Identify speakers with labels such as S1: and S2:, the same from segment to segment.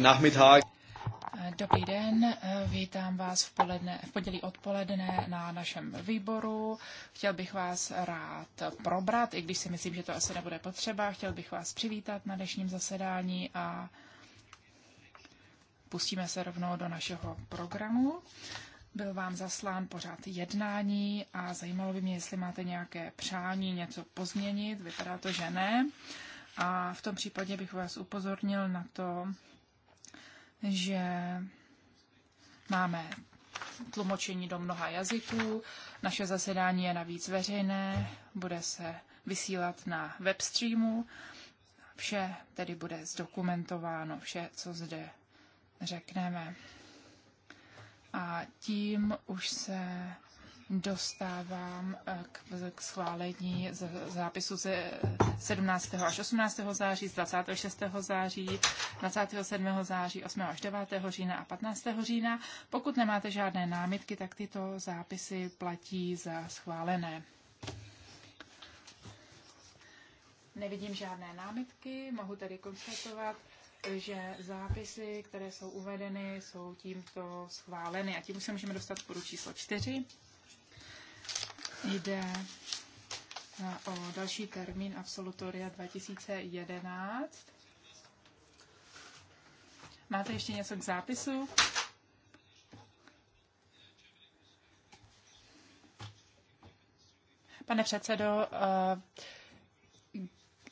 S1: Nachmittag.
S2: Dobrý den, vítám vás v, poledne, v pondělí odpoledne na našem výboru. Chtěl bych vás rád probrat, i když si myslím, že to asi nebude potřeba. Chtěl bych vás přivítat na dnešním zasedání a pustíme se rovnou do našeho programu. Byl vám zaslán pořád jednání a zajímalo by mě, jestli máte nějaké přání něco pozměnit. Vypadá to, že ne. A v tom případě bych vás upozornil na to, že máme tlumočení do mnoha jazyků. Naše zasedání je navíc veřejné, bude se vysílat na webstreamu. Vše tedy bude zdokumentováno, vše, co zde řekneme. A tím už se dostávám eh, k, schválení z, zápisu ze 17. až 18. září, z 26. září, 27. září, 8. až 9. října a 15. října. Pokud nemáte žádné námitky, tak tyto zápisy platí za schválené. Nevidím žádné námitky, mohu tedy konstatovat, že zápisy, které jsou uvedeny, jsou tímto schváleny. A tím už se můžeme dostat k bodu číslo 4. Jde eh, o další termín absolutoria 2011. Máte ještě něco k zápisu? Pane předsedo, eh,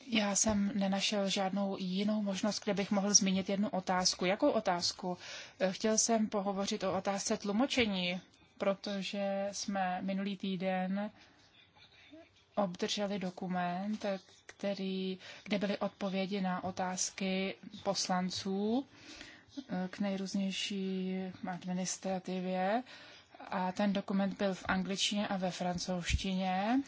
S2: já jsem nenašel žádnou jinou možnost, kde bych mohl zmínit jednu otázku. Jakou otázku? Eh, chtěl jsem pohovořit o otázce tlumočení protože jsme minulý týden obdrželi dokument, který, kde byly odpovědi na otázky poslanců k nejrůznější administrativě. A ten dokument byl v angličtině a ve francouzštině.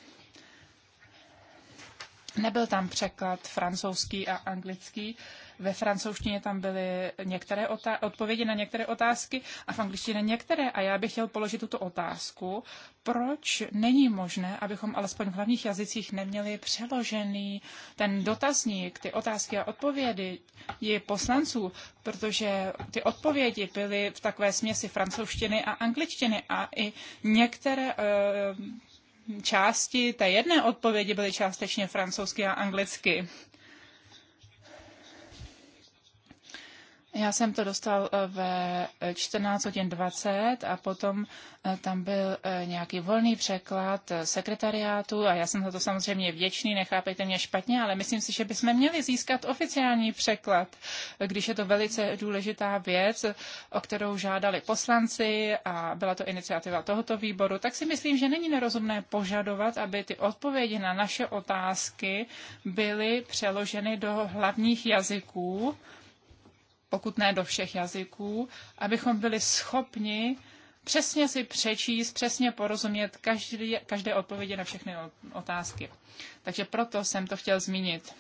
S2: Nebyl tam překlad francouzský a anglický. Ve francouzštině tam byly některé odpovědi na některé otázky a v angličtině některé. A já bych chtěl položit tuto otázku. Proč není možné, abychom alespoň v hlavních jazycích neměli přeložený ten dotazník, ty otázky a odpovědi je poslanců, protože ty odpovědi byly v takové směsi francouzštiny a angličtiny a i některé. Eh, části té jedné odpovědi byly částečně francouzsky a anglicky. Já jsem to dostal eh, ve 14 hodin 20 a potom eh, tam byl eh, nějaký volný překlad sekretariátu a já jsem za to samozřejmě vděčný, nechápejte mě špatně, ale myslím si, že bychom měli získat oficiální překlad, když je to velice důležitá věc, o kterou žádali poslanci a byla to iniciativa tohoto výboru, tak si myslím, že není nerozumné požadovat, aby ty odpovědi na naše otázky byly přeloženy do hlavních jazyků, pokud ne do všech jazyků, abychom byli schopni přesně si přečíst, přesně porozumět každý, každé odpovědi na všechny otázky. Takže proto jsem to chtěl zmínit.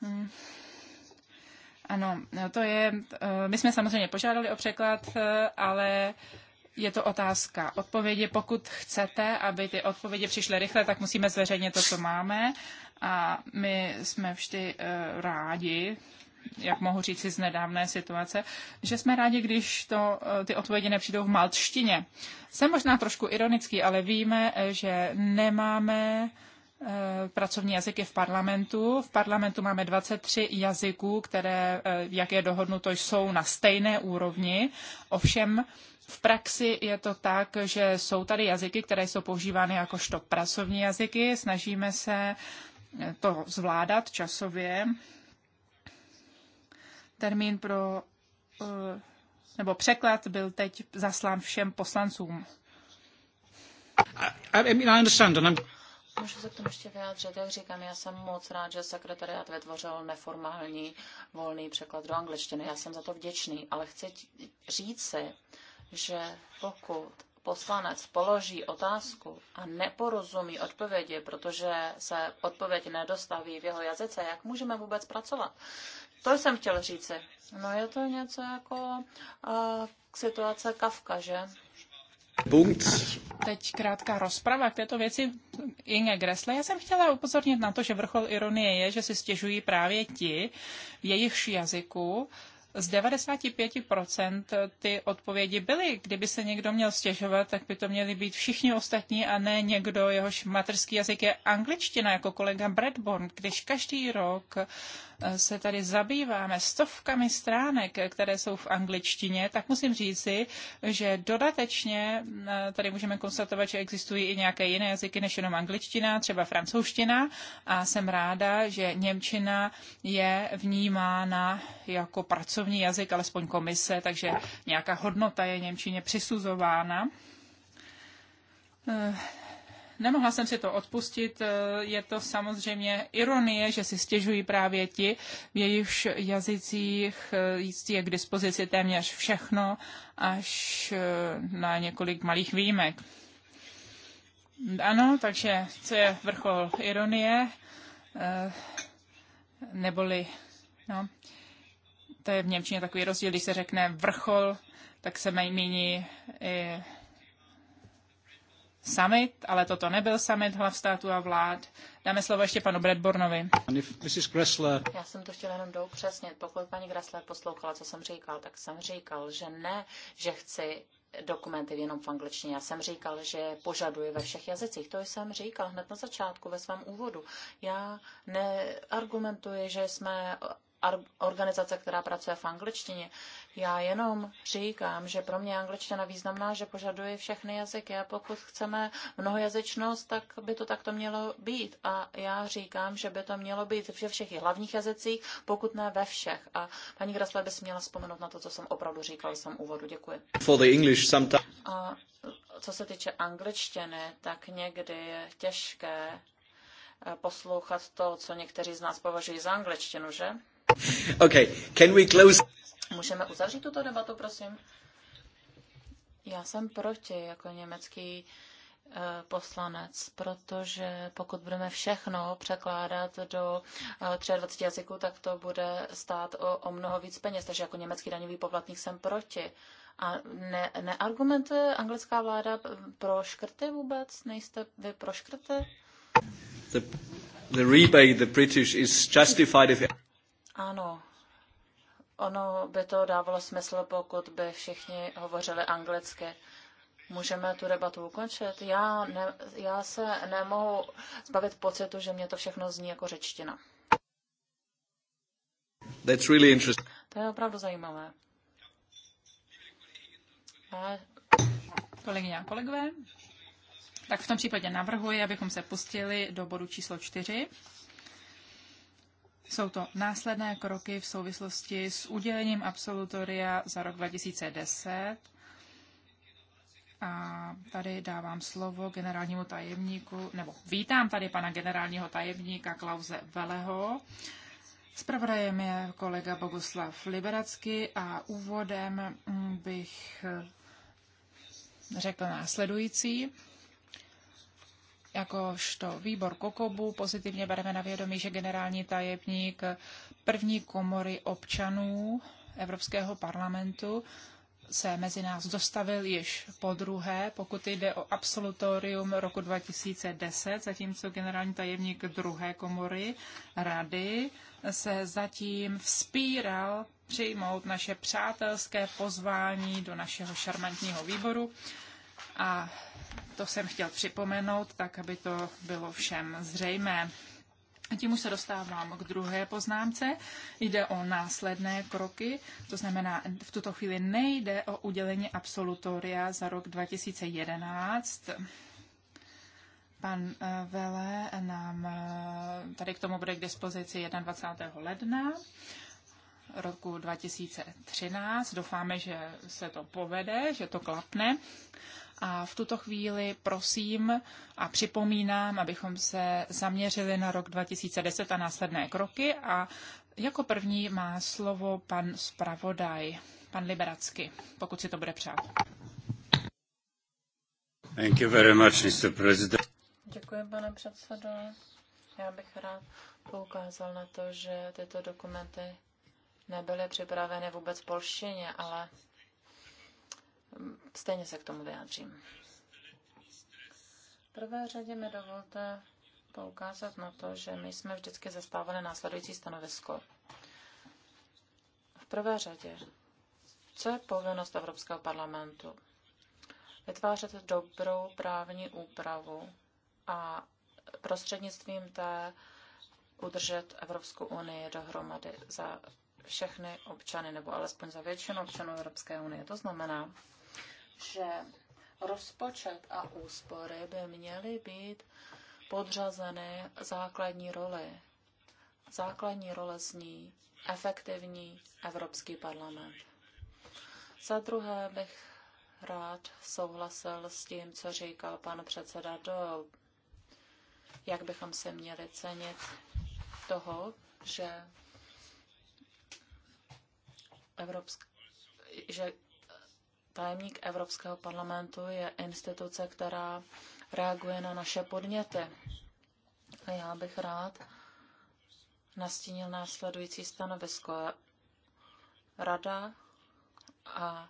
S2: Hmm. Ano, to je, eh, my jsme samozřejmě požádali o překlad, eh, ale je to otázka odpovědi. Pokud chcete, aby ty odpovědi přišly rychle, tak musíme zveřejnit to, co máme. A my jsme vždy eh, rádi, jak mohu říct z nedávné situace, že jsme rádi, když to, eh, ty odpovědi nepřijdou v maltštině. Jsem možná trošku ironický, ale víme, eh, že nemáme Eh, pracovní jazyky v parlamentu. V parlamentu máme 23 jazyků, které, eh, jak je dohodnuto, jsou na stejné úrovni. Ovšem v praxi je to tak, že jsou tady jazyky, které jsou používány jakožto pracovní jazyky. Snažíme se eh, to zvládat časově. Termín pro nebo překlad byl teď zaslán všem poslancům. I, I mean, I understand, and I'm... Můžu se k tomu ještě
S3: vyjádřit. Jak říkám, já jsem moc rád, že sekretariat vytvořil neformální volný překlad do angličtiny. Já jsem za to vděčný, ale chci říci, že pokud poslanec položí otázku a neporozumí odpovědi, protože se odpověď nedostaví v jeho jazyce, jak můžeme vůbec pracovat? To jsem chtěl říci. No je to něco jako
S2: uh, situace Kafka, že? Punkt. Teď krátká rozprava k této věci Inge Gressle. Já jsem chtěla upozornit na to, že vrchol ironie je, že si stěžují právě ti, v jejichž jazyku z 95% ty odpovědi byly. Kdyby se někdo měl stěžovat, tak by to měli být všichni ostatní a ne někdo, jehož materský jazyk je angličtina, jako kolega Bradborn, když každý rok se tady zabýváme stovkami stránek, které jsou v angličtině, tak musím říci, že dodatečně eh, tady můžeme konstatovat, že existují i nějaké jiné jazyky než jenom angličtina, třeba francouzština a jsem ráda, že Němčina je vnímána jako pracovní jazyk, alespoň komise, takže nějaká hodnota je Němčině přisuzována. Eh, nemohla jsem si to odpustit. Eh, je to samozřejmě ironie, že si stěžují právě ti, v jejichž jazycích eh, je k dispozici téměř všechno, až eh, na několik malých výjimek. Ano, takže co je vrchol ironie, neboli, no, to je v Němčině takový rozdíl, když se řekne vrchol, tak se mají míní i summit, ale toto nebyl summit hlav států a vlád. Dáme slovo ještě panu Bradbornovi. Gressler... Já
S3: jsem to chtěla jenom doupřesnit. Pokud paní Gressler poslouchala, co jsem říkal, tak jsem říkal, že ne, že chci dokumenty jenom v angličtině. Já jsem říkal, že požaduji ve všech jazycích. To jsem říkal hned na začátku ve svém úvodu. Já neargumentuji, že jsme organizace, která pracuje v angličtině. Já jenom říkám, že pro mě angličtina významná, že požaduje všechny jazyky a pokud chceme mnohojazyčnost, tak by to takto mělo být. A já říkám, že by to mělo být ve všech hlavních jazycích, pokud ne ve všech. A paní Grasle by si měla vzpomenout na to, co jsem opravdu říkal jsem úvodu. Děkuji.
S1: For the English sometimes.
S3: A co se týče angličtiny, tak někdy je těžké eh, poslouchat to, co někteří z nás považují za angličtinu, že?
S2: Okay, can we close?
S3: Můžeme uzavřít tuto debatu, prosím? Já jsem proti jako německý eh, poslanec, protože pokud budeme všechno překládat do 23 eh, jazyků, tak to bude stát o, o mnoho víc peněz. Takže jako německý daňový poplatník jsem proti. A ne, neargumentuje anglická vláda eh, pro škrty vůbec? Nejste vy pro škrty?
S1: The, the rebate the British is justified if...
S3: Ano, Ono by to dávalo smysl, pokud by všichni hovořili anglicky. Můžeme tu debatu ukončit? Já, ne, já se nemohu zbavit pocitu, že mě to všechno zní jako řečtina.
S1: That's really interesting.
S3: To je opravdu zajímavé.
S2: A... Kolegyně a kolegové, tak v tom případě navrhuji, abychom se pustili do bodu číslo čtyři. Jsou to následné kroky v souvislosti s udělením absolutoria za rok 2010. A tady dávám slovo generálnímu tajemníku, nebo vítám tady pana generálního tajemníka Klauze Veleho. Spravodajem je kolega Boguslav Liberacky a úvodem bych řekl následující. Jakožto výbor Kokobu pozitivně bereme na vědomí, že generální tajemník první komory občanů Evropského parlamentu se mezi nás dostavil již po druhé, pokud jde o absolutorium roku 2010, zatímco generální tajemník druhé komory rady se zatím vzpíral přijmout naše přátelské pozvání do našeho šarmantního výboru a to jsem chtěl připomenout, tak aby to bylo všem zřejmé. A tím už se dostávám k druhé poznámce. Jde o následné kroky, to znamená, v tuto chvíli nejde o udělení absolutoria za rok 2011. Pan eh, Vele nám eh, tady k tomu bude k dispozici 21. ledna roku 2013. Doufáme, že se to povede, že to klapne. A v tuto chvíli prosím a připomínám, abychom se zaměřili na rok 2010 a následné kroky. A jako první má slovo pan zpravodaj, pan Liberacky, pokud si to bude přát. Thank you very much, Mr. President.
S3: Děkuji, pane předsedo. Já bych rád poukázal na to, že tyto dokumenty nebyly připraveny vůbec v polštině, ale Stejně se k tomu vyjádřím. V prvé řadě mi dovolte poukázat na to, že my jsme vždycky zastávali následující stanovisko. V prvé řadě, co je povinnost Evropského parlamentu? Vytvářet dobrou právní úpravu a prostřednictvím té udržet Evropskou unii dohromady za všechny občany, nebo alespoň za většinu občanů Evropské unie. To znamená, že rozpočet a úspory by měly být podřazené základní roli. Základní role zní efektivní Evropský parlament. Za druhé bych rád souhlasil s tím, co říkal pan předseda do jak bychom se měli cenit toho, že Evropsk- že Tajemník Evropského parlamentu je instituce, která reaguje na naše podněty. A já bych rád nastínil následující stanovisko. Rada a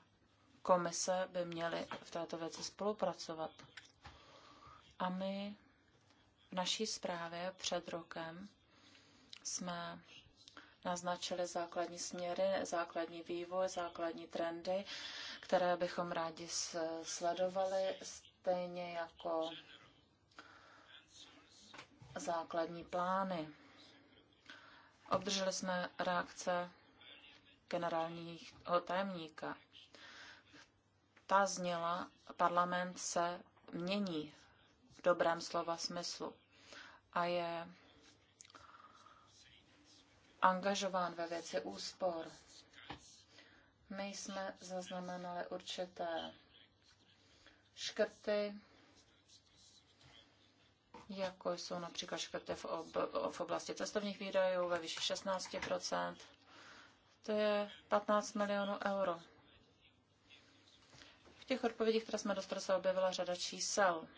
S3: komise by měly v této věci spolupracovat. A my v naší zprávě před rokem jsme naznačili základní směry, základní vývoj, základní trendy, které bychom rádi sledovali, stejně jako základní plány. Obdrželi jsme reakce generálního tajemníka. Ta zněla, parlament se mění v dobrém slova smyslu a je angažován ve věci úspor. My jsme zaznamenali určité škrty, jako jsou například škrty v, ob- v oblasti cestovních výdajů ve výši 16 To je 15 milionů euro. V těch odpovědích, které jsme dostali, se objevila řada čísel.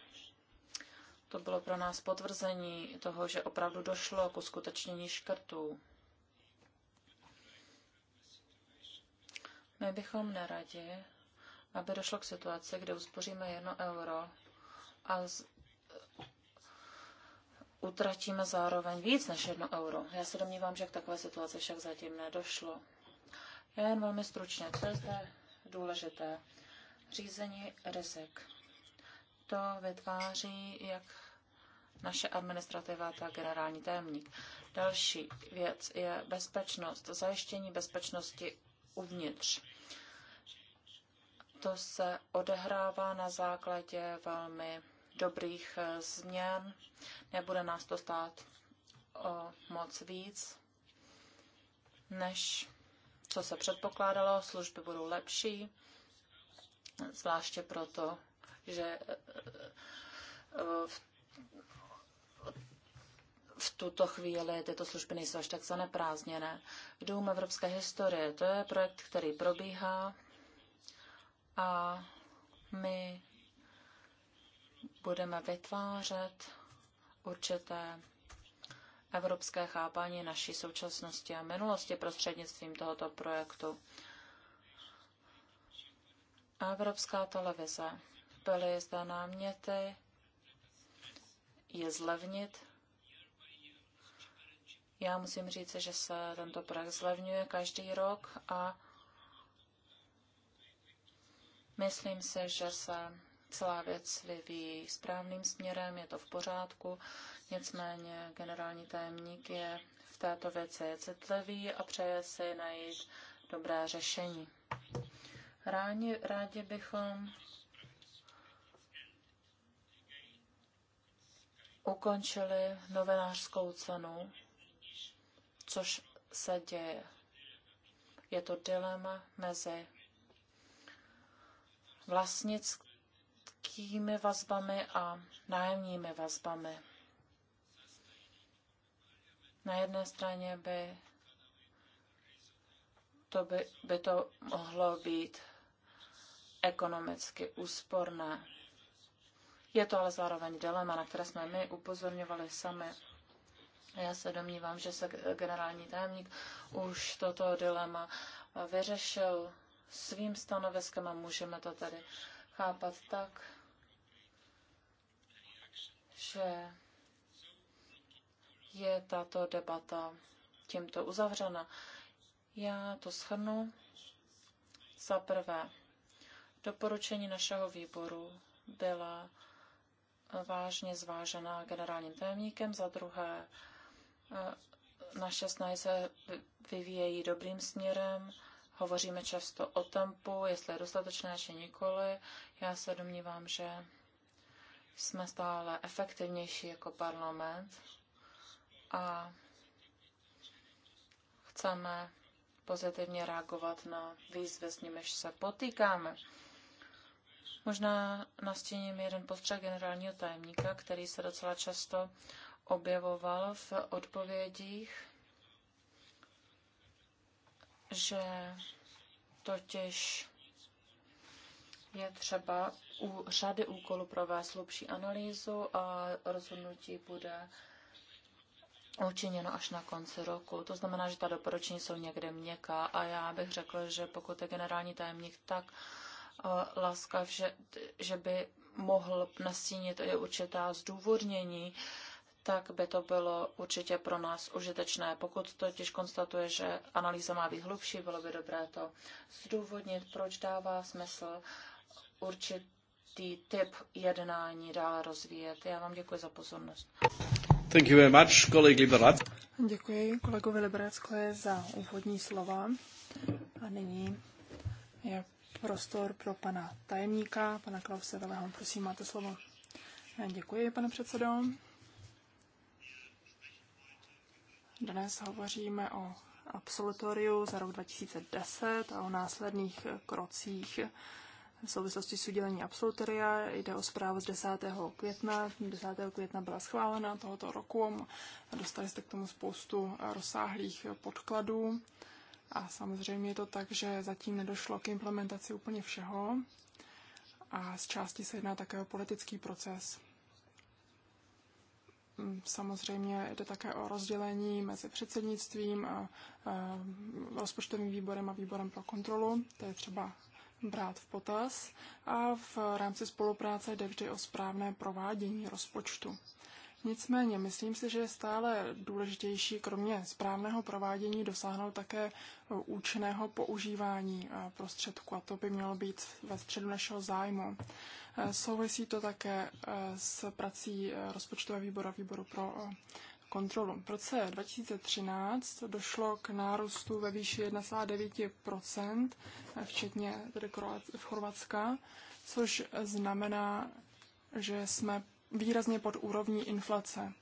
S3: To bylo pro nás potvrzení toho, že opravdu došlo k uskutečnění škrtů. My bychom neradi, aby došlo k situaci, kde uspoříme jedno euro a z... utratíme zároveň víc než jedno euro. Já se domnívám, že k takové situaci však zatím nedošlo. Já jen velmi stručně, co je zde důležité. Řízení rizik. To vytváří jak naše administrativa, tak generální témník. Další věc je bezpečnost, zajištění bezpečnosti uvnitř. To se odehrává na základě velmi dobrých eh, změn. Nebude nás to stát o moc víc, než co se předpokládalo. Služby budou lepší, zvláště proto, že eh, eh, v v tuto chvíli tyto služby nejsou až tak zaneprázdněné. Dům evropské historie, to je projekt, který probíhá a my budeme vytvářet určité evropské chápání naší současnosti a minulosti prostřednictvím tohoto projektu. Evropská televize. Byly zde náměty je zlevnit já musím říct, že se tento projekt zlevňuje každý rok a myslím se, že se celá věc vyvíjí správným směrem, je to v pořádku, nicméně generální tajemník je v této věci citlivý a přeje si najít dobré řešení. Rádi, rádi bychom ukončili novinářskou cenu což se děje. Je to dilema mezi vlastnickými vazbami a nájemními vazbami. Na jedné straně by to, by, by to mohlo být ekonomicky úsporné. Je to ale zároveň dilema, na které jsme my upozorňovali sami já se domnívám, že se generální tajemník už toto dilema vyřešil svým stanoviskem a můžeme to tedy chápat tak, že je tato debata tímto uzavřena. Já to shrnu. Za prvé, doporučení našeho výboru byla vážně zvážená generálním tajemníkem, za druhé Eh, naše snahy se vyvíjejí dobrým směrem. Hovoříme často o tempu, jestli je dostatečné či nikoli. Já se domnívám, že jsme stále efektivnější jako parlament a chceme pozitivně reagovat na výzvy, s nimiž se potýkáme. Možná nastíním jeden postřeh generálního tajemníka, který se docela často objevoval v odpovědích, že totiž je třeba u řady úkolů provést hlubší analýzu a rozhodnutí bude učiněno až na konci roku. To znamená, že ta doporučení jsou někde měkká a já bych řekl, že pokud je generální tajemník tak eh, laskav, že, že by mohl nastínit i určitá zdůvodnění tak by to bylo určitě pro nás užitečné. Pokud totiž konstatuje, že analýza má být hlubší, bylo by dobré to zdůvodnit, proč dává smysl určitý typ jednání dále rozvíjet. Já vám děkuji za pozornost.
S1: Thank you very much, Děkuji kolegovi Liberáckové za úvodní slova. A nyní je prostor pro pana tajemníka, pana Klause Veleho. Prosím, máte slovo. Děkuji, pane předsedo. Dnes hovoříme o absolutoriu za rok 2010 a o následných krocích v souvislosti s udělení absolutoria. Jde o zprávu z 10. května. 10. května byla schválena tohoto roku. Dostali jste k tomu spoustu rozsáhlých podkladů. A samozřejmě je to tak, že zatím nedošlo k implementaci úplně všeho. A z části se jedná také o politický proces. Samozřejmě jde také o rozdělení mezi předsednictvím, a, a, rozpočtovým výborem a výborem pro kontrolu. To je třeba brát v potaz. A v rámci spolupráce jde vždy o správné provádění rozpočtu. Nicméně, myslím si, že je stále důležitější, kromě správného provádění, dosáhnout také účinného používání eh, prostředku a to by mělo být ve středu našeho zájmu. Eh, souvisí to také eh, s prací rozpočtového výboru a výboru pro kontrolu. V roce 2013 došlo k nárůstu ve výši 1,9%, včetně tedy Chorvatska, což znamená, že jsme výrazně pod úrovní inflace.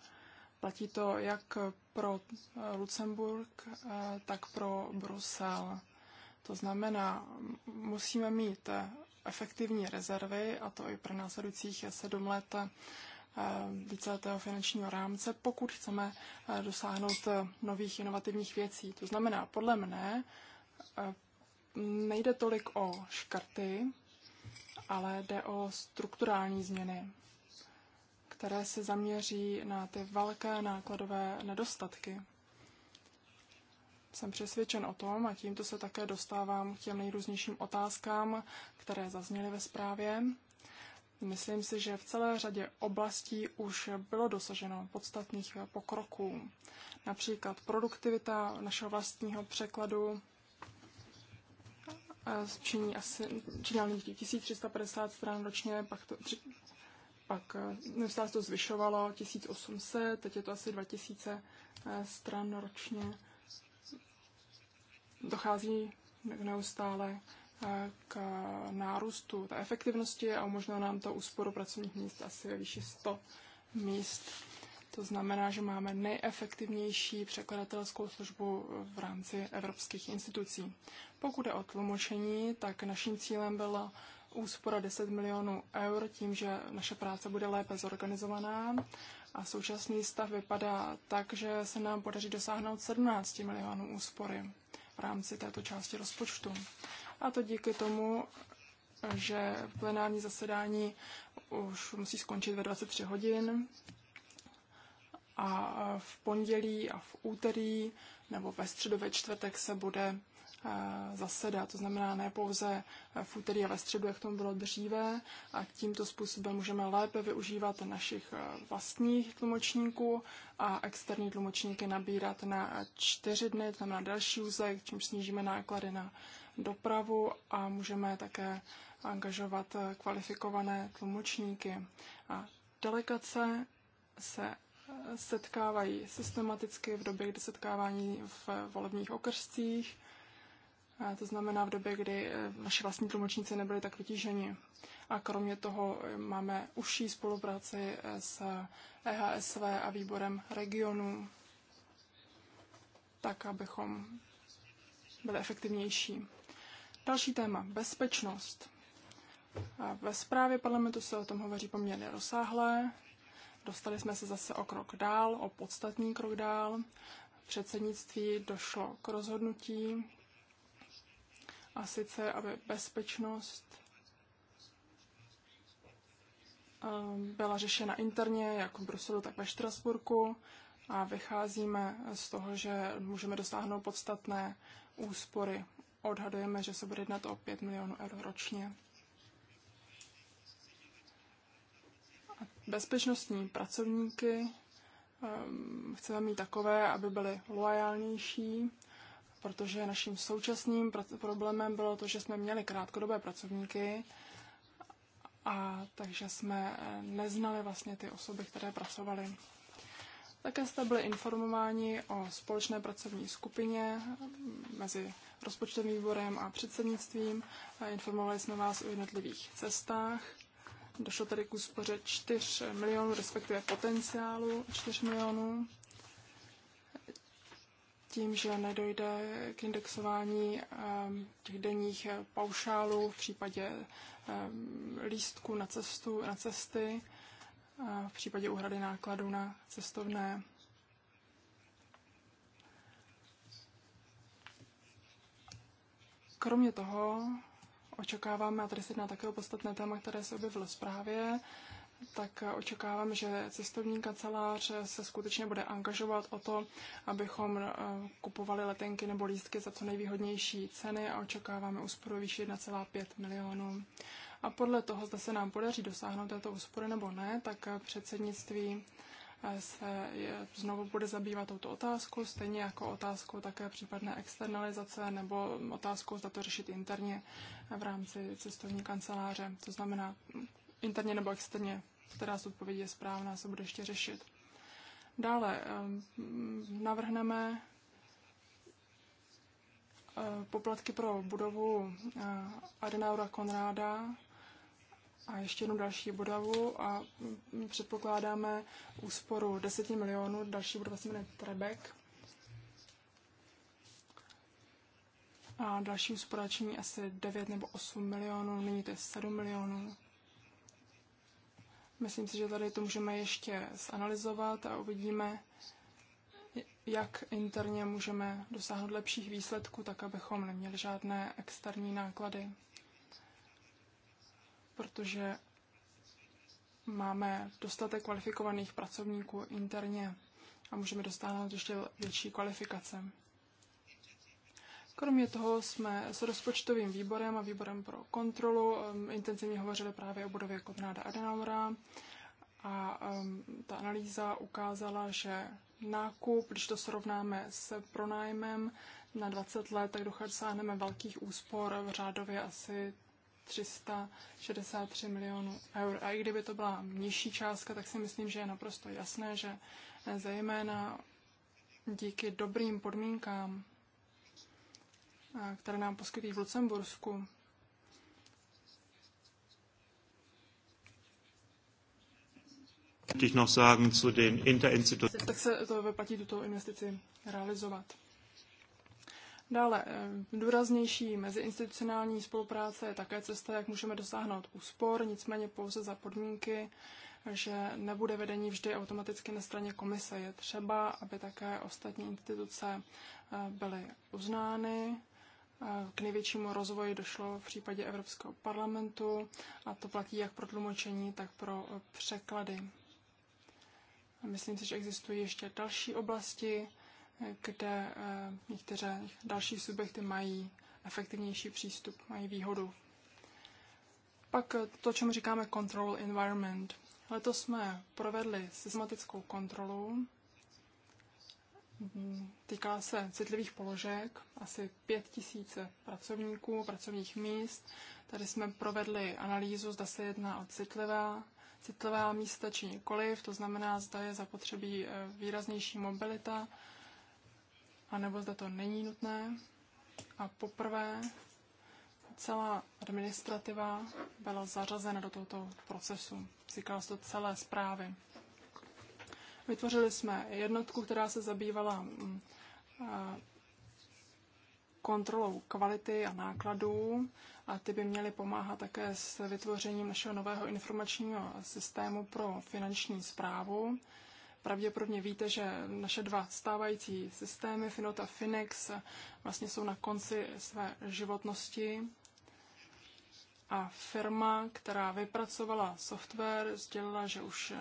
S1: Platí to jak pro eh, Lucemburg, eh, tak pro Brusel. To znamená, musíme mít eh, efektivní rezervy, a to i pro následujících sedm let víceletého finančního rámce, pokud chceme dosáhnout nových inovativních věcí. To znamená, podle mne nejde tolik o škrty, ale jde o strukturální změny které se zaměří na ty velké nákladové nedostatky. Jsem přesvědčen o tom, a tímto se také dostávám k těm nejrůznějším otázkám, které zazněly ve zprávě. Myslím si, že v celé řadě oblastí už bylo dosaženo podstatných pokroků. Například produktivita našeho vlastního překladu eh, činí asi činí 1350 stran ročně, pak to, pak eh, neustále se to zvyšovalo, 1800, teď je to asi 2000 eh, stran ročně. Dochází neustále eh, k nárůstu té efektivnosti a umožnilo nám to úsporu pracovních míst asi ve výši 100 míst. To znamená, že máme nejefektivnější překladatelskou službu v rámci evropských institucí. Pokud je o tlumočení, tak naším cílem bylo úspora 10 milionů eur tím, že naše práce bude lépe zorganizovaná. A současný stav vypadá tak, že se nám podaří dosáhnout 17 milionů úspory v rámci této části rozpočtu. A to díky tomu, že plenární zasedání už musí skončit ve 23 hodin a v pondělí a v úterý nebo ve středu ve čtvrtek se bude Eh, zasedá. To znamená ne pouze eh, v úterý a ve středu, jak tomu bylo dříve. A tímto způsobem můžeme lépe využívat našich eh, vlastních tlumočníků a externí tlumočníky nabírat na čtyři dny, to znamená další úzek, čím snížíme náklady na dopravu a můžeme také angažovat kvalifikované tlumočníky. A delegace se setkávají systematicky v době, kdy setkávání v volebních okrscích to znamená v době, kdy eh, naše vlastní tlumočníci nebyli tak vytíženi. A kromě toho eh, máme užší spolupráci eh, s EHSV a výborem regionů, tak abychom byli efektivnější. Další téma, bezpečnost. A ve zprávě parlamentu se o tom hovoří poměrně rozsáhlé. Dostali jsme se zase o krok dál, o podstatný krok dál. V předsednictví došlo k rozhodnutí, a sice, aby bezpečnost ehm, byla řešena interně, jak v Bruselu, tak ve Štrasburku a vycházíme z toho, že můžeme dosáhnout podstatné úspory. Odhadujeme, že se bude jednat o 5 milionů euro ročně. A bezpečnostní pracovníky ehm, chceme mít takové, aby byly loajálnější protože naším současným problémem bylo to, že jsme měli krátkodobé pracovníky a takže jsme eh, neznali vlastně ty osoby, které pracovaly. Také jste byli informováni o společné pracovní skupině mm, mezi rozpočtovým výborem a předsednictvím. Informovali jsme vás o jednotlivých cestách. Došlo tady k úspoře 4 milionů, respektive potenciálu 4 milionů tím, že nedojde k indexování ehm, těch denních eh, paušálů v případě ehm, lístku na, cestu, na cesty, v případě úhrady nákladů na cestovné. Kromě toho očekáváme, a tady se jedná také o podstatné téma, které se objevilo v zprávě, tak eh, očekávám, že cestovní kancelář se skutečně bude angažovat o to, abychom eh, kupovali letenky nebo lístky za co nejvýhodnější ceny a očekáváme úsporu výši 1,5 milionů. A podle toho, zda se nám podaří dosáhnout této úspory nebo ne, tak eh, předsednictví se je, znovu bude zabývat touto otázkou, stejně jako otázkou také případné externalizace nebo otázkou, zda to řešit interně v rámci cestovní kanceláře, to znamená interně nebo externě která z odpovědí je správná, se bude ještě řešit. Dále ehm, navrhneme eh, poplatky pro budovu eh, Adenaura Konráda a ještě jednu další budovu a mm, předpokládáme úsporu 10 milionů, další budova se jmenuje Trebek. A další úspora asi 9 nebo 8 milionů, nyní to je 7 milionů. Myslím si, že tady to můžeme ještě zanalizovat a uvidíme, jak interně můžeme dosáhnout lepších výsledků, tak abychom neměli žádné externí náklady. Protože máme dostatek kvalifikovaných pracovníků interně a můžeme dostáhnout ještě větší kvalifikace. Kromě toho jsme s rozpočtovým výborem a výborem pro kontrolu um, intenzivně hovořili právě o budově Konráda Adenaura a um, ta analýza ukázala, že nákup, když to srovnáme s pronájmem na 20 let, tak dosáhneme velkých úspor v řádově asi 363 milionů eur. A i kdyby to byla nižší částka, tak si myslím, že je naprosto jasné, že eh, zejména díky dobrým podmínkám které nám poskytují v Lucembursku. Tak se to vyplatí tuto investici realizovat. Dále, eh, důraznější meziinstitucionální spolupráce je také cesta, jak můžeme dosáhnout úspor, nicméně pouze za podmínky, že nebude vedení vždy automaticky na straně komise. Je třeba, aby také ostatní instituce eh, byly uznány k největšímu rozvoji došlo v případě Evropského parlamentu a to platí jak pro tlumočení, tak pro eh, překlady. Myslím si, že existují ještě další oblasti, eh, kde eh, některé další subjekty mají efektivnější přístup, mají výhodu. Pak to, čemu říkáme control environment. Letos jsme provedli systematickou kontrolu Mhm. týká se citlivých položek, asi pět tisíc pracovníků, pracovních míst. Tady jsme provedli analýzu, zda se jedná o citlivá, citlivá místa či nikoliv, to znamená, zda je zapotřebí eh, výraznější mobilita, anebo zda to není nutné. A poprvé celá administrativa byla zařazena do tohoto procesu. Říkala se to celé zprávy. Vytvořili jsme jednotku, která se zabývala mm, kontrolou kvality a nákladů a ty by měly pomáhat také s vytvořením našeho nového informačního systému pro finanční zprávu. Pravděpodobně víte, že naše dva stávající systémy, Finot a Finex, vlastně jsou na konci své životnosti. A firma, která vypracovala software, sdělila, že už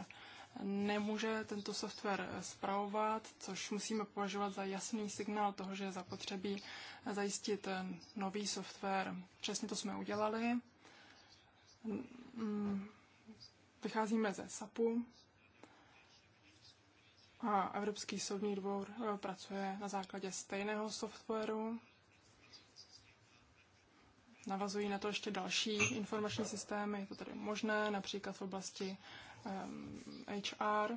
S1: nemůže tento software zpravovat, což musíme považovat za jasný signál toho, že je zapotřebí zajistit nový software. Přesně to jsme udělali. Vycházíme ze SAPu a Evropský soudní dvůr eh, pracuje na základě stejného softwaru. Navazují na to ještě další informační systémy, je to tedy možné, například v oblasti Um, HR.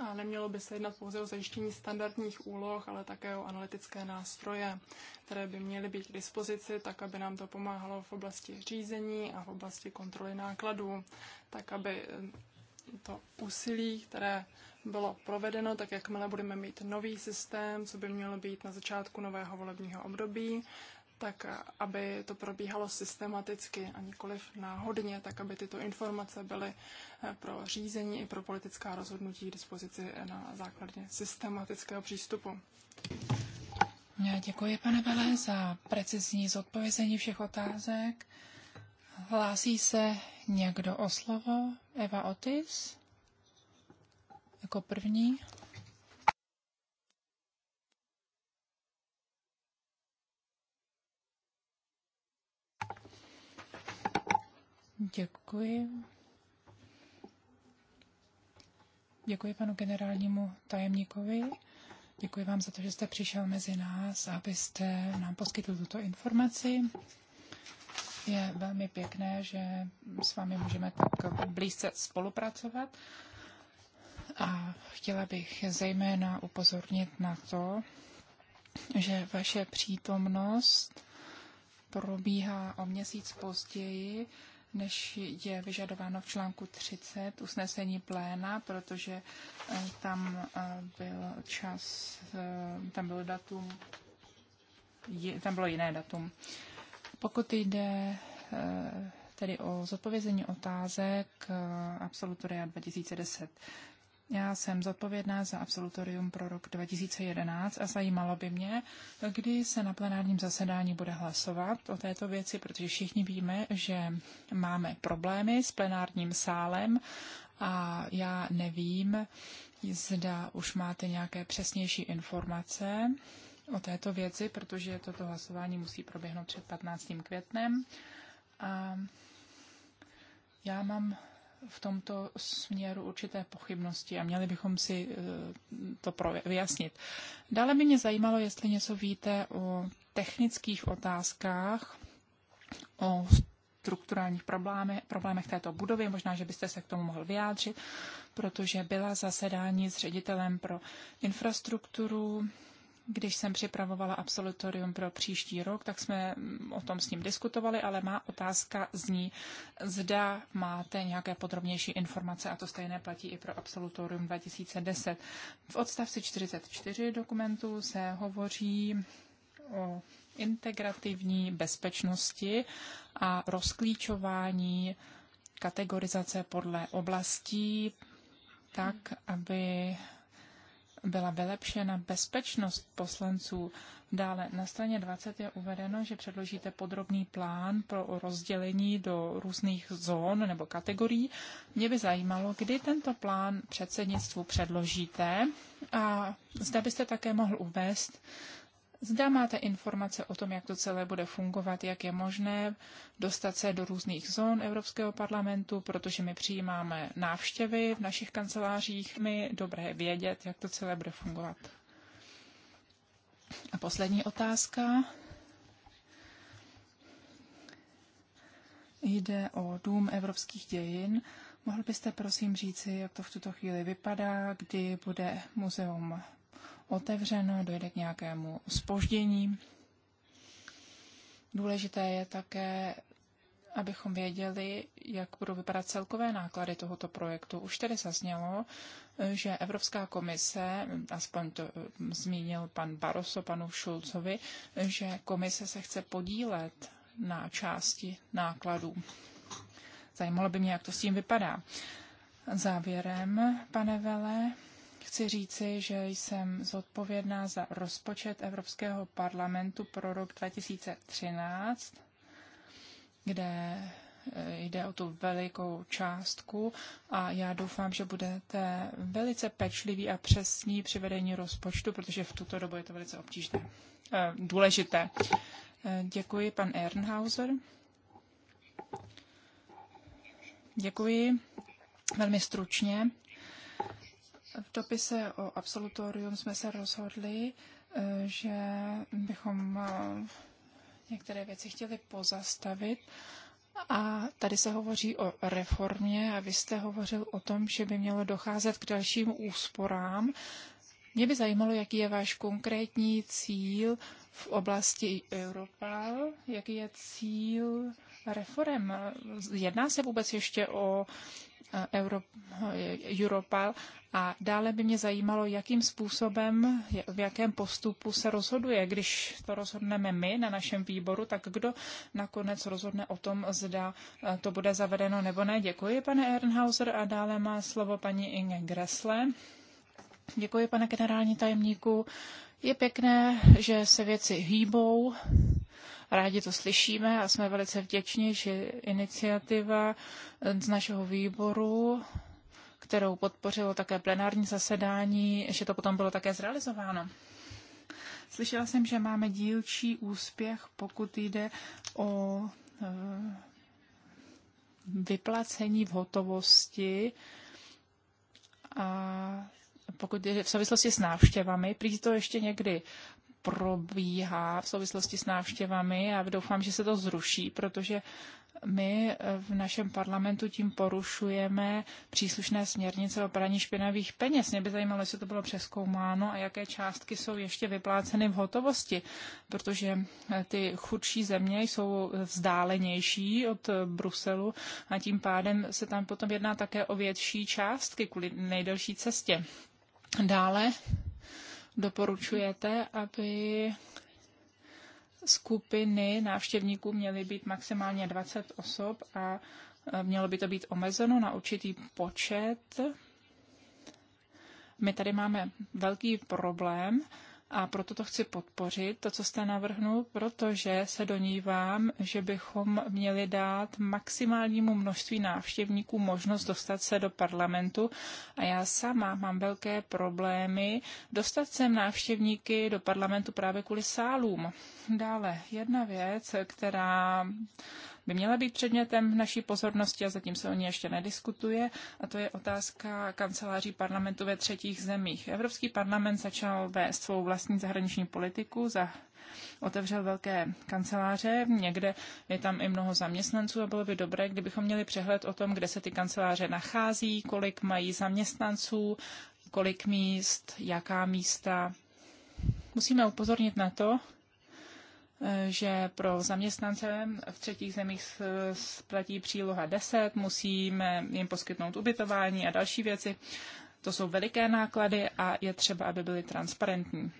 S1: A nemělo by se jednat pouze o zajištění standardních úloh, ale také o analytické nástroje, které by měly být k dispozici, tak aby nám to pomáhalo v oblasti řízení a v oblasti kontroly nákladů, tak aby eh, to úsilí, které bylo provedeno, tak jakmile budeme mít nový systém, co by mělo být na začátku nového volebního období, tak aby to probíhalo systematicky a nikoliv náhodně, tak aby tyto informace byly eh, pro řízení i pro politická rozhodnutí k dispozici eh, na základě systematického přístupu.
S2: Děkuji, pane Bele, za precizní zodpovězení všech otázek. Hlásí se někdo o slovo? Eva Otis? Jako první? Děkuji. Děkuji panu generálnímu tajemníkovi. Děkuji vám za to, že jste přišel mezi nás, abyste nám poskytl tuto informaci. Je velmi pěkné, že s vámi můžeme tak blízce spolupracovat. A chtěla bych zejména upozornit na to, že vaše přítomnost probíhá o měsíc později, než je vyžadováno v článku 30 usnesení pléna, protože eh, tam eh, byl čas, eh, tam bylo datum, tam bylo jiné datum. Pokud jde tedy o zodpovězení otázek absolutoria 2010. Já jsem zodpovědná za absolutorium pro rok 2011 a zajímalo by mě, kdy se na plenárním zasedání bude hlasovat o této věci, protože všichni víme, že máme problémy s plenárním sálem a já nevím, zda už máte nějaké přesnější informace o této věci, protože toto hlasování musí proběhnout před 15. květnem. A já mám v tomto směru určité pochybnosti a měli bychom si eh, to vyjasnit. Dále by mě zajímalo, jestli něco víte o technických otázkách, o strukturálních problémech, problémech této budovy. Možná, že byste se k tomu mohl vyjádřit, protože byla zasedání s ředitelem pro infrastrukturu když jsem připravovala absolutorium pro příští rok, tak jsme mm, o tom s ním diskutovali, ale má otázka zní, zda máte nějaké podrobnější informace a to stejné platí i pro absolutorium 2010. V odstavci 44 dokumentu se hovoří o integrativní bezpečnosti a rozklíčování kategorizace podle oblastí, tak, aby byla vylepšena bezpečnost poslanců. Dále na straně 20 je uvedeno, že předložíte podrobný plán pro rozdělení do různých zón nebo kategorií. Mě by zajímalo, kdy tento plán předsednictvu předložíte a zda byste také mohl uvést, Zda máte informace o tom, jak to celé bude fungovat, jak je možné dostat se do různých zón Evropského parlamentu, protože my přijímáme návštěvy v našich kancelářích. My dobré vědět, jak to celé bude fungovat. A poslední otázka. Jde o Dům evropských dějin. Mohl byste prosím říci, jak to v tuto chvíli vypadá, kdy bude muzeum otevřeno, dojde k nějakému spoždění. Důležité je také, abychom věděli, jak budou vypadat celkové náklady tohoto projektu. Už tedy zaznělo, že Evropská komise, aspoň to eh, zmínil pan Barroso panu Šulcovi, že komise se chce podílet na části nákladů. Zajímalo by mě, jak to s tím vypadá. Závěrem, pane Vele, Chci říci, že jsem zodpovědná za rozpočet Evropského parlamentu pro rok 2013, kde eh, jde o tu velikou částku a já doufám, že budete velice pečliví a přesní při vedení rozpočtu, protože v tuto dobu je to velice obtížné. Eh, důležité. Eh, děkuji, pan Ernhauser. Děkuji. Velmi stručně. V dopise o absolutorium jsme se rozhodli, eh, že bychom eh, některé věci chtěli pozastavit. A tady se hovoří o reformě a vy jste hovořil o tom, že by mělo docházet k dalším úsporám. Mě by zajímalo, jaký je váš konkrétní cíl v oblasti Europa, jaký je cíl reform. Jedná se vůbec ještě o Eh, Euro, eh, Europal a dále by mě zajímalo, jakým způsobem, v jakém postupu se rozhoduje. Když to rozhodneme my na našem výboru, tak kdo nakonec rozhodne o tom, zda eh, to bude zavedeno nebo ne. Děkuji, pane Ernhauser, a dále má slovo paní Inge Gressle. Děkuji, pane generální tajemníku. Je pěkné, že se věci hýbou Rádi to slyšíme a jsme velice vděční, že iniciativa eh, z našeho výboru kterou podpořilo také plenární zasedání, že to potom bylo také zrealizováno. Slyšela jsem, že máme dílčí úspěch, pokud jde o eh, vyplacení v hotovosti a pokud je v souvislosti s návštěvami, přijde to ještě někdy probíhá v souvislosti s návštěvami a doufám, že se to zruší, protože my eh, v našem parlamentu tím porušujeme příslušné směrnice o praní špinavých peněz. Mě by zajímalo, jestli to bylo přeskoumáno a jaké částky jsou ještě vypláceny v hotovosti, protože eh, ty chudší země jsou vzdálenější od eh, Bruselu a tím pádem se tam potom jedná také o větší částky kvůli nejdelší cestě. Dále doporučujete, aby skupiny návštěvníků měly být maximálně 20 osob a e, mělo by to být omezeno na určitý počet. My tady máme velký problém, a proto to chci podpořit, to, co jste navrhnul, protože se donívám, že bychom měli dát maximálnímu množství návštěvníků možnost dostat se do parlamentu a já sama mám velké problémy dostat sem návštěvníky do parlamentu právě kvůli sálům. Dále jedna věc, která by měla být předmětem naší pozornosti a zatím se o ní ještě nediskutuje, a to je otázka kanceláří parlamentu ve třetích zemích. Evropský parlament začal vést svou vlastní zahraniční politiku za otevřel velké kanceláře, někde je tam i mnoho zaměstnanců a bylo by dobré, kdybychom měli přehled o tom, kde se ty kanceláře nachází, kolik mají zaměstnanců, kolik míst, jaká místa. Musíme upozornit na to, že pro zaměstnance v třetích zemích platí příloha 10, musíme jim poskytnout ubytování a další věci. To jsou veliké náklady a je třeba, aby byly transparentní.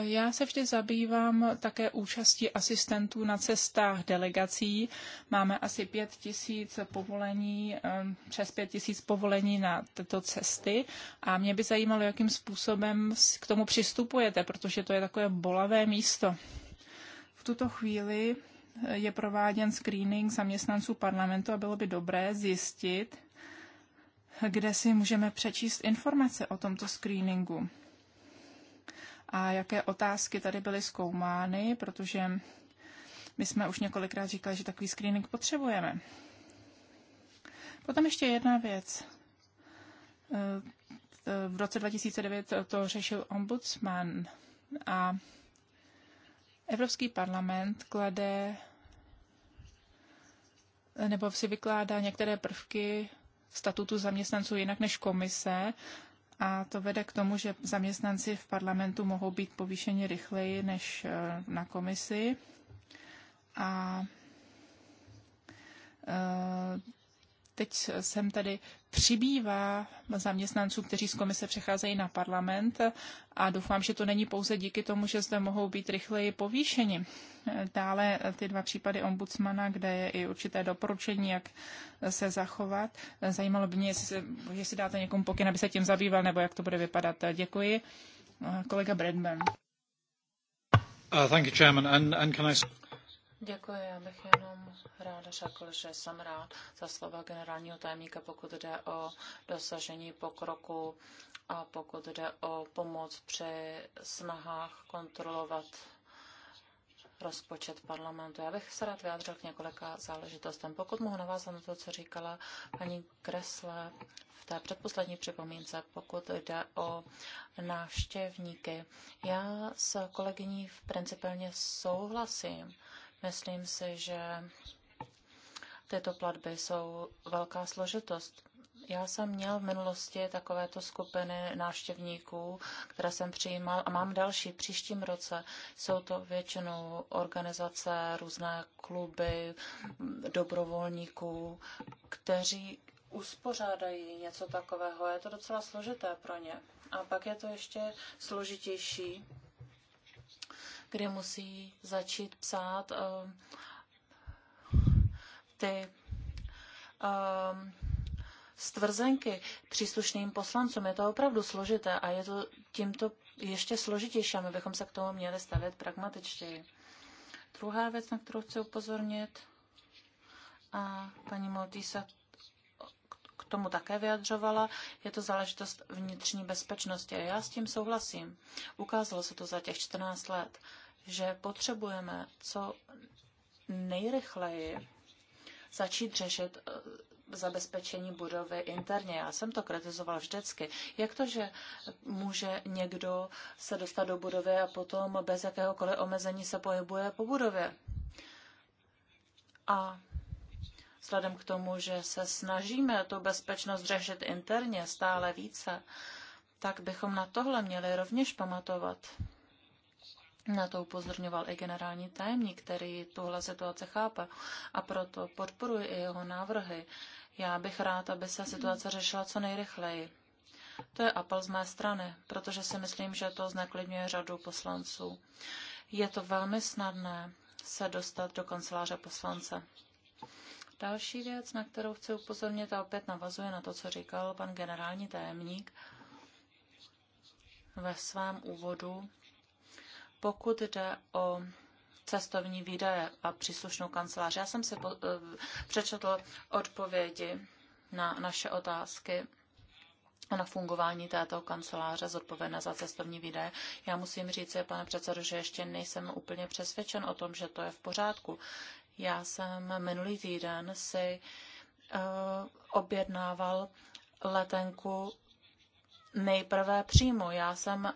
S2: Já se vždy zabývám také účastí asistentů na cestách delegací. Máme asi pět tisíc povolení, přes pět tisíc povolení na tyto cesty a mě by zajímalo, jakým způsobem k tomu přistupujete, protože to je takové bolavé místo. V tuto chvíli eh, je prováděn screening zaměstnanců parlamentu a bylo by dobré zjistit, kde si můžeme přečíst informace o tomto screeningu a jaké otázky tady byly zkoumány, protože my jsme už několikrát říkali, že takový screening potřebujeme. Potom ještě jedna věc. Eh, v roce 2009 to řešil ombudsman a Evropský parlament klade nebo si vykládá některé prvky statutu zaměstnanců jinak než komise a to vede k tomu, že zaměstnanci v parlamentu mohou být povýšeni rychleji než eh, na komisi. A eh, teď jsem tady přibývá zaměstnanců, kteří z komise přecházejí na parlament a doufám, že to není pouze díky tomu, že zde mohou být rychleji povýšeni. Dále ty dva případy ombudsmana, kde je i určité doporučení, jak se zachovat. Zajímalo by mě, jestli, se, jestli dáte někomu pokyn, aby se tím zabýval, nebo jak to bude vypadat. Děkuji. Kolega Bradman. Uh, thank you, Chairman. And, and can I...
S3: Děkuji, já bych jenom ráda řekl, že jsem rád za slova generálního tajemníka, pokud jde o dosažení pokroku a pokud jde o pomoc při snahách kontrolovat rozpočet parlamentu. Já bych se rád vyjádřil k několika záležitostem. Pokud mohu navázat na to, co říkala paní Kresle v té předposlední připomínce, pokud jde o návštěvníky. Já s kolegyní v principálně souhlasím. Myslím si, že tyto platby jsou velká složitost. Já jsem měl v minulosti takovéto skupiny návštěvníků, které jsem přijímal a mám další v příštím roce. Jsou to většinou organizace, různé kluby, dobrovolníků, kteří uspořádají něco takového. Je to docela složité pro ně. A pak je to ještě složitější kde musí začít psát uh, ty uh, stvrzenky příslušným poslancům. Je to opravdu složité a je to tímto ještě složitější a my bychom se k tomu měli stavět pragmatičtěji. Druhá věc, na kterou chci upozornit, a paní se k tomu také vyjadřovala, je to záležitost vnitřní bezpečnosti. A já s tím souhlasím. Ukázalo se to za těch 14 let že potřebujeme co nejrychleji začít řešit eh, zabezpečení budovy interně. Já jsem to kritizoval vždycky. Jak to, že může někdo se dostat do budovy a potom bez jakéhokoliv omezení se pohybuje po budově? A vzhledem k tomu, že se snažíme tu bezpečnost řešit interně stále více, tak bychom na tohle měli rovněž pamatovat. Na to upozorňoval i generální tajemník, který tuhle situaci chápe a proto podporuji i jeho návrhy. Já bych rád, aby se situace řešila co nejrychleji. To je apel z mé strany, protože si myslím, že to zneklidňuje řadu poslanců. Je to velmi snadné se dostat do kanceláře poslance. Další věc, na kterou chci upozornit a opět navazuje na to, co říkal pan generální tajemník ve svém úvodu, pokud jde o cestovní výdaje a příslušnou kancelář, já jsem si po, eh, přečetl odpovědi na naše otázky na fungování této kanceláře zodpovědné za cestovní výdaje. Já musím říct, pane předsedo, že ještě nejsem úplně přesvědčen o tom, že to je v pořádku. Já jsem minulý týden si uh, objednával letenku nejprve přímo. Já jsem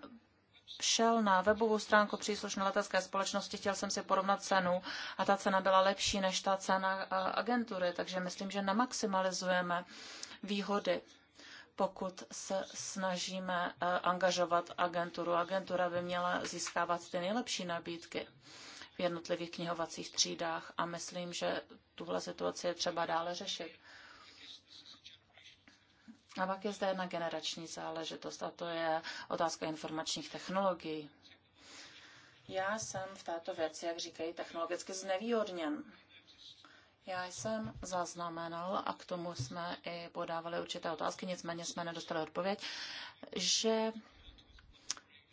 S3: šel na webovou stránku příslušné letecké společnosti, chtěl jsem si porovnat cenu a ta cena byla lepší než ta cena eh, agentury, takže myslím, že nemaximalizujeme výhody pokud se snažíme eh, angažovat agenturu. Agentura by měla získávat ty nejlepší nabídky v jednotlivých knihovacích třídách a myslím, že tuhle situaci je třeba dále řešit. A pak je zde jedna generační záležitost a to je otázka informačních technologií. Já jsem v této věci, jak říkají, technologicky znevýhodněn. Já jsem zaznamenal, a k tomu jsme i podávali určité otázky, nicméně jsme nedostali odpověď, že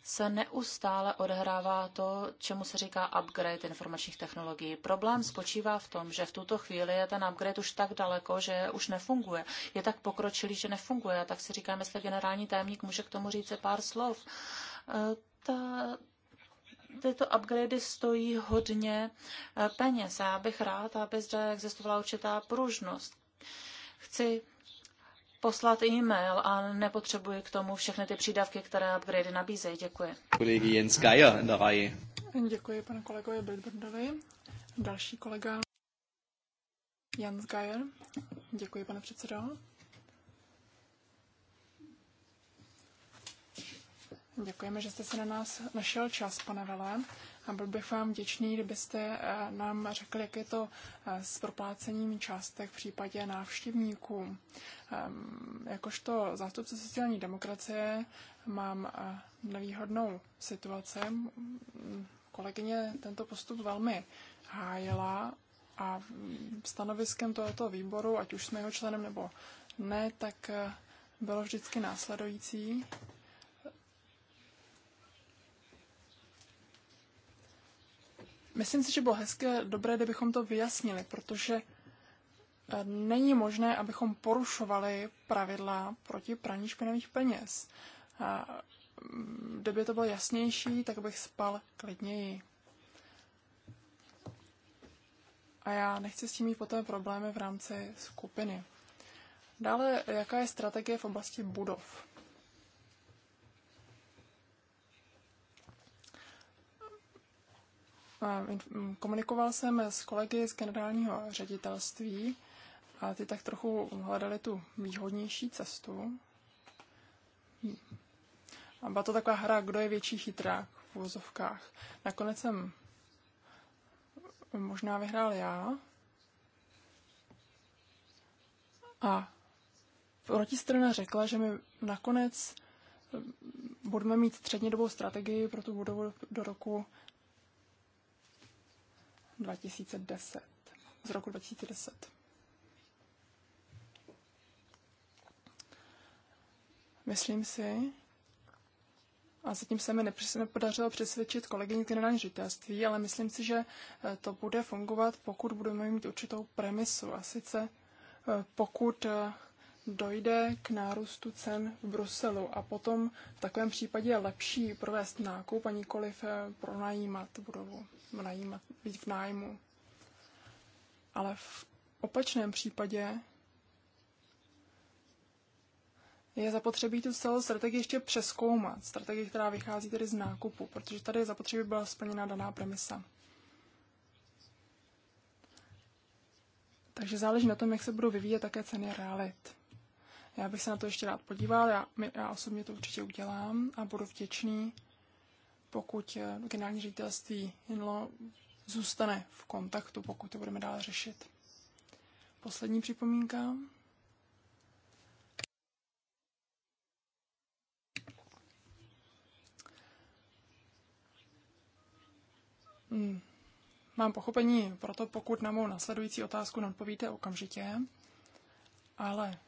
S3: se neustále odhrává to, čemu se říká upgrade informačních technologií. Problém spočívá v tom, že v tuto chvíli je ten upgrade už tak daleko, že už nefunguje. Je tak pokročilý, že nefunguje. A tak si říkám, jestli generální tajemník může k tomu říct pár slov. E, ta, tyto upgrady stojí hodně e, peněz. Já bych rád, aby zde existovala určitá pružnost. Chci poslat e-mail a nepotřebuji k tomu všechny ty přídavky, které upgrady nabízejí. Děkuji.
S2: Kolegy Jens Geier in Reihe.
S1: Děkuji panu kolegovi Bildbrandovi. Další kolega Jens Geier. Děkuji, pane předsedo. Děkujeme, že jste se na nás našel čas, pane Vele. A byl bych vám vděčný, kdybyste eh, nám řekli, jak je to eh, s proplácením částek v případě návštěvníků. Ehm, jakožto zástupce sociální demokracie mám eh, nevýhodnou situaci. Kolegyně tento postup velmi hájela a stanoviskem tohoto výboru, ať už jsme jeho členem nebo ne, tak bylo vždycky následující. Myslím si, že bylo hezké, dobré, kdybychom to vyjasnili, protože eh, není možné, abychom porušovali pravidla proti praní špinavých peněz. A mm, kdyby to bylo jasnější, tak bych spal klidněji. A já nechci s tím mít poté problémy v rámci skupiny. Dále, jaká je strategie v oblasti budov? Mm, komunikoval jsem s kolegy z generálního ředitelství a ty tak trochu hledali tu výhodnější cestu. A byla to taková hra, kdo je větší chytrák v vozovkách. Nakonec jsem možná vyhrál já. A protistrana řekla, že mi nakonec budeme mít střednědobou strategii pro tu budovu do roku 2010, z roku 2010. Myslím si, a zatím se mi nepodařilo přesvědčit kolegyni generální ředitelství, ale myslím si, že eh, to bude fungovat, pokud budeme mít určitou premisu. A sice eh, pokud eh, dojde k nárůstu cen v Bruselu a potom v takovém případě je lepší provést nákup a nikoliv eh, pronajímat budovu, najímat, být v nájmu. Ale v opačném případě je zapotřebí tu celou strategii ještě přeskoumat. Strategii, která vychází tedy z nákupu, protože tady je zapotřebí byla splněna daná premisa. Takže záleží na tom, jak se budou vyvíjet také ceny realit. Já bych se na to ještě rád podíval, já, já osobně to určitě udělám a budu vděčný, pokud eh, generální ředitelství INLO zůstane v kontaktu, pokud to budeme dále řešit. Poslední připomínka. Hmm. Mám pochopení proto, pokud na mou nasledující otázku neodpovíte okamžitě, ale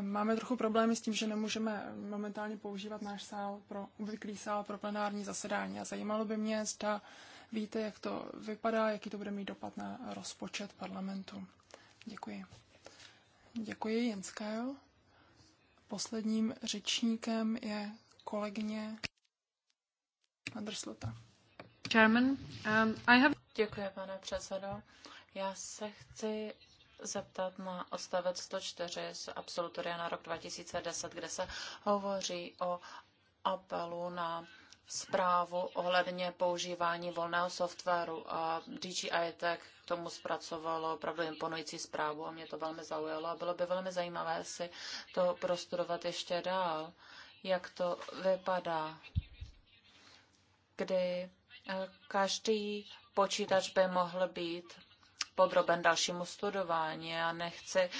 S1: Máme trochu problémy s tím, že nemůžeme momentálně používat náš sál pro obvyklý sál pro plenární zasedání. A zajímalo by mě, zda víte, jak to vypadá, jaký to bude mít dopad na rozpočet parlamentu. Děkuji. Děkuji, Jenská. Posledním řečníkem je kolegyně Andrslota. Chairman, um, I have...
S3: Děkuji, pane předsedo. Já se chci zeptat na odstavec 104 z absolutoria na rok 2010, kde se hovoří o apelu na zprávu ohledně používání volného softwaru a DJI Tech k tomu zpracovalo opravdu imponující zprávu a mě to velmi zaujalo a bylo by velmi zajímavé si to prostudovat ještě dál, jak to vypadá, kdy eh, každý počítač by mohl být podroben dalšímu studování. Já nechci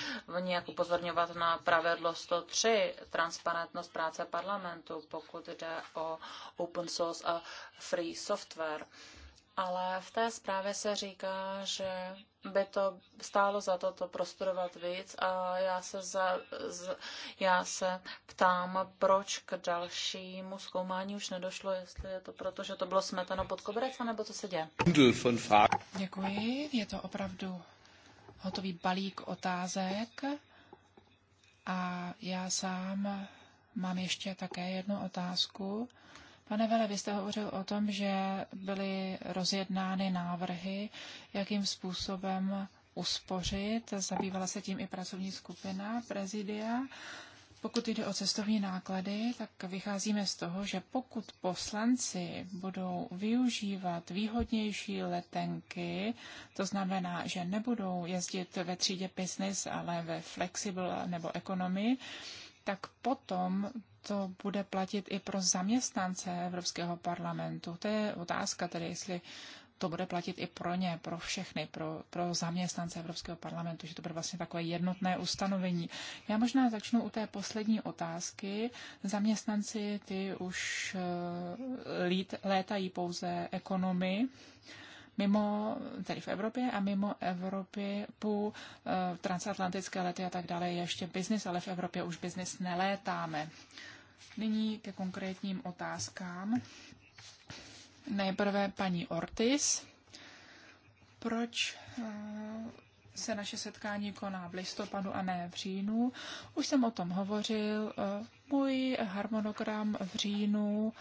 S3: nějak upozorňovat na pravidlo 103, transparentnost práce parlamentu, pokud jde o open source a free software. Ale v té zprávě se říká, že by to stálo za to to prostudovat víc a já se, za, z, já se ptám, proč k dalšímu zkoumání už nedošlo, jestli je to proto, že to bylo smetano pod koberec, nebo co se děje.
S2: Děkuji, je to opravdu hotový balík otázek a já sám mám ještě také jednu otázku Pane Vele, vy jste hovořil o tom, že byly rozjednány návrhy, jakým způsobem uspořit. Zabývala se tím i pracovní skupina prezidia. Pokud jde o cestovní náklady, tak vycházíme z toho, že pokud poslanci budou využívat výhodnější letenky, to znamená, že nebudou jezdit ve třídě business, ale ve flexible nebo ekonomii, tak potom to bude platit i pro zaměstnance Evropského parlamentu. To je otázka tedy, jestli to bude platit i pro ně, pro všechny, pro, pro zaměstnance Evropského parlamentu, že to bude vlastně takové jednotné ustanovení. Já možná začnu u té poslední otázky. Zaměstnanci, ty už uh, létají pouze ekonomii. Uh, mimo, tedy v Evropě a mimo Evropě po eh, transatlantické lety a tak dále je ještě biznis, ale v Evropě už biznis nelétáme. Nyní ke konkrétním otázkám. Nejprve paní Ortiz. Proč eh, se naše setkání koná v listopadu a ne v říjnu? Už jsem o tom hovořil. Eh, můj harmonogram v říjnu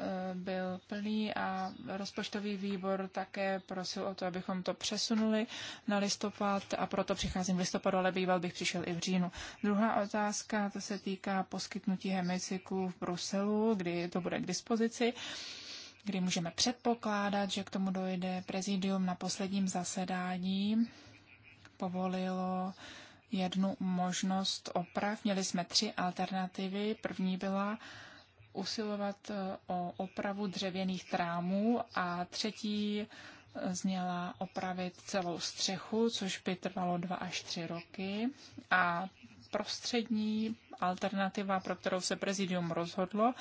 S2: Eh, byl plný a rozpočtový výbor také prosil o to, abychom to přesunuli na listopad a proto přicházím v listopadu, ale býval bych přišel i v říjnu. Druhá otázka, to se týká poskytnutí hemicyklu v Bruselu, kdy to bude k dispozici kdy můžeme předpokládat, že k tomu dojde. Prezidium na posledním zasedání povolilo jednu možnost oprav. Měli jsme tři alternativy. První byla usilovat eh, o opravu dřevěných trámů a třetí eh, zněla opravit celou střechu, což by trvalo dva až tři roky. A prostřední alternativa, pro kterou se prezidium rozhodlo,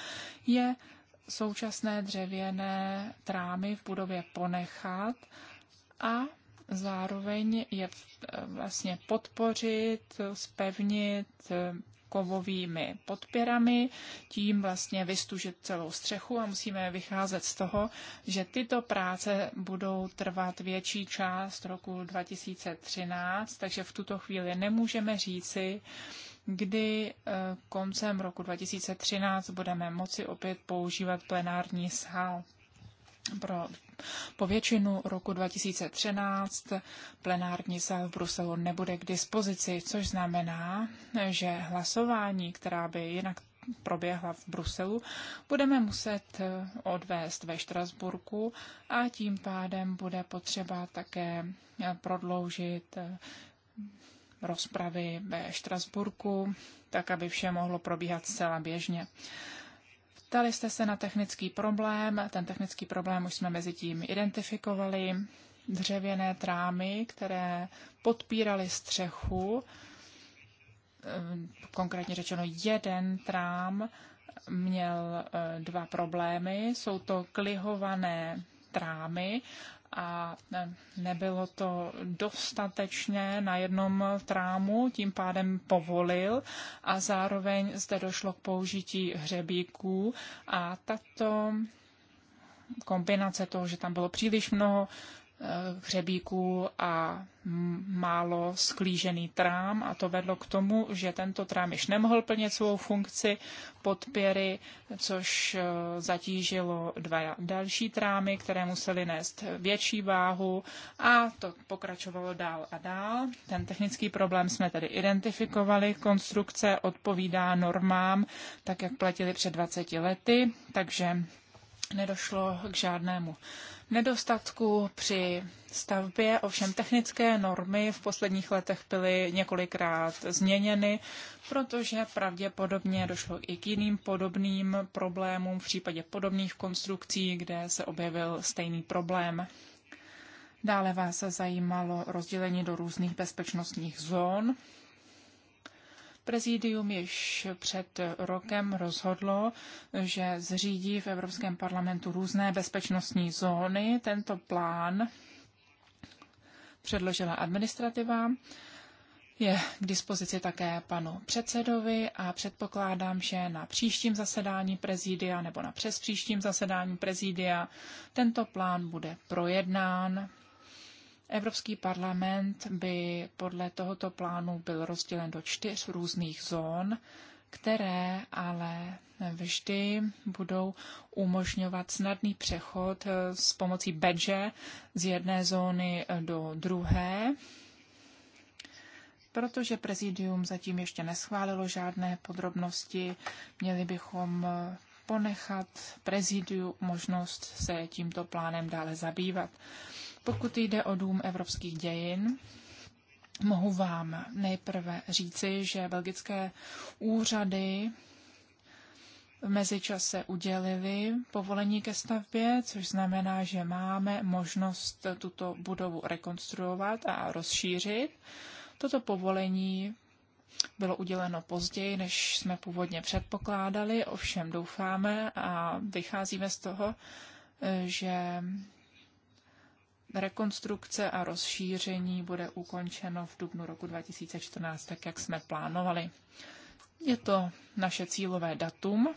S2: je současné dřevěné trámy v budově ponechat a zároveň je eh, vlastně podpořit, spevnit kovovými podpěrami, tím vlastně vystužit celou střechu a musíme vycházet z toho, že tyto práce budou trvat větší část roku 2013, takže v tuto chvíli nemůžeme říci, kdy eh, koncem roku 2013 budeme moci opět používat plenární sál pro po většinu roku 2013 plenární sál v Bruselu nebude k dispozici, což znamená, že hlasování, která by jinak proběhla v Bruselu, budeme muset eh, odvést ve Štrasburku a tím pádem bude potřeba také eh, prodloužit eh, rozpravy ve Štrasburku, tak aby vše mohlo probíhat zcela běžně. Ptali jste se na technický problém. Ten technický problém už jsme mezi tím identifikovali. Dřevěné trámy, které podpíraly střechu, eh, konkrétně řečeno jeden trám, měl eh, dva problémy. Jsou to klihované trámy a nebylo to dostatečné na jednom trámu, tím pádem povolil a zároveň zde došlo k použití hřebíků a tato kombinace toho, že tam bylo příliš mnoho Eh, hřebíků a málo sklížený trám a to vedlo k tomu, že tento trám již nemohl plnit svou funkci podpěry, což eh, zatížilo dva další trámy, které musely nést větší váhu a to pokračovalo dál a dál. Ten technický problém jsme tedy identifikovali. Konstrukce odpovídá normám, tak jak platili před 20 lety, takže nedošlo k žádnému nedostatků při stavbě, ovšem technické normy v posledních letech byly několikrát změněny, protože pravděpodobně došlo i k jiným podobným problémům v případě podobných konstrukcí, kde se objevil stejný problém. Dále vás zajímalo rozdělení do různých bezpečnostních zón. Prezidium již před rokem rozhodlo, že zřídí v Evropském parlamentu různé bezpečnostní zóny. Tento plán předložila administrativa. Je k dispozici také panu předsedovi a předpokládám, že na příštím zasedání prezidia nebo na přes příštím zasedání prezidia tento plán bude projednán Evropský parlament by podle tohoto plánu byl rozdělen do čtyř různých zón, které ale vždy budou umožňovat snadný přechod eh, s pomocí badge z jedné zóny eh, do druhé. Protože prezidium zatím ještě neschválilo žádné podrobnosti, měli bychom eh, ponechat prezidiu možnost se tímto plánem dále zabývat. Pokud jde o Dům evropských dějin, mohu vám nejprve říci, že belgické úřady v mezičase udělili povolení ke stavbě, což znamená, že máme možnost tuto budovu rekonstruovat a rozšířit. Toto povolení bylo uděleno později, než jsme původně předpokládali, ovšem doufáme a vycházíme z toho, že rekonstrukce a rozšíření bude ukončeno v dubnu roku 2014, tak jak jsme plánovali. Je to naše cílové datum.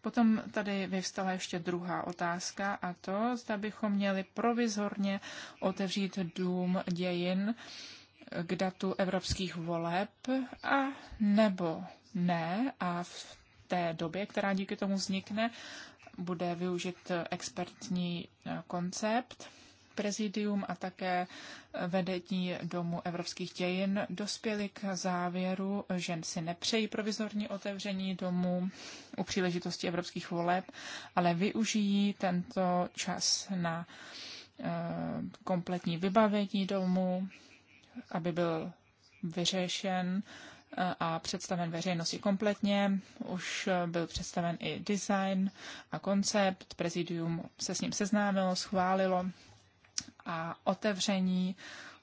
S2: Potom tady vyvstala ještě druhá otázka a to, zda bychom měli provizorně otevřít dům dějin k datu evropských voleb a nebo ne a v té době, která díky tomu vznikne, bude využit expertní koncept prezidium a také vedení Domu evropských dějin dospěli k závěru, že si nepřejí provizorní otevření domu u příležitosti evropských voleb, ale využijí tento čas na eh, kompletní vybavení domu, aby byl vyřešen eh, a představen veřejnosti kompletně. Už eh, byl představen i design a koncept, prezidium se s ním seznámilo, schválilo a otevření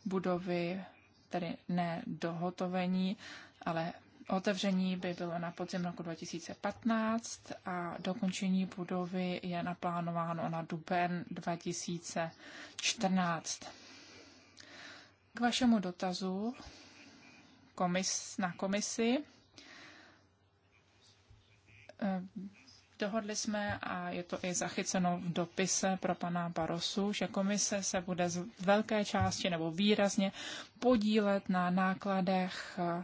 S2: budovy, tedy ne dohotovení, ale otevření by bylo na podzim roku 2015 a dokončení budovy je naplánováno na duben 2014. K vašemu dotazu komis, na komisi Dohodli jsme, a je to i zachyceno v dopise pro pana Barosu, že komise se bude z velké části nebo výrazně podílet na nákladech eh,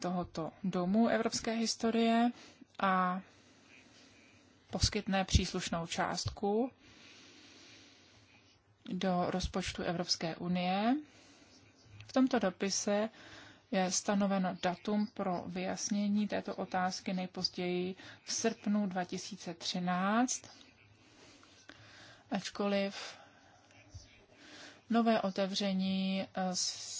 S2: tohoto domu evropské historie a poskytne příslušnou částku do rozpočtu Evropské unie. V tomto dopise je stanoveno datum pro vyjasnění této otázky nejpozději v srpnu 2013, ačkoliv Nové otevření eh,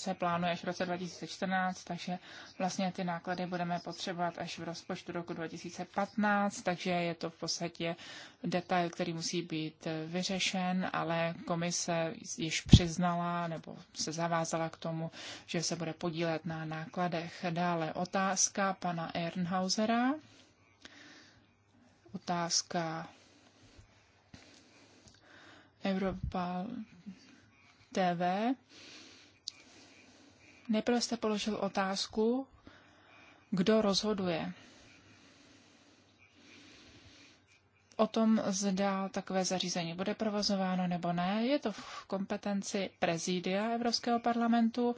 S2: se plánuje až v roce 2014, takže vlastně ty náklady budeme potřebovat až v rozpočtu roku 2015, takže je to v podstatě detail, který musí být eh, vyřešen, ale komise již přiznala nebo se zavázala k tomu, že se bude podílet na nákladech. Dále otázka pana Ernhausera. Otázka Evropa TV. Nejprve jste položil otázku, kdo rozhoduje. O tom, zda takové zařízení bude provozováno nebo ne, je to v kompetenci prezídia Evropského parlamentu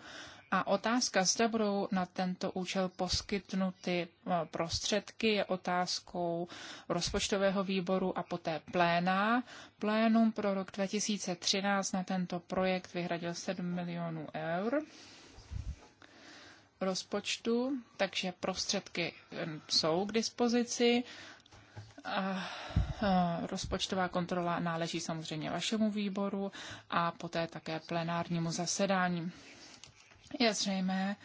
S2: a otázka, zda budou na tento účel poskytnuty eh, prostředky, je otázkou rozpočtového výboru a poté pléna. Plénum pro rok 2013 na tento projekt vyhradil 7 milionů eur rozpočtu, takže prostředky eh, jsou k dispozici. A eh, rozpočtová kontrola náleží samozřejmě vašemu výboru a poté také plenárnímu zasedání. Je zřejmé,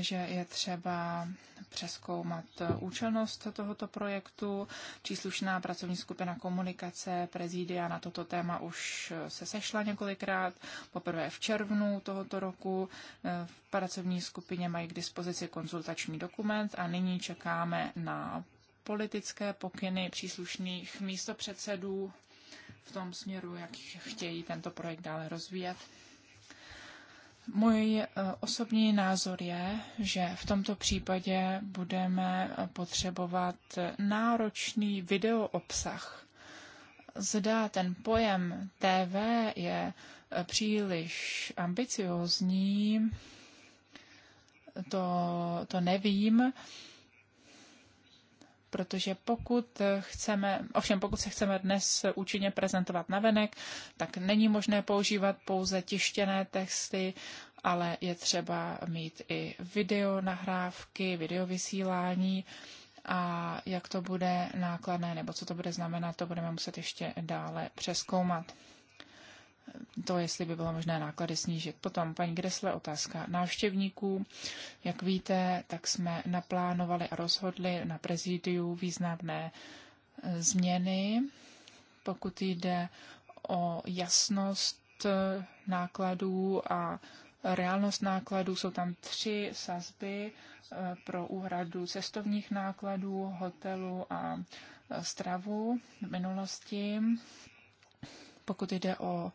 S2: že je třeba přeskoumat účelnost tohoto projektu. Příslušná pracovní skupina komunikace prezidia na toto téma už se sešla několikrát. Poprvé v červnu tohoto roku eh, v pracovní skupině mají k dispozici konzultační dokument a nyní čekáme na politické pokyny příslušných místopředsedů v tom směru, jak chtějí tento projekt dále rozvíjet. Můj eh, osobní názor je, že v tomto případě budeme eh, potřebovat eh, náročný videoobsah. Zda ten pojem TV je příliš ambiciozní, to, to nevím protože pokud chceme, ovšem pokud se chceme dnes účinně prezentovat na venek, tak není možné používat pouze tištěné texty, ale je třeba mít i video nahrávky, video vysílání a jak to bude nákladné nebo co to bude znamenat, to budeme muset ještě dále přeskoumat to, jestli by bylo možné náklady snížit. Potom paní Gresle otázka návštěvníků. Jak víte, tak jsme naplánovali a rozhodli na prezidiu významné e, změny, pokud jde o jasnost e, nákladů a reálnost nákladů. Jsou tam tři sazby e, pro úhradu cestovních nákladů, hotelu a stravu v minulosti. Pokud jde o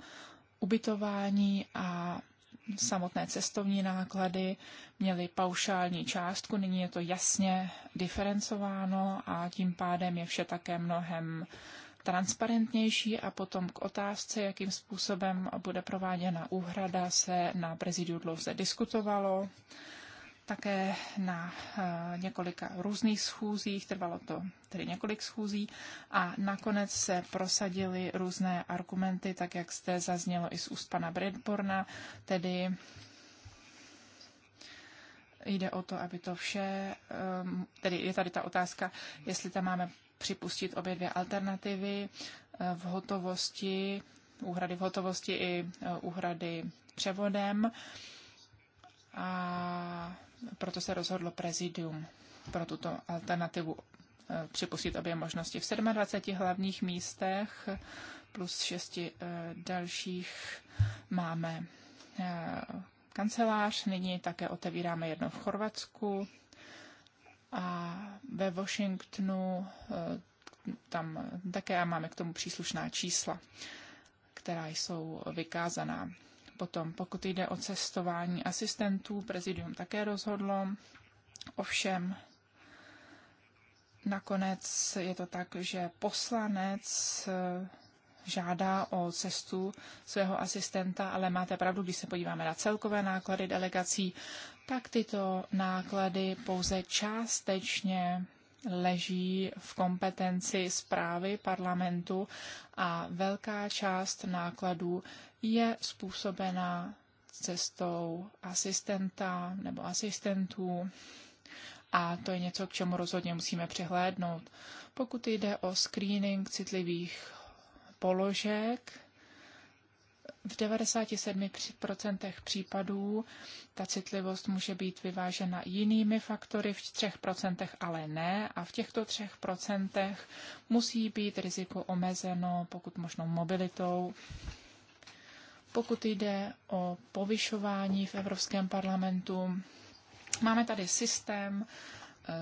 S2: ubytování a samotné cestovní náklady měly paušální částku, nyní je to jasně diferencováno a tím pádem je vše také mnohem transparentnější a potom k otázce, jakým způsobem bude prováděna úhrada, se na prezidiu dlouze diskutovalo také na eh, několika různých schůzích, trvalo to tedy několik schůzí a nakonec se prosadily různé argumenty, tak jak jste zaznělo i z úst pana Bradborna, tedy jde o to, aby to vše, eh, tedy je tady ta otázka, jestli tam máme připustit obě dvě alternativy eh, v hotovosti, úhrady v hotovosti i úhrady převodem. A proto se rozhodlo prezidium pro tuto alternativu eh, připustit obě možnosti. V 27 hlavních místech plus šesti eh, dalších máme eh, kancelář. Nyní také otevíráme jedno v Chorvatsku a ve Washingtonu tam také máme k tomu příslušná čísla, která jsou vykázaná. Potom, pokud jde o cestování asistentů, prezidium také rozhodlo. Ovšem, nakonec je to tak, že poslanec eh, žádá o cestu svého asistenta, ale máte pravdu, když se podíváme na celkové náklady delegací, tak tyto náklady pouze částečně leží v kompetenci zprávy parlamentu a velká část nákladů je způsobena cestou asistenta nebo asistentů a to je něco, k čemu rozhodně musíme přihlédnout. Pokud jde o screening citlivých položek, v 97% případů ta citlivost může být vyvážena jinými faktory, v 3% ale ne a v těchto 3% musí být riziko omezeno pokud možnou mobilitou. Pokud jde o povyšování v Evropském parlamentu, máme tady systém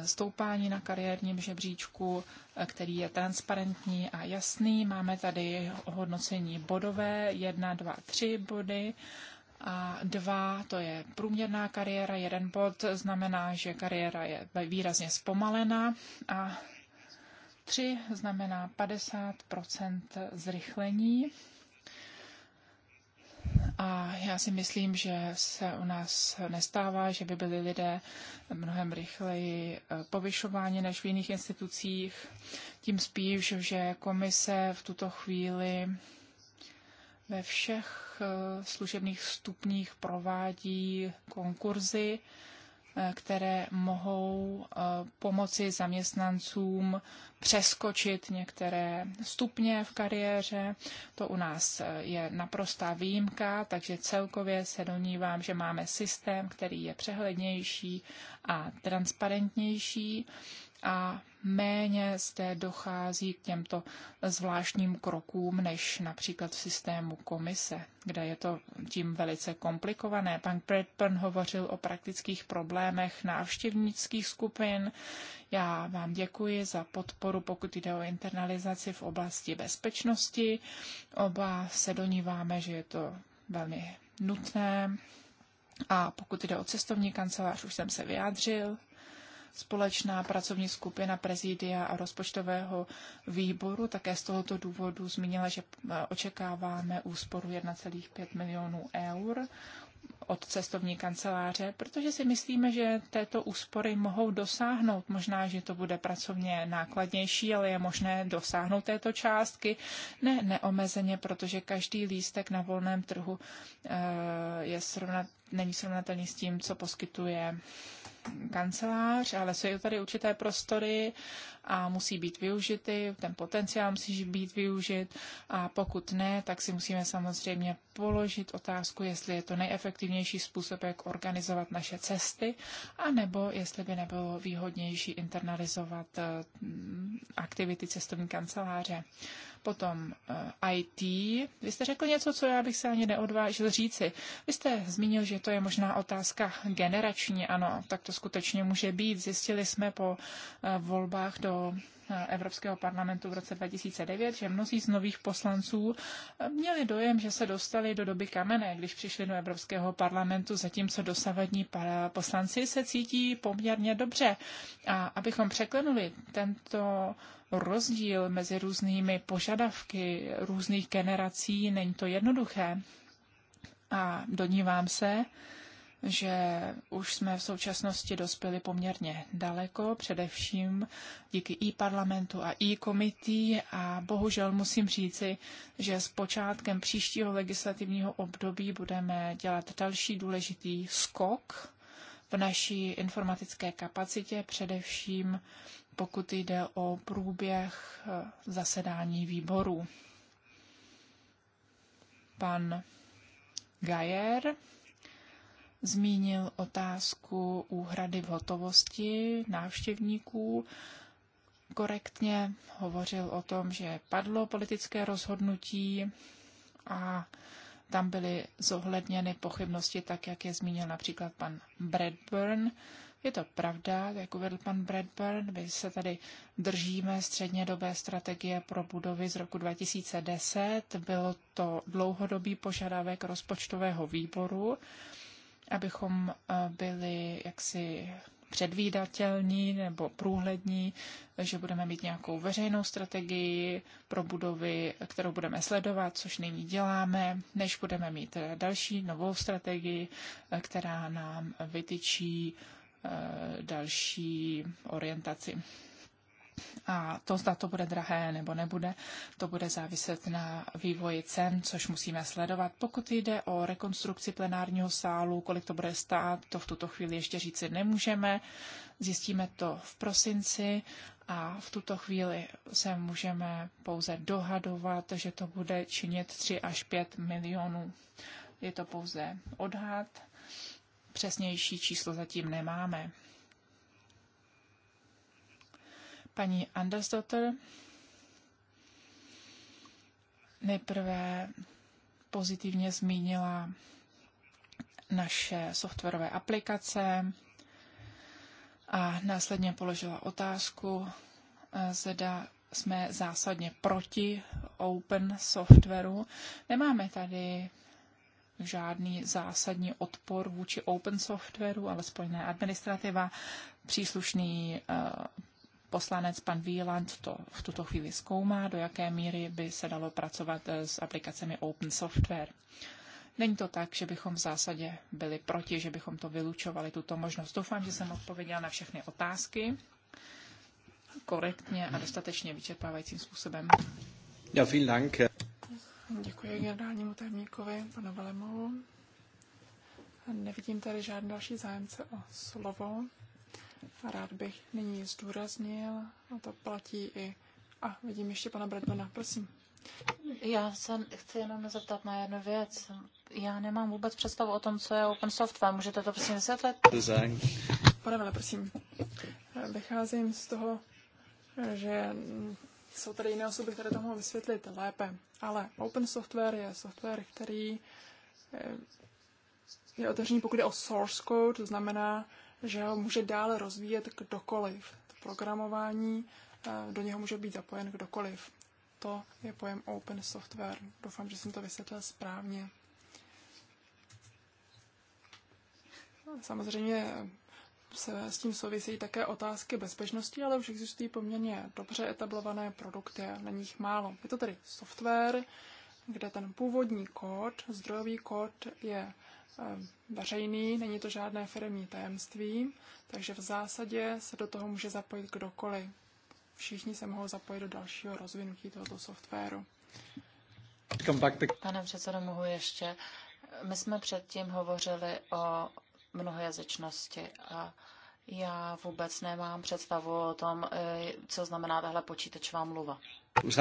S2: stoupání na kariérním žebříčku, který je transparentní a jasný. Máme tady hodnocení bodové jedna, dva, tři body a dva, to je průměrná kariéra, jeden bod znamená, že kariéra je výrazně zpomalená a tři znamená 50 zrychlení a já si myslím, že se u nás nestává, že by byli lidé mnohem rychleji eh, povyšováni než v jiných institucích. Tím spíš, že komise v tuto chvíli ve všech eh, služebních stupních provádí konkurzy Eh, které mohou eh, pomoci zaměstnancům přeskočit některé stupně v kariéře. To u nás eh, je naprostá výjimka, takže celkově se domnívám, že máme systém, který je přehlednější a transparentnější a méně zde dochází k těmto zvláštním krokům než například v systému komise, kde je to tím velice komplikované. Pan Predpen hovořil o praktických problémech návštěvnických skupin. Já vám děkuji za podporu, pokud jde o internalizaci v oblasti bezpečnosti. Oba se doníváme, že je to velmi nutné. A pokud jde o cestovní kancelář, už jsem se vyjádřil společná pracovní skupina prezidia a rozpočtového výboru také z tohoto důvodu zmínila, že e, očekáváme úsporu 1,5 milionů eur od cestovní kanceláře, protože si myslíme, že této úspory mohou dosáhnout. Možná, že to bude pracovně nákladnější, ale je možné dosáhnout této částky. Ne neomezeně, protože každý lístek na volném trhu e, je srovnat, není srovnatelný s tím, co poskytuje kancelář, ale jsou tady určité prostory a musí být využity, ten potenciál musí být využit a pokud ne, tak si musíme samozřejmě položit otázku, jestli je to nejefektivnější způsob, jak organizovat naše cesty, anebo jestli by nebylo výhodnější internalizovat eh, aktivity cestovní kanceláře. Potom eh, IT. Vy jste řekl něco, co já bych se ani neodvážil říci. Vy jste zmínil, že to je možná otázka generační. Ano, tak to skutečně může být. Zjistili jsme po eh, volbách do Evropského parlamentu v roce 2009, že mnozí z nových poslanců eh, měli dojem, že se dostali do doby kamene, když přišli do Evropského parlamentu, zatímco dosavadní poslanci se cítí poměrně dobře. A abychom překlenuli tento rozdíl mezi různými požadavky různých generací, není to jednoduché. A donívám se, že už jsme v současnosti dospěli poměrně daleko, především díky i parlamentu a i komití a bohužel musím říci, že s počátkem příštího legislativního období budeme dělat další důležitý skok v naší informatické kapacitě, především pokud jde o průběh eh, zasedání výborů. Pan Gajer zmínil otázku úhrady v hotovosti návštěvníků. Korektně hovořil o tom, že padlo politické rozhodnutí a tam byly zohledněny pochybnosti, tak jak je zmínil například pan Bradburn. Je to pravda, jak uvedl pan Bradburn, my se tady držíme střednědobé strategie pro budovy z roku 2010. Bylo to dlouhodobý požadavek rozpočtového výboru abychom eh, byli jaksi předvídatelní nebo průhlední, že budeme mít nějakou veřejnou strategii pro budovy, kterou budeme sledovat, což nyní děláme, než budeme mít eh, další novou strategii, eh, která nám vytyčí další orientaci. A to, zda to bude drahé nebo nebude, to bude záviset na vývoji cen, což musíme sledovat. Pokud jde o rekonstrukci plenárního sálu, kolik to bude stát, to v tuto chvíli ještě říci nemůžeme. Zjistíme to v prosinci a v tuto chvíli se můžeme pouze dohadovat, že to bude činit 3 až 5 milionů. Je to pouze odhad. Přesnější číslo zatím nemáme paní Andersdotter. Nejprve pozitivně zmínila naše softwarové aplikace a následně položila otázku, eh, zda jsme zásadně proti open softwaru. Nemáme tady žádný zásadní odpor vůči open softwaru, alespoň ne administrativa. Příslušný eh, Poslanec pan Wieland to v tuto chvíli zkoumá, do jaké míry by se dalo pracovat eh, s aplikacemi open software. Není to tak, že bychom v zásadě byli proti, že bychom to vylučovali, tuto možnost. Doufám, že jsem odpověděl na všechny otázky korektně a dostatečně vyčerpávajícím způsobem.
S1: Ja, vielen Dank. Děkuji generálnímu tajemníkovi, panu Velemu. Nevidím tady žádný další zájemce o slovo. Rád bych nyní zdůraznil, a to platí i... A vidím ještě pana Bradmana, prosím.
S3: Já se chci jenom zeptat na jednu věc. Já nemám vůbec představu o tom, co je open software. Můžete to prosím vysvětlit? Design. Pane Vele, prosím.
S1: Vycházím z toho, že jsou tady jiné osoby, které to mohou vysvětlit lépe. Ale open software je software, který eh, je otevřený, pokud je o source code, to znamená, že ho může dále rozvíjet kdokoliv. To programování, eh, do něho může být zapojen kdokoliv. To je pojem open software. Doufám, že jsem to vysvětlil správně. Samozřejmě eh, se s tím souvisejí také otázky bezpečnosti, ale už existují poměrně dobře etablované produkty a na nich málo. Je to tedy software, kde ten původní kód, zdrojový kód je Eh, veřejný, není to žádné firmní tajemství, takže v zásadě se do toho může zapojit kdokoliv. Všichni se mohou zapojit do dalšího rozvinutí tohoto softwaru. Pane předsedo, mohu ještě.
S3: My jsme předtím hovořili o mnohojazyčnosti a já vůbec nemám představu o tom, eh, co znamená tahle počítačová mluva.
S1: Um,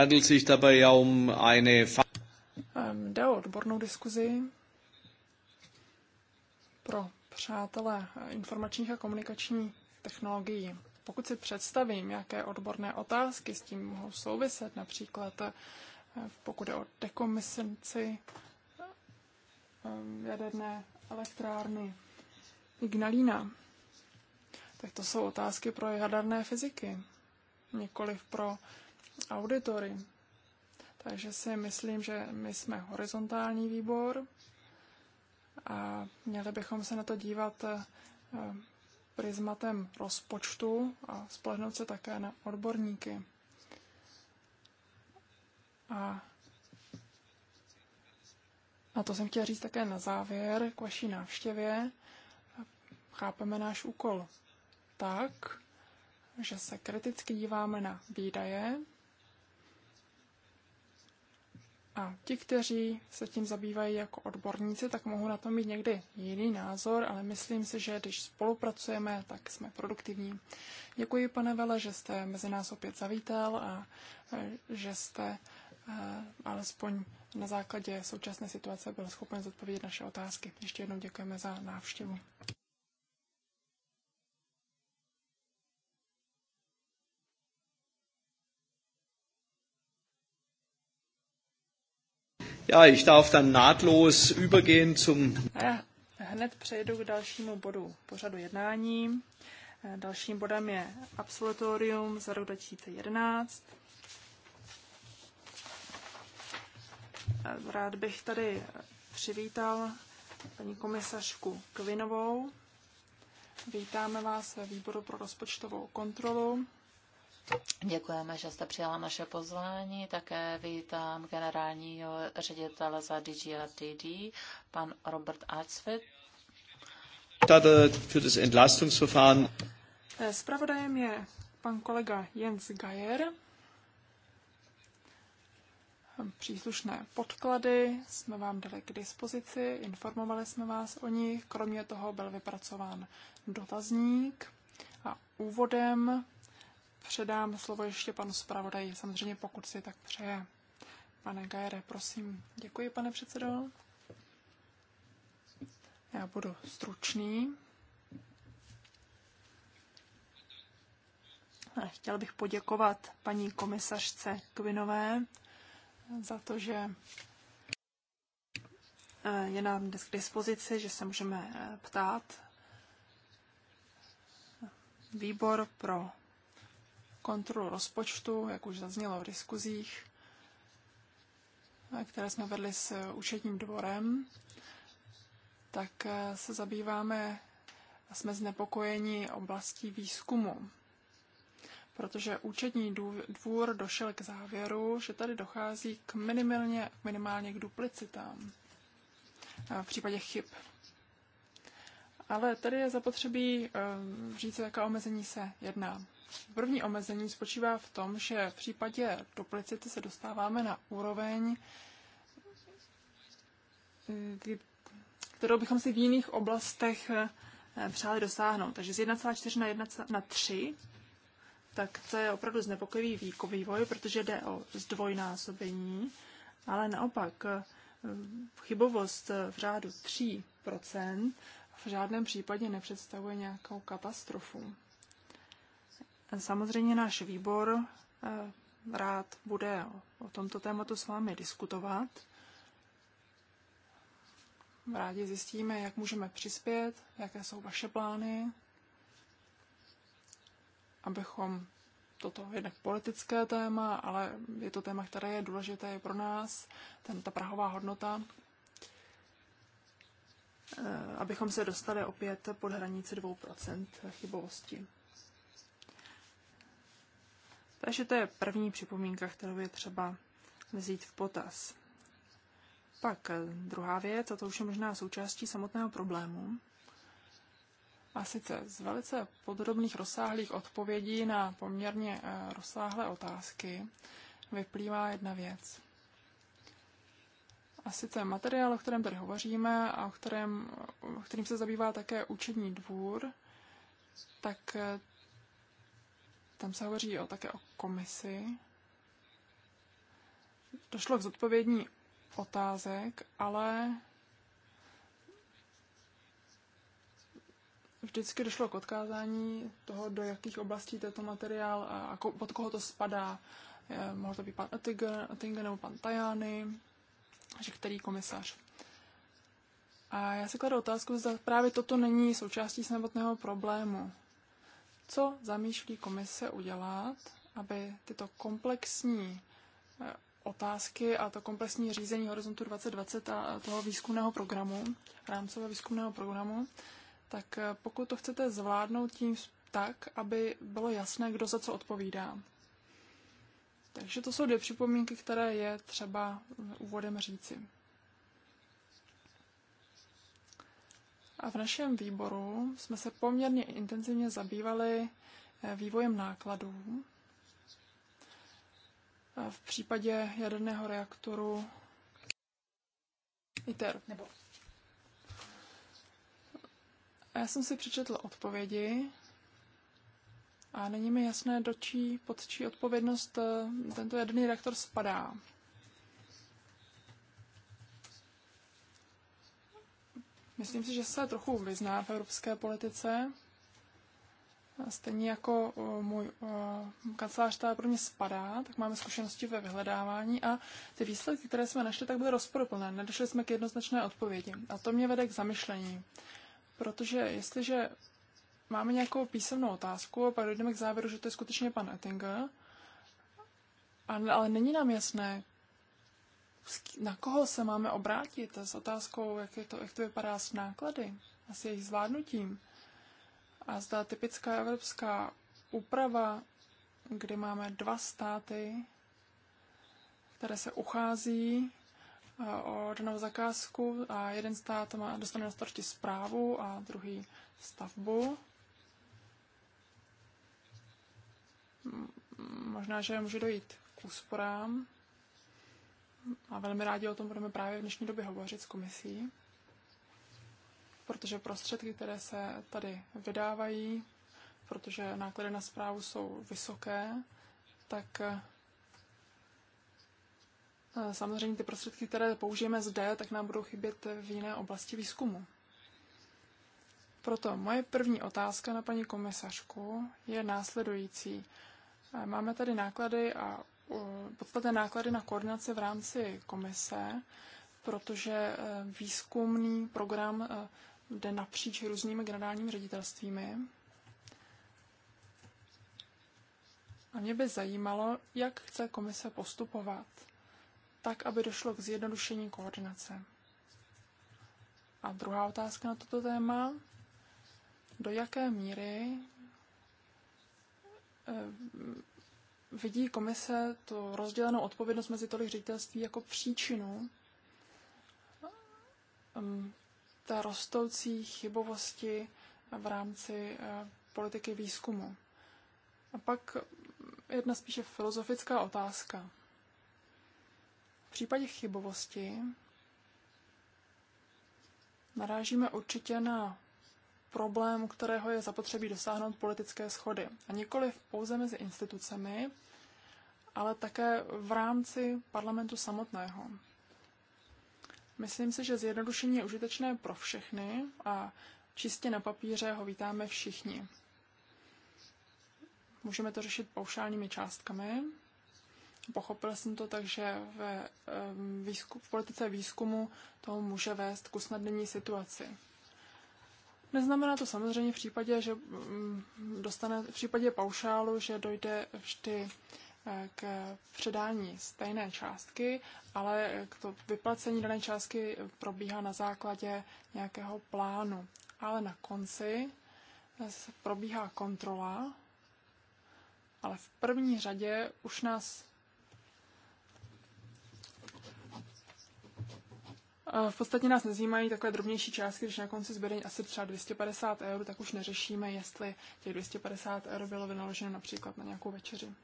S1: jde o odbornou diskuzi, pro přátelé informačních a komunikačních technologií. Pokud si představím, jaké odborné otázky s tím mohou souviset, například eh, pokud je o dekomisenci eh, jaderné elektrárny Ignalína, tak to jsou otázky pro jaderné fyziky, nikoliv pro auditory. Takže si myslím, že my jsme horizontální výbor, a měli bychom se na to dívat eh, prismatem rozpočtu a spolehnout se také na odborníky. A na to jsem chtěla říct také na závěr k vaší návštěvě. Chápeme náš úkol tak, že se kriticky díváme na výdaje A ti, kteří se tím zabývají jako odborníci, tak mohou na to mít někdy jiný názor, ale myslím si, že když spolupracujeme, tak jsme produktivní. Děkuji, pane Vele, že jste mezi nás opět zavítal a e, že jste e, alespoň na základě současné situace byl schopen zodpovědět naše otázky. Ještě jednou děkujeme za návštěvu. Ja, ich darf dann nahtlos übergehen zum... Ja, hned přejdu k dalšímu bodu pořadu jednání. E, dalším bodem je absolutorium za rok 2011. E, rád bych tady přivítal paní komisařku Kvinovou. Vítáme vás ve výboru pro rozpočtovou kontrolu. Děkujeme, že jste přijala naše pozvání.
S3: Také vítám generálního ředitele za DGRTD, pan
S1: Robert Arcvit. Spravodajem je pan kolega Jens Geier. Příslušné podklady jsme vám dali k dispozici, informovali jsme vás o nich. Kromě toho byl vypracován dotazník a úvodem předám slovo ještě panu zpravodaji, samozřejmě pokud si tak přeje. Pane Gajere, prosím. Děkuji, pane předsedo. Já budu stručný. A chtěl bych poděkovat paní komisařce Kvinové za to, že eh, je nám k dispozici, že se můžeme eh, ptát. Výbor pro kontrolu rozpočtu, jak už zaznělo v diskuzích, které jsme vedli s účetním dvorem, tak eh, se zabýváme a jsme znepokojeni oblastí výzkumu. Protože účetní dvůr došel k závěru, že tady dochází k minimálně, minimálně k duplicitám eh, v případě chyb. Ale tady je zapotřebí eh, říct, jaká omezení se jedná. První omezení spočívá v tom, že v případě duplicity se dostáváme na úroveň, kterou bychom si v jiných oblastech eh, přáli dosáhnout. Takže z 1,4 na 1 na 3, tak to je opravdu znepokojivý vývoj, protože jde o zdvojnásobení, ale naopak eh, chybovost eh, v řádu 3% v žádném případě nepředstavuje nějakou katastrofu. Samozřejmě náš výbor eh, rád bude o tomto tématu s vámi diskutovat. Rádi zjistíme, jak můžeme přispět, jaké jsou vaše plány, abychom toto jednak politické téma, ale je to téma, které je důležité i pro nás, ten, ta prahová hodnota, eh, abychom se dostali opět pod hranici 2% chybovosti. Takže to je první připomínka, kterou je třeba vzít v potaz. Pak eh, druhá věc, a to už je možná součástí samotného problému, a sice z velice podrobných rozsáhlých odpovědí na poměrně eh, rozsáhlé otázky vyplývá jedna věc. A sice materiál, o kterém tady hovoříme a o kterém, o kterým se zabývá také učení dvůr, tak eh, tam se hovoří o, také o komisi. Došlo k zodpovědní otázek, ale vždycky došlo k odkázání toho, do jakých oblastí tento materiál a pod koho to spadá. Eh, mohl to být pan Oettinger nebo pan Tajany, že který komisař. A já si kladu otázku, zda právě toto není součástí samotného problému. Co zamýšlí komise udělat, aby tyto komplexní eh, otázky a to komplexní řízení Horizontu 2020 a toho výzkumného programu, rámcového výzkumného programu, tak eh, pokud to chcete zvládnout tím tak, aby bylo jasné, kdo za co odpovídá. Takže to jsou dvě připomínky, které je třeba úvodem říci. A v našem výboru jsme se poměrně intenzivně zabývali eh, vývojem nákladů. V případě jaderného reaktoru ITER. Nebo a já jsem si přečetl odpovědi a není mi jasné, do čí, pod čí odpovědnost eh, tento jaderný reaktor spadá. Myslím si, že se trochu vyzná v evropské politice. Stejně jako můj kancelář, tady pro mě spadá, tak máme zkušenosti ve vyhledávání a ty výsledky, které jsme našli, tak byly rozporuplné. Nedošli jsme k jednoznačné odpovědi. A to mě vede k zamyšlení. Protože jestliže máme nějakou písemnou otázku a pak dojdeme k závěru, že to je skutečně pan Ettinger, ale není nám jasné, na koho se máme obrátit s otázkou, jak, je to, jak to vypadá s náklady a s jejich zvládnutím. A zda typická evropská úprava, kdy máme dva státy, které se uchází eh, o danou zakázku a jeden stát má, dostane na starosti zprávu a druhý stavbu. Možná, že může dojít k úsporám a velmi rádi o tom budeme právě v dnešní době hovořit s komisí, protože prostředky, které se tady vydávají, protože náklady na zprávu jsou vysoké, tak eh, samozřejmě ty prostředky, které použijeme zde, tak nám budou chybět v jiné oblasti výzkumu. Proto moje první otázka na paní komisařku je následující. Eh, máme tady náklady a podstatné náklady na koordinaci v rámci komise, protože eh, výzkumný program eh, jde napříč různými generálními ředitelstvími. A mě by zajímalo, jak chce komise postupovat, tak, aby došlo k zjednodušení koordinace. A druhá otázka na toto téma. Do jaké míry eh, vidí komise tu rozdělenou odpovědnost mezi tolik ředitelství jako příčinu ehm, té rostoucí chybovosti v rámci eh, politiky výzkumu. A pak ehm, jedna spíše filozofická otázka. V případě chybovosti narážíme určitě na problém, kterého je zapotřebí dosáhnout politické schody. A nikoli pouze mezi institucemi, ale také v rámci parlamentu samotného. Myslím si, že zjednodušení je užitečné pro všechny a čistě na papíře ho vítáme všichni. Můžeme to řešit paušálními částkami. Pochopil jsem to tak, že eh, v politice výzkumu to může vést k usnadnění situaci. Neznamená to samozřejmě v případě, že mm, dostane, v případě paušálu, že dojde vždy eh, k předání stejné částky, ale k to vyplacení dané částky probíhá na základě nějakého plánu. Ale na konci eh, probíhá kontrola, ale v první řadě už nás V podstatě nás nezajímají takové drobnější částky, když na konci zbere asi třeba 250 eur, tak už neřešíme, jestli těch 250 eur bylo vynaloženo například na nějakou večeři.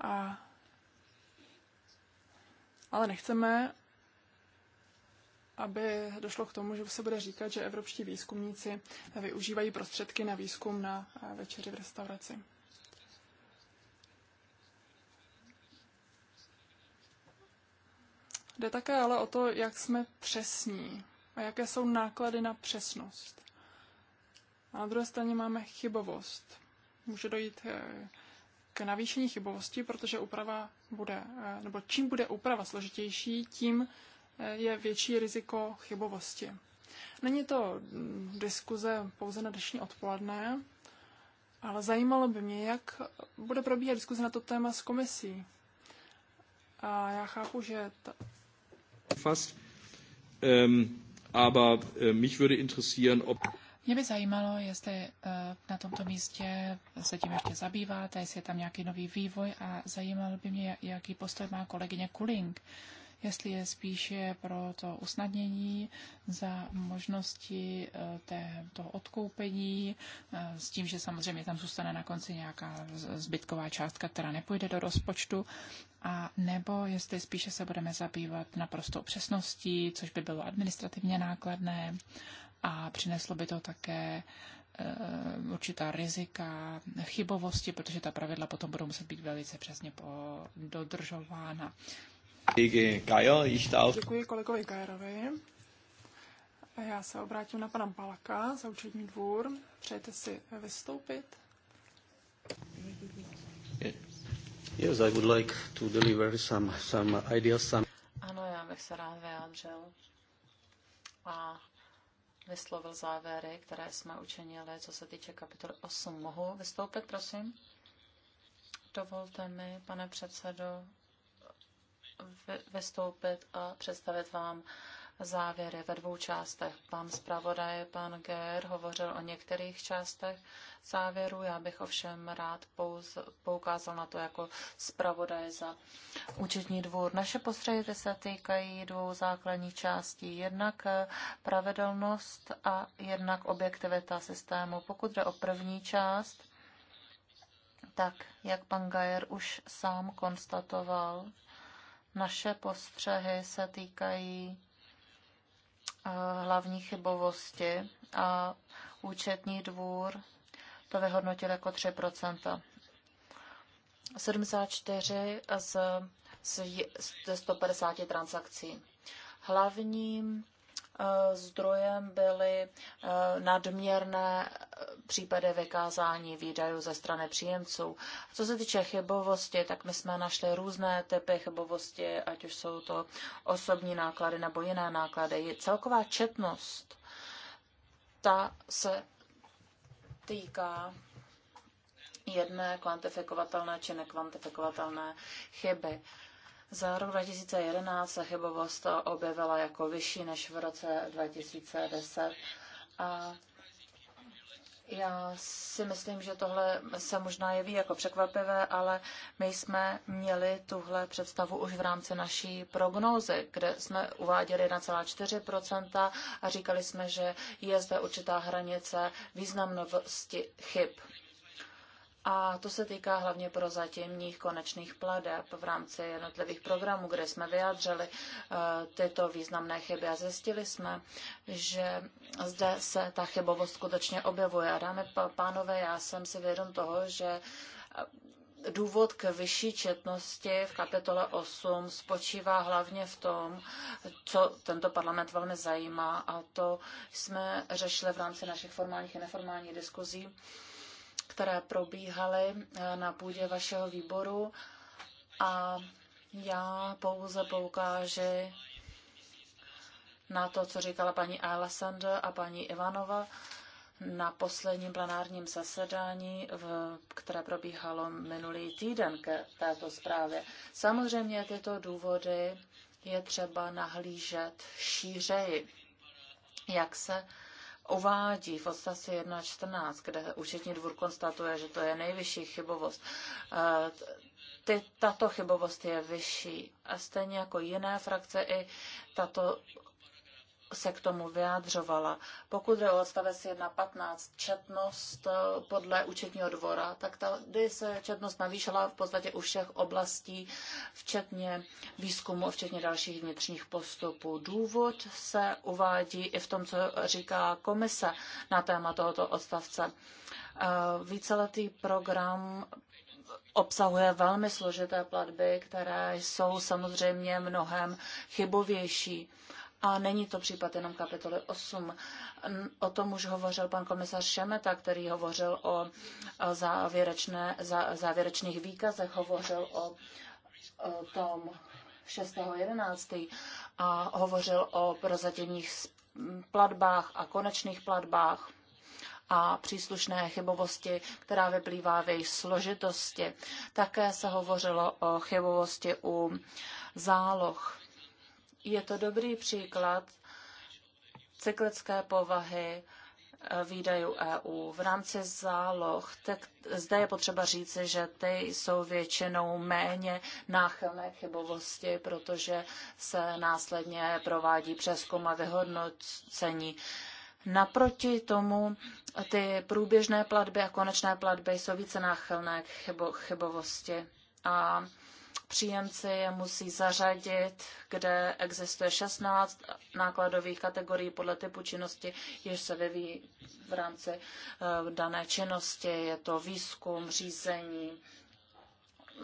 S1: A... Ale nechceme, aby došlo k tomu, že se bude říkat, že evropští výzkumníci využívají prostředky na výzkum na eh, večeři v restauraci. Jde také ale o to, jak jsme přesní a jaké jsou náklady na přesnost. A na druhé straně máme chybovost. Může dojít eh, k navýšení chybovosti, protože úprava bude, eh, nebo čím bude úprava složitější, tím eh, je větší riziko chybovosti. Není to mm, diskuze pouze na dnešní odpoledne, ale zajímalo by mě, jak bude probíhat diskuze na to téma s komisí. A já chápu, že ta fast. Ähm, aber äh, mich würde interessieren, ob.
S2: Mě by zajímalo, jestli äh, na tomto místě se tím ještě zabýváte, jestli je tam nějaký nový vývoj a zajímalo by mě, jaký postoj má kolegyně Kuling jestli je spíše pro to usnadnění za možnosti eh, té, toho odkoupení, eh, s tím, že samozřejmě tam zůstane na konci nějaká zbytková částka, která nepůjde do rozpočtu, a nebo jestli spíše se budeme zabývat naprostou přesností, což by bylo administrativně nákladné a přineslo by to také eh, určitá rizika chybovosti, protože ta pravidla potom budou muset být velice přesně dodržována.
S1: Eh, Děkuji kolegovi Gajerovi. Já se obrátím na pana Balaka za účetní dvůr. Přejete si vystoupit?
S3: Eh, yes, I would like to
S1: deliver some, some ideas, some...
S3: Ano, já bych se rád vyjádřil a vyslovil závěry, které jsme učinili, co se týče kapitoly 8. Mohu vystoupit, prosím? Dovolte mi, pane předsedo, vystoupit a představit vám závěry ve dvou částech. Pan zpravodaj, pan Ger, hovořil o některých částech závěru. Já bych ovšem rád pouz, poukázal na to jako zpravodaj za účetní dvůr. Naše postřeje se týkají dvou základních částí. Jednak pravidelnost a jednak objektivita systému. Pokud jde o první část, tak jak pan Gajer už sám konstatoval, naše postřehy se týkají eh, hlavní chybovosti a účetní dvůr to vyhodnotil jako 3 74 z, z, z 150 transakcí. Hlavním zdrojem byly eh, nadměrné případy vykázání výdajů ze strany příjemců. Co se týče chybovosti, tak my jsme našli různé typy chybovosti, ať už jsou to osobní náklady nebo jiné náklady. Celková četnost, ta se týká jedné kvantifikovatelné či nekvantifikovatelné chyby. Za rok 2011 se chybovost objevila jako vyšší než v roce 2010 a já si myslím, že tohle se možná jeví jako překvapivé, ale my jsme měli tuhle představu už v rámci naší prognózy, kde jsme uváděli 1,4% a říkali jsme, že je zde určitá hranice významnosti chyb. A to se týká hlavně pro zatímních konečných pladeb v rámci jednotlivých programů, kde jsme vyjádřili eh, tyto významné chyby a zjistili jsme, že zde se ta chybovost skutečně objevuje. A dámy pánové, já jsem si vědom toho, že eh, důvod k vyšší četnosti v kapitole 8 spočívá hlavně v tom, co tento parlament velmi zajímá a to jsme řešili v rámci našich formálních i neformálních diskuzí které probíhaly eh, na půdě vašeho výboru a já pouze poukáži na to, co říkala paní Alessandra a paní Ivanova na posledním plenárním zasedání, v, které probíhalo minulý týden ke této zprávě. Samozřejmě tyto důvody je třeba nahlížet šířeji, jak se uvádí v odstavci 1.14, kde účetní dvůr konstatuje, že to je nejvyšší chybovost. Eh, ty, tato chybovost je vyšší a stejně jako jiné frakce i tato se k tomu vyjadřovala. Pokud je o odstavec 1.15, četnost eh, podle účetního dvora, tak tady se četnost navýšila v podstatě u všech oblastí, včetně výzkumu, včetně dalších vnitřních postupů. Důvod se uvádí i v tom, co říká komise na téma tohoto odstavce. Eh, víceletý program obsahuje velmi složité platby, které jsou samozřejmě mnohem chybovější a není to případ jenom kapitoly 8. O tom už hovořil pan komisař Šemeta, který hovořil o závěrečné, závěrečných výkazech, hovořil o, o tom 6.11. a hovořil o prozatímních platbách a konečných platbách a příslušné chybovosti, která vyplývá v jejich složitosti. Také se hovořilo o chybovosti u záloh je to dobrý příklad cyklické povahy eh, výdajů EU. V rámci záloh, tak zde je potřeba říci, že ty jsou většinou méně náchylné chybovosti, protože se následně provádí přeskum a vyhodnocení. Naproti tomu ty průběžné platby a konečné platby jsou více náchylné k chybo- chybovosti. A příjemci je musí zařadit, kde existuje 16 nákladových kategorií podle typu činnosti, jež se vyvíjí v rámci eh, dané činnosti. Je to výzkum, řízení,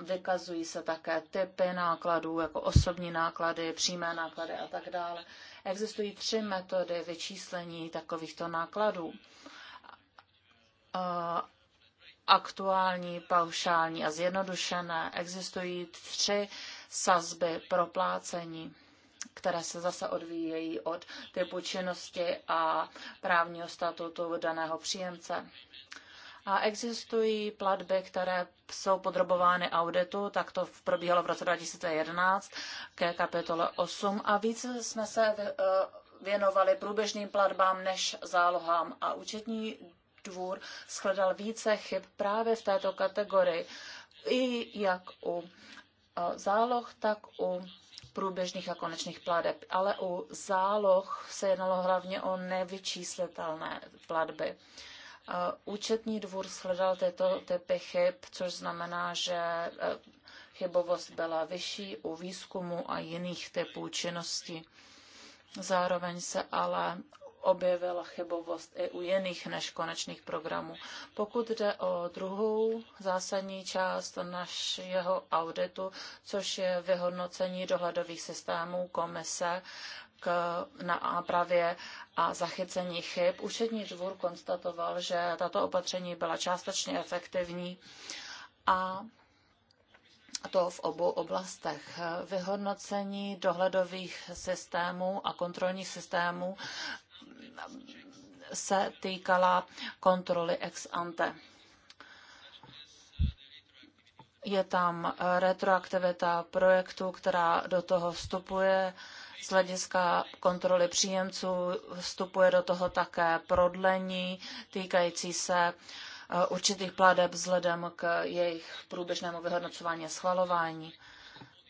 S3: vykazují se také typy nákladů, jako osobní náklady, přímé náklady a tak dále. Existují tři metody vyčíslení takovýchto nákladů. Eh, aktuální, paušální a zjednodušené. Existují tři sazby proplácení, které se zase odvíjejí od typu činnosti a právního statutu daného příjemce. A existují platby, které jsou podrobovány auditu, tak to probíhalo v roce 2011 ke kapitole 8 a více jsme se eh, věnovali průběžným platbám než zálohám a účetní dvůr shledal více chyb právě v této kategorii, i jak u e, záloh, tak u průběžných a konečných plateb. Ale u záloh se jednalo hlavně o nevyčíslitelné platby. E, účetní dvůr shledal tyto typy chyb, což znamená, že e, chybovost byla vyšší u výzkumu a jiných typů činnosti. Zároveň se ale objevila chybovost i u jiných než konečných programů. Pokud jde o druhou zásadní část našeho auditu, což je vyhodnocení dohledových systémů komise k nápravě a zachycení chyb, účetní dvůr konstatoval, že tato opatření byla částečně efektivní a to v obou oblastech. Vyhodnocení dohledových systémů a kontrolních systémů se týkala kontroly ex ante. Je tam retroaktivita projektu, která do toho vstupuje. Z hlediska kontroly příjemců vstupuje do toho také prodlení týkající se eh, určitých pladeb vzhledem k jejich průběžnému vyhodnocování a schvalování.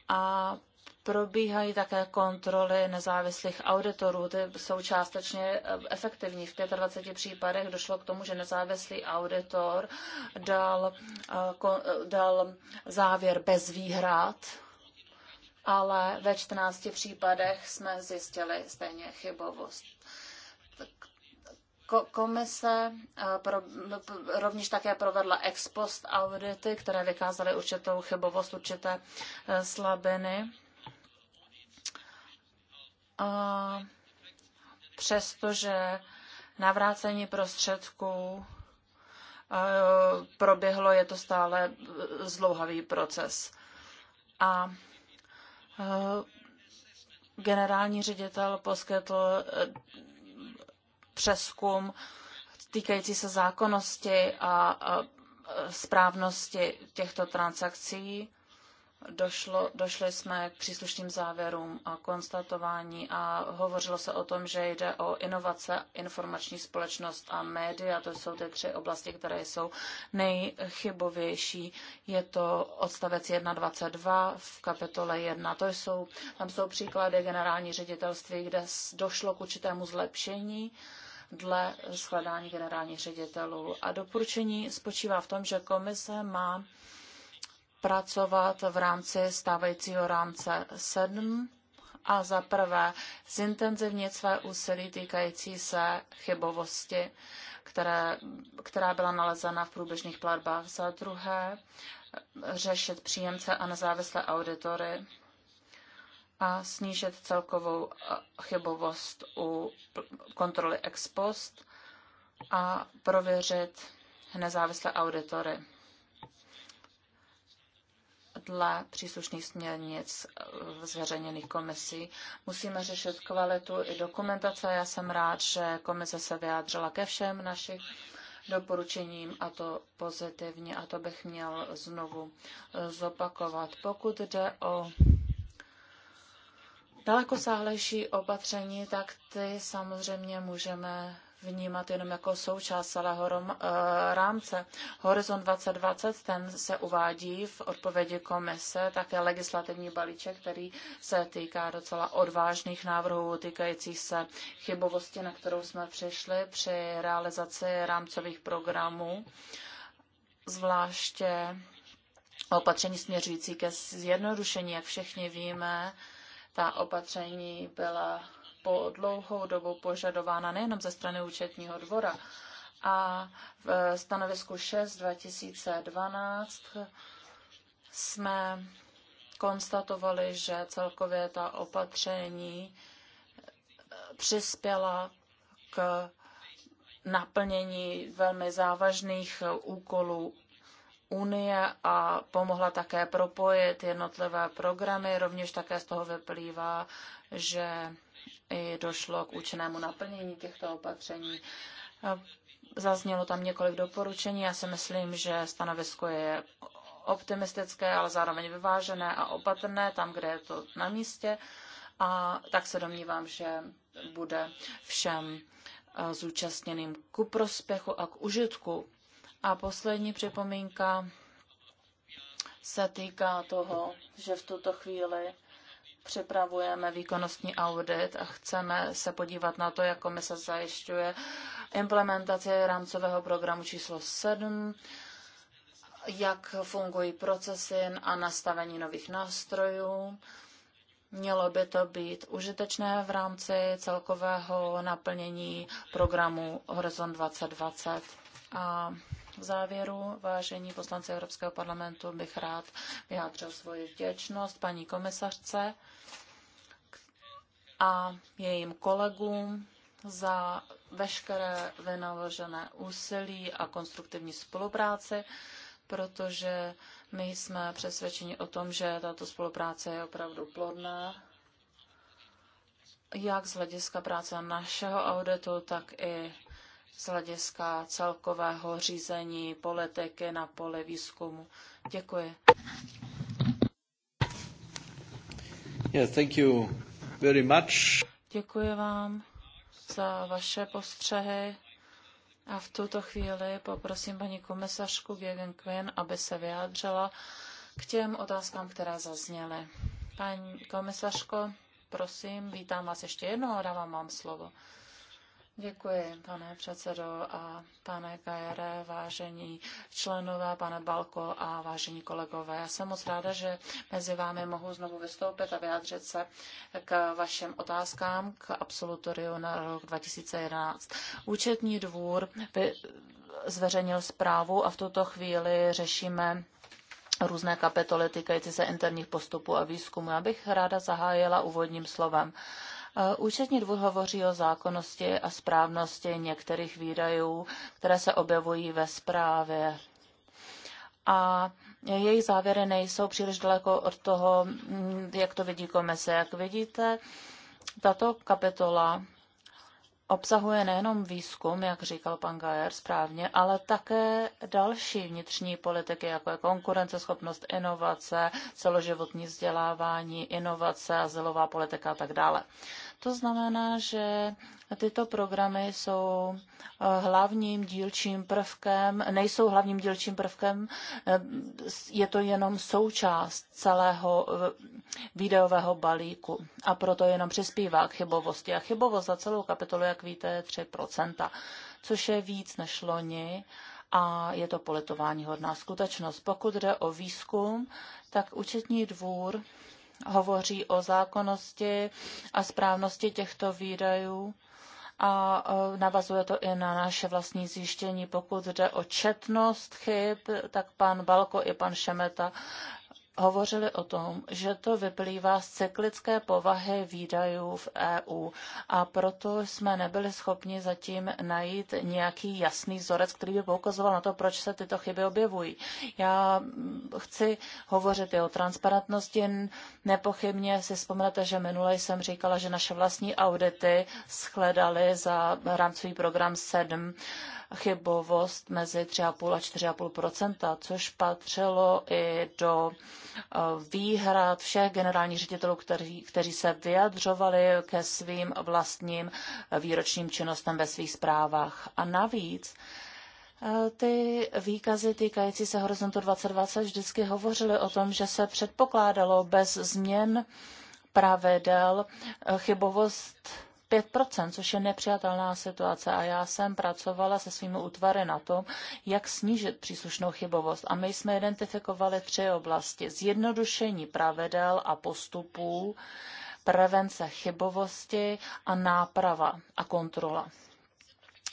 S3: A Probíhají také kontroly nezávislých auditorů. Ty jsou částečně eh, efektivní. V 25 případech došlo k tomu, že nezávislý auditor dal, eh, eh, dal závěr bez výhrad, ale ve 14 případech jsme zjistili stejně chybovost. Komise pro, rovněž také provedla ex post audity, které vykázaly určitou chybovost, určité slabiny. A přestože navrácení prostředků eh, proběhlo, je to stále eh, zlouhavý proces. A eh, generální ředitel poskytl přeskum týkající se zákonnosti a správnosti těchto transakcí došlo, došli jsme k příslušným závěrům a konstatování a hovořilo se o tom, že jde o inovace, informační společnost a média. To jsou ty tři oblasti, které jsou nejchybovější. Je to odstavec 1.22 v kapitole 1. To jsou, tam jsou příklady generální ředitelství, kde došlo k určitému zlepšení dle shledání generálních ředitelů. A doporučení spočívá v tom, že komise má pracovat v rámci stávajícího rámce 7 a za prvé zintenzivnit své úsilí týkající se chybovosti, které, která byla nalezena v průběžných platbách. Za druhé řešit příjemce a nezávislé auditory a snížit celkovou eh, chybovost u kontroly ex post a prověřit nezávislé auditory dle příslušných směrnic eh, zveřejněných komisí. Musíme řešit kvalitu i dokumentace. Já jsem rád, že komise se vyjádřila ke všem našich doporučením a to pozitivně a to bych měl znovu eh, zopakovat. Pokud jde o daleko sáhlejší opatření, tak ty samozřejmě můžeme vnímat jenom jako součást celého eh, rámce. Horizont 2020 ten se uvádí v odpovědi komise, také legislativní balíček, který se týká docela odvážných návrhů týkajících se chybovosti, na kterou jsme přišli při realizaci rámcových programů, zvláště opatření směřující ke zjednodušení, jak všichni víme, ta opatření byla po dlouhou dobu požadována nejenom ze strany účetního dvora. A v stanovisku 6 2012 jsme konstatovali, že celkově ta opatření eh, přispěla k naplnění velmi závažných úkolů Unie a pomohla také propojit jednotlivé programy. Rovněž také z toho vyplývá, že i došlo k účinnému naplnění těchto opatření. Zaznělo tam několik doporučení. Já si myslím, že stanovisko je optimistické, ale zároveň vyvážené a opatrné tam, kde je to na místě. A tak se domnívám, že bude všem zúčastněným ku prospěchu a k užitku. A poslední připomínka se týká toho, že v tuto chvíli připravujeme výkonnostní audit a chceme se podívat na to, jak komise zajišťuje implementaci rámcového programu číslo 7, jak fungují procesy a nastavení nových nástrojů. Mělo by to být užitečné v rámci celkového naplnění programu Horizon 2020. A v závěru, vážení poslanci Evropského parlamentu, bych rád vyjádřil svoji vděčnost paní komisařce a jejím kolegům za veškeré vynaložené úsilí a konstruktivní spolupráci, protože my jsme přesvědčeni o tom, že tato spolupráce je opravdu plodná, jak z hlediska práce našeho auditu, tak i z hlediska celkového řízení politiky na poli výzkumu. Děkuji.
S1: Yeah, thank you very much.
S3: Děkuji vám za vaše postřehy. A v tuto chvíli poprosím paní komisařku Gegen Quinn, aby se vyjádřila k těm otázkám, které zazněly. Paní komisařko, prosím, vítám vás ještě jednou a dávám vám slovo. Děkuji, pane předsedo a pane Gajere, vážení členové, pane Balko a vážení kolegové. Já jsem moc ráda, že mezi vámi mohu znovu vystoupit a vyjádřit se k vašim otázkám k absolutoriu na rok 2011. Účetní dvůr zveřejnil zprávu a v tuto chvíli řešíme různé kapitoly týkající se interních postupů a výzkumu. Já bych ráda zahájila úvodním slovem. Eh, účetní dvůr hovoří o zákonnosti a správnosti některých výdajů, které se objevují ve zprávě. A jejich závěry nejsou příliš daleko od toho, mm, jak to vidí komise. Jak vidíte, tato kapitola obsahuje nejenom výzkum, jak říkal pan Gajer správně, ale také další vnitřní politiky, jako je konkurenceschopnost, inovace, celoživotní vzdělávání, inovace, zelová politika a tak dále. To znamená, že tyto programy jsou eh, hlavním dílčím prvkem, nejsou hlavním dílčím prvkem, eh, je to jenom součást celého eh, videového balíku a proto jenom přispívá k chybovosti. A chybovost za celou kapitolu, jak víte, je 3%, což je víc než loni a je to politování hodná skutečnost. Pokud jde o výzkum, tak účetní dvůr hovoří o zákonnosti a správnosti těchto výdajů a e, navazuje to i na naše vlastní zjištění. Pokud jde o četnost chyb, tak pan Balko i pan Šemeta hovořili o tom, že to vyplývá z cyklické povahy výdajů v EU a proto jsme nebyli schopni zatím najít nějaký jasný vzorec, který by poukazoval na to, proč se tyto chyby objevují. Já mm, chci hovořit i o transparentnosti. Nepochybně si vzpomenete, že minule jsem říkala, že naše vlastní audity shledaly za rámcový program 7 chybovost mezi 3,5 a 4,5 což patřilo i do eh, výhrad všech generálních ředitelů, kteří, kteří se vyjadřovali ke svým vlastním eh, výročním činnostem ve svých zprávách. A navíc eh, ty výkazy týkající se Horizontu 2020 vždycky hovořily o tom, že se předpokládalo bez změn pravidel chybovost 5%, což je nepřijatelná situace a já jsem pracovala se svými útvary na tom, jak snížit příslušnou chybovost. A my jsme identifikovali tři oblasti. Zjednodušení pravidel a postupů, prevence chybovosti a náprava a kontrola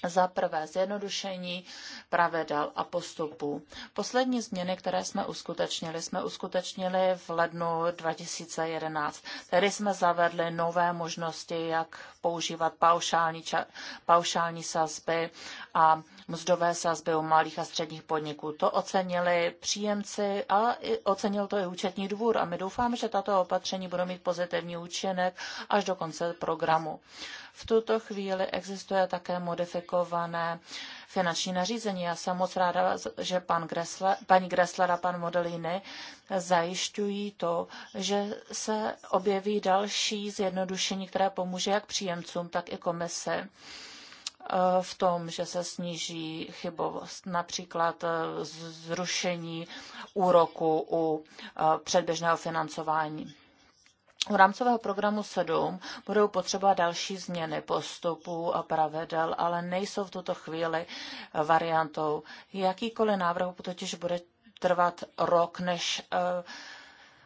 S3: za prvé zjednodušení pravidel a postupů. Poslední změny, které jsme uskutečnili, jsme uskutečnili v lednu 2011. Tedy jsme zavedli nové možnosti, jak používat paušální, ča, paušální sazby a mzdové sazby u malých a středních podniků. To ocenili příjemci a ocenil to i účetní dvůr a my doufáme, že tato opatření budou mít pozitivní účinek až do konce programu. V tuto chvíli existuje také modifikovaná komplikované finanční nařízení. Já jsem moc ráda, že pan Gressler, paní Gressler a pan Modelini zajišťují to, že se objeví další zjednodušení, které pomůže jak příjemcům, tak i komise eh, v tom, že se sníží chybovost, například eh, zrušení úroku u eh, předběžného financování. U rámcového programu 7 budou potřeba další změny postupů a pravidel, ale nejsou v tuto chvíli variantou. Jakýkoliv návrh totiž bude trvat rok, než eh,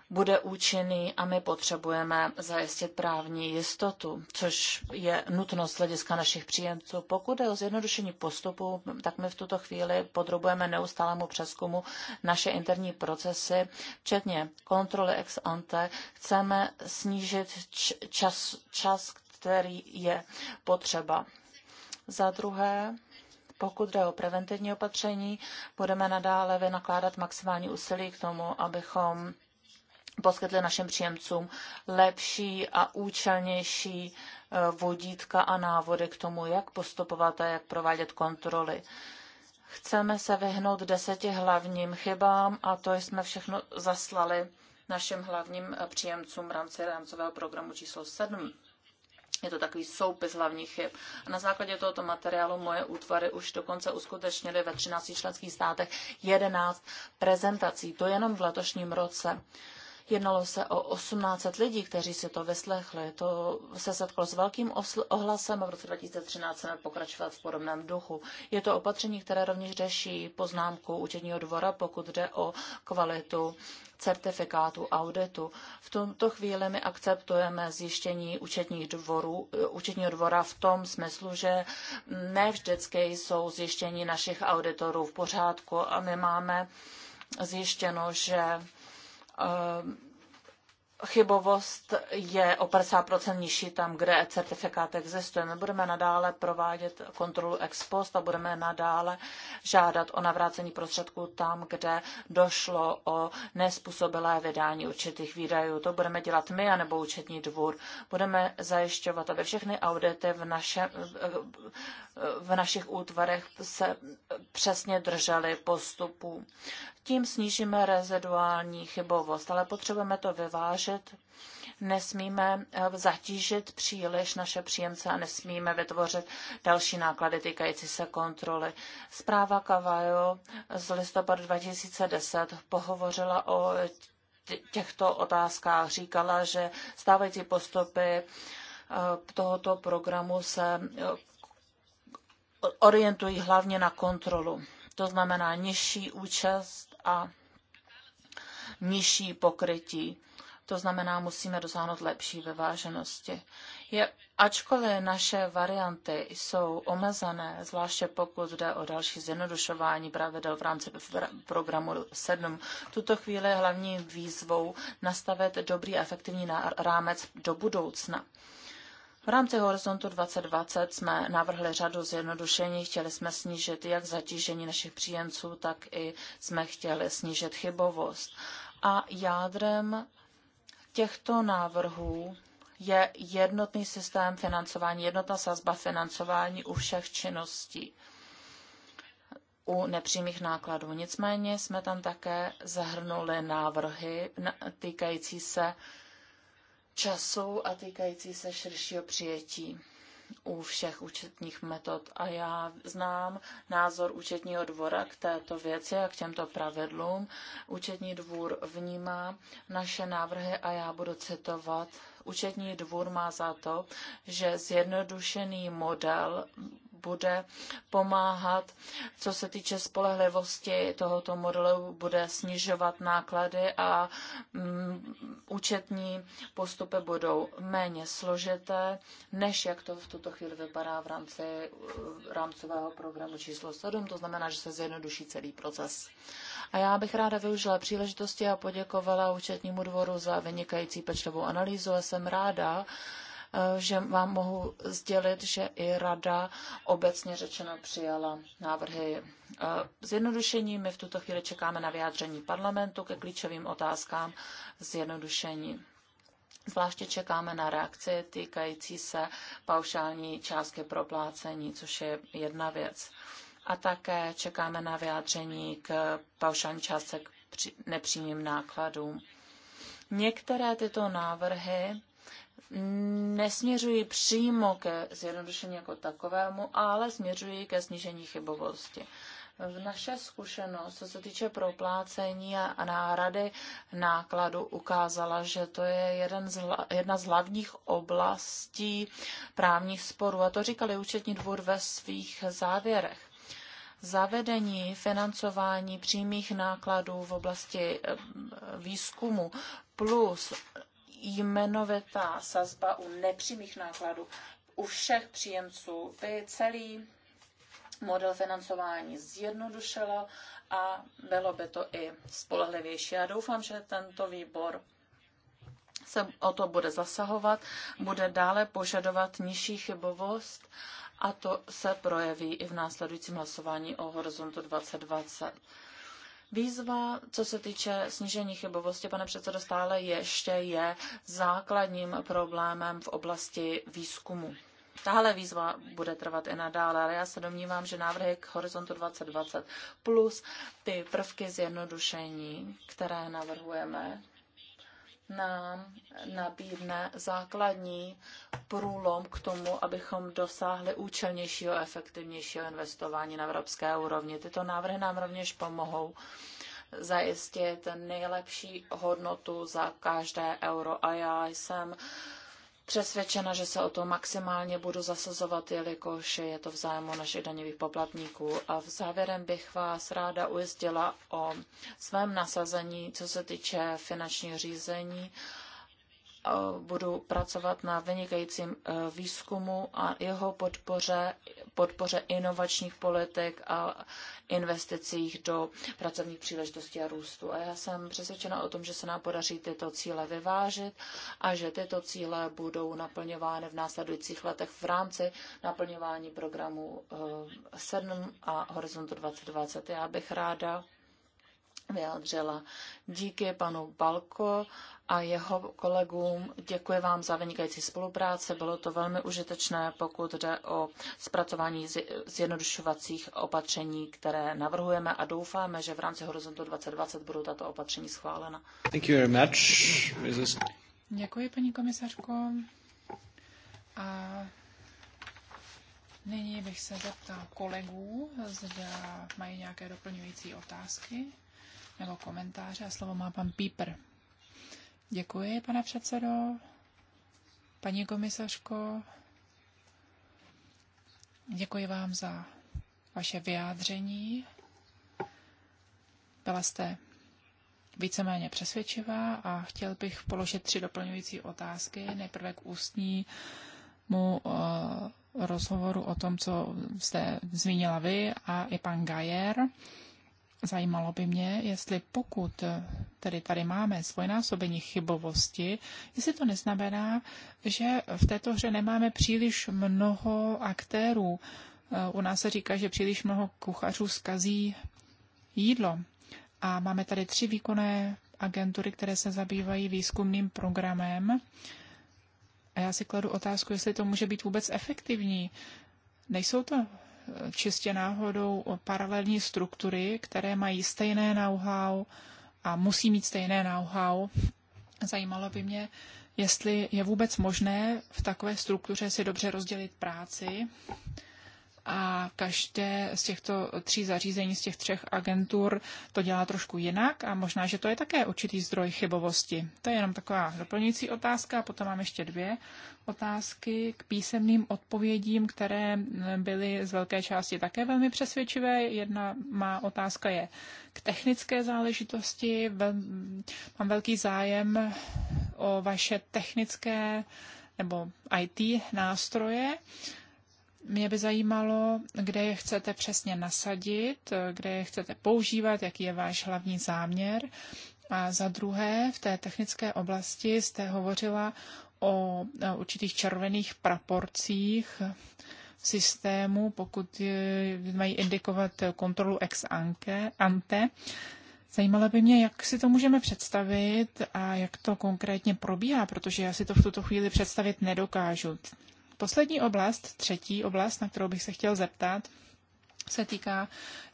S3: bude účinný a my potřebujeme zajistit právní jistotu, což je nutnost hlediska našich příjemců. Pokud je o zjednodušení postupu, tak my v tuto chvíli podrobujeme neustálému přeskumu naše interní procesy, včetně kontroly ex ante. Chceme snížit čas, čas který je potřeba. Za druhé, pokud jde o preventivní opatření, budeme nadále vynakládat maximální úsilí k tomu, abychom poskytli našim příjemcům lepší a účelnější eh, vodítka a návody k tomu, jak postupovat a jak provádět kontroly. Chceme se vyhnout deseti hlavním chybám a to jsme všechno zaslali našim hlavním eh, příjemcům v rámci rámcového programu číslo 7. Je to takový soupis hlavních chyb. A na základě tohoto materiálu moje útvary už dokonce uskutečnily ve 13 členských státech 11 prezentací. To jenom v letošním roce. Jednalo se o 18 lidí, kteří si to vyslechli. To se setkalo s velkým ohlasem a v roce 2013 chceme pokračovat v podobném duchu. Je to opatření, které rovněž řeší poznámku účetního dvora, pokud jde o kvalitu certifikátu auditu. V tomto chvíli my akceptujeme zjištění účetních dvorů, účetního dvora v tom smyslu, že ne vždycky jsou zjištění našich auditorů v pořádku a my máme zjištěno, že Ehm, chybovost je o 50% nižší tam, kde certifikát existuje. My budeme nadále provádět kontrolu ex post a budeme nadále žádat o navrácení prostředků tam, kde došlo o nespůsobilé vydání určitých výdajů. To budeme dělat my, anebo účetní dvůr. Budeme zajišťovat, aby všechny audity v, naše, v našich útvarech se přesně držely postupů tím snížíme reziduální chybovost, ale potřebujeme to vyvážet. Nesmíme eh, zatížit příliš naše příjemce a nesmíme vytvořit další náklady týkající se kontroly. Zpráva Kavajo z listopadu 2010 pohovořila o těchto otázkách. Říkala, že stávající postupy eh, tohoto programu se eh, orientují hlavně na kontrolu. To znamená nižší účast a nižší pokrytí. To znamená, musíme dosáhnout lepší vyváženosti. Je, ačkoliv naše varianty jsou omezené, zvláště pokud jde o další zjednodušování pravidel v rámci programu 7, tuto chvíli je hlavní výzvou nastavit dobrý a efektivní rámec do budoucna. V rámci Horizontu 2020 jsme navrhli řadu zjednodušení, chtěli jsme snížit jak zatížení našich příjemců, tak i jsme chtěli snížit chybovost. A jádrem těchto návrhů je jednotný systém financování, jednotná sazba financování u všech činností u nepřímých nákladů. Nicméně jsme tam také zahrnuli návrhy týkající se času a týkající se širšího přijetí u všech účetních metod. A já znám názor účetního dvora k této věci a k těmto pravidlům. Účetní dvůr vnímá naše návrhy a já budu citovat. Účetní dvůr má za to, že zjednodušený model bude pomáhat, co se týče spolehlivosti tohoto modelu, bude snižovat náklady a mm, účetní postupy budou méně složité, než jak to v tuto chvíli vypadá v rámci eh, rámcového programu číslo 7, to znamená, že se zjednoduší celý proces. A já bych ráda využila příležitosti a poděkovala účetnímu dvoru za vynikající pečlivou analýzu a jsem ráda, Eh, že vám mohu sdělit, že i rada obecně řečeno přijala návrhy eh, zjednodušení. My v tuto chvíli čekáme na vyjádření parlamentu ke klíčovým otázkám zjednodušení. Zvláště čekáme na reakci týkající se paušální částky proplácení, což je jedna věc. A také čekáme na vyjádření k paušální částce k nepřímým nákladům. Některé tyto návrhy nesměřují přímo ke zjednodušení jako takovému, ale směřují ke snížení chybovosti. V naše zkušenost, co se týče proplácení a náhrady nákladu, ukázala, že to je jeden z, jedna z hlavních oblastí právních sporů. A to říkali účetní dvůr ve svých závěrech. Zavedení financování přímých nákladů v oblasti eh, výzkumu plus jmenovitá sazba u nepřímých nákladů u všech příjemců by celý model financování zjednodušilo a bylo by to i spolehlivější. Já doufám, že tento výbor se o to bude zasahovat, bude dále požadovat nižší chybovost a to se projeví i v následujícím hlasování o horizontu 2020. Výzva, co se týče snížení chybovosti, pane předsedo, stále ještě je základním problémem v oblasti výzkumu. Tahle výzva bude trvat i nadále, ale já se domnívám, že návrhy k Horizontu 2020 plus ty prvky zjednodušení, které navrhujeme, nám nabídne základní průlom k tomu, abychom dosáhli účelnějšího, efektivnějšího investování na evropské úrovni. Tyto návrhy nám rovněž pomohou zajistit nejlepší hodnotu za každé euro. A já jsem přesvědčena, že se o to maximálně budu zasazovat, jelikož je to v zájmu našich daňových poplatníků. A v závěrem bych vás ráda ujistila o svém nasazení, co se týče finančního řízení budu pracovat na vynikajícím e, výzkumu a jeho podpoře, podpoře inovačních politik a investicích do pracovních příležitostí a růstu. A já jsem přesvědčena o tom, že se nám podaří tyto cíle vyvážit a že tyto cíle budou naplňovány v následujících letech v rámci naplňování programu 7 e, a Horizontu 2020. Já bych ráda vyjádřila. Díky panu Balko a jeho kolegům. Děkuji vám za vynikající spolupráci. Bylo to velmi užitečné, pokud jde o zpracování zjednodušovacích opatření, které navrhujeme a doufáme, že v rámci Horizontu 2020 budou tato opatření schválena.
S1: Thank you very much,
S2: Děkuji, paní komisařko. A nyní bych se zeptal kolegů, zda mají nějaké doplňující otázky nebo komentáře a slovo má pan Píper. Děkuji, pane předsedo. Paní komisařko, děkuji vám za vaše vyjádření. Byla jste víceméně přesvědčivá a chtěl bych položit tři doplňující otázky. Nejprve k ústnímu eh, rozhovoru o tom, co jste zmínila vy a i pan Gajer. Zajímalo by mě, jestli pokud eh, tedy tady máme svojnásobení chybovosti, jestli to neznamená, že v této hře nemáme příliš mnoho aktérů. Eh, u nás se říká, že příliš mnoho kuchařů skazí jídlo. A máme tady tři výkonné agentury, které se zabývají výzkumným programem. A já si kladu otázku, jestli to může být vůbec efektivní. Nejsou to čistě náhodou paralelní struktury, které mají stejné know-how a musí mít stejné know-how. Zajímalo by mě, jestli je vůbec možné v takové struktuře si dobře rozdělit práci a každé z těchto tří zařízení, z těch třech agentur to dělá trošku jinak a možná, že to je také určitý zdroj chybovosti. To je jenom taková doplňující otázka. Potom mám ještě dvě otázky k písemným odpovědím, které byly z velké části také velmi přesvědčivé. Jedna má otázka je k technické záležitosti. Vel, mám velký zájem o vaše technické nebo IT nástroje mě by zajímalo, kde je chcete přesně nasadit, kde je chcete používat, jaký je váš hlavní záměr. A za druhé, v té technické oblasti jste hovořila o určitých červených praporcích systému, pokud eh, mají indikovat kontrolu ex ante. Zajímalo by mě, jak si to můžeme představit a jak to konkrétně probíhá, protože já si to v tuto chvíli představit nedokážu. Poslední oblast, třetí oblast, na kterou bych se chtěl zeptat, se týká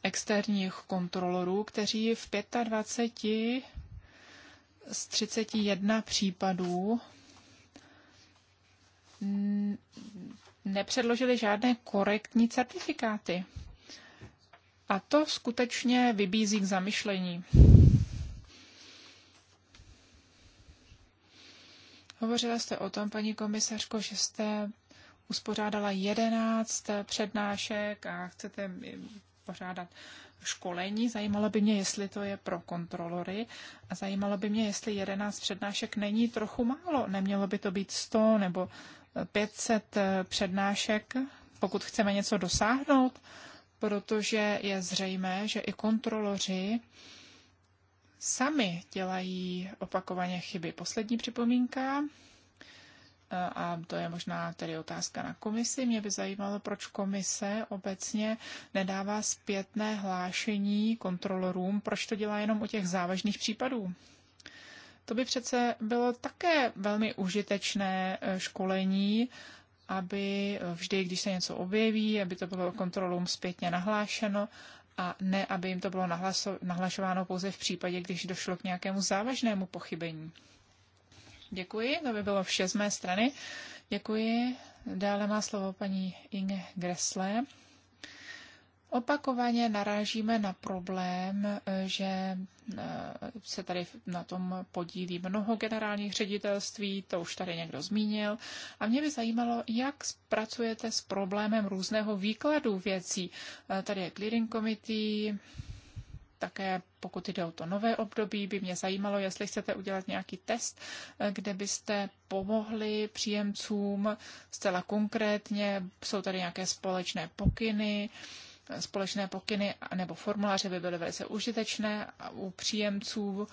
S2: externích kontrolorů, kteří v 25 z 31 případů nepředložili žádné korektní certifikáty. A to skutečně vybízí k zamyšlení. Hovořila jste o tom, paní komisařko, že jste uspořádala 11 přednášek a chcete pořádat školení. Zajímalo by mě, jestli to je pro kontrolory a zajímalo by mě, jestli 11 přednášek není trochu málo. Nemělo by to být 100 nebo 500 přednášek, pokud chceme něco dosáhnout, protože je zřejmé, že i kontroloři sami dělají opakovaně chyby. Poslední připomínka a to je možná tedy otázka na komisi. Mě by zajímalo, proč komise obecně nedává zpětné hlášení kontrolorům, proč to dělá jenom u těch závažných případů. To by přece bylo také velmi užitečné eh, školení, aby vždy, když se něco objeví, aby to bylo kontrolům zpětně nahlášeno a ne, aby jim to bylo nahlašováno pouze v případě, když došlo k nějakému závažnému pochybení. Děkuji, to by bylo vše z mé strany. Děkuji. Dále má slovo paní Inge Gressle. Opakovaně narážíme na problém, že eh, se tady na tom podílí mnoho generálních ředitelství, to už tady někdo zmínil. A mě by zajímalo, jak pracujete s problémem různého výkladu věcí. Eh, tady je clearing committee, také pokud jde o to nové období, by mě zajímalo, jestli chcete udělat nějaký test, eh, kde byste pomohli příjemcům zcela konkrétně. Jsou tady nějaké společné pokyny, eh, společné pokyny nebo formuláře by byly velice užitečné u příjemců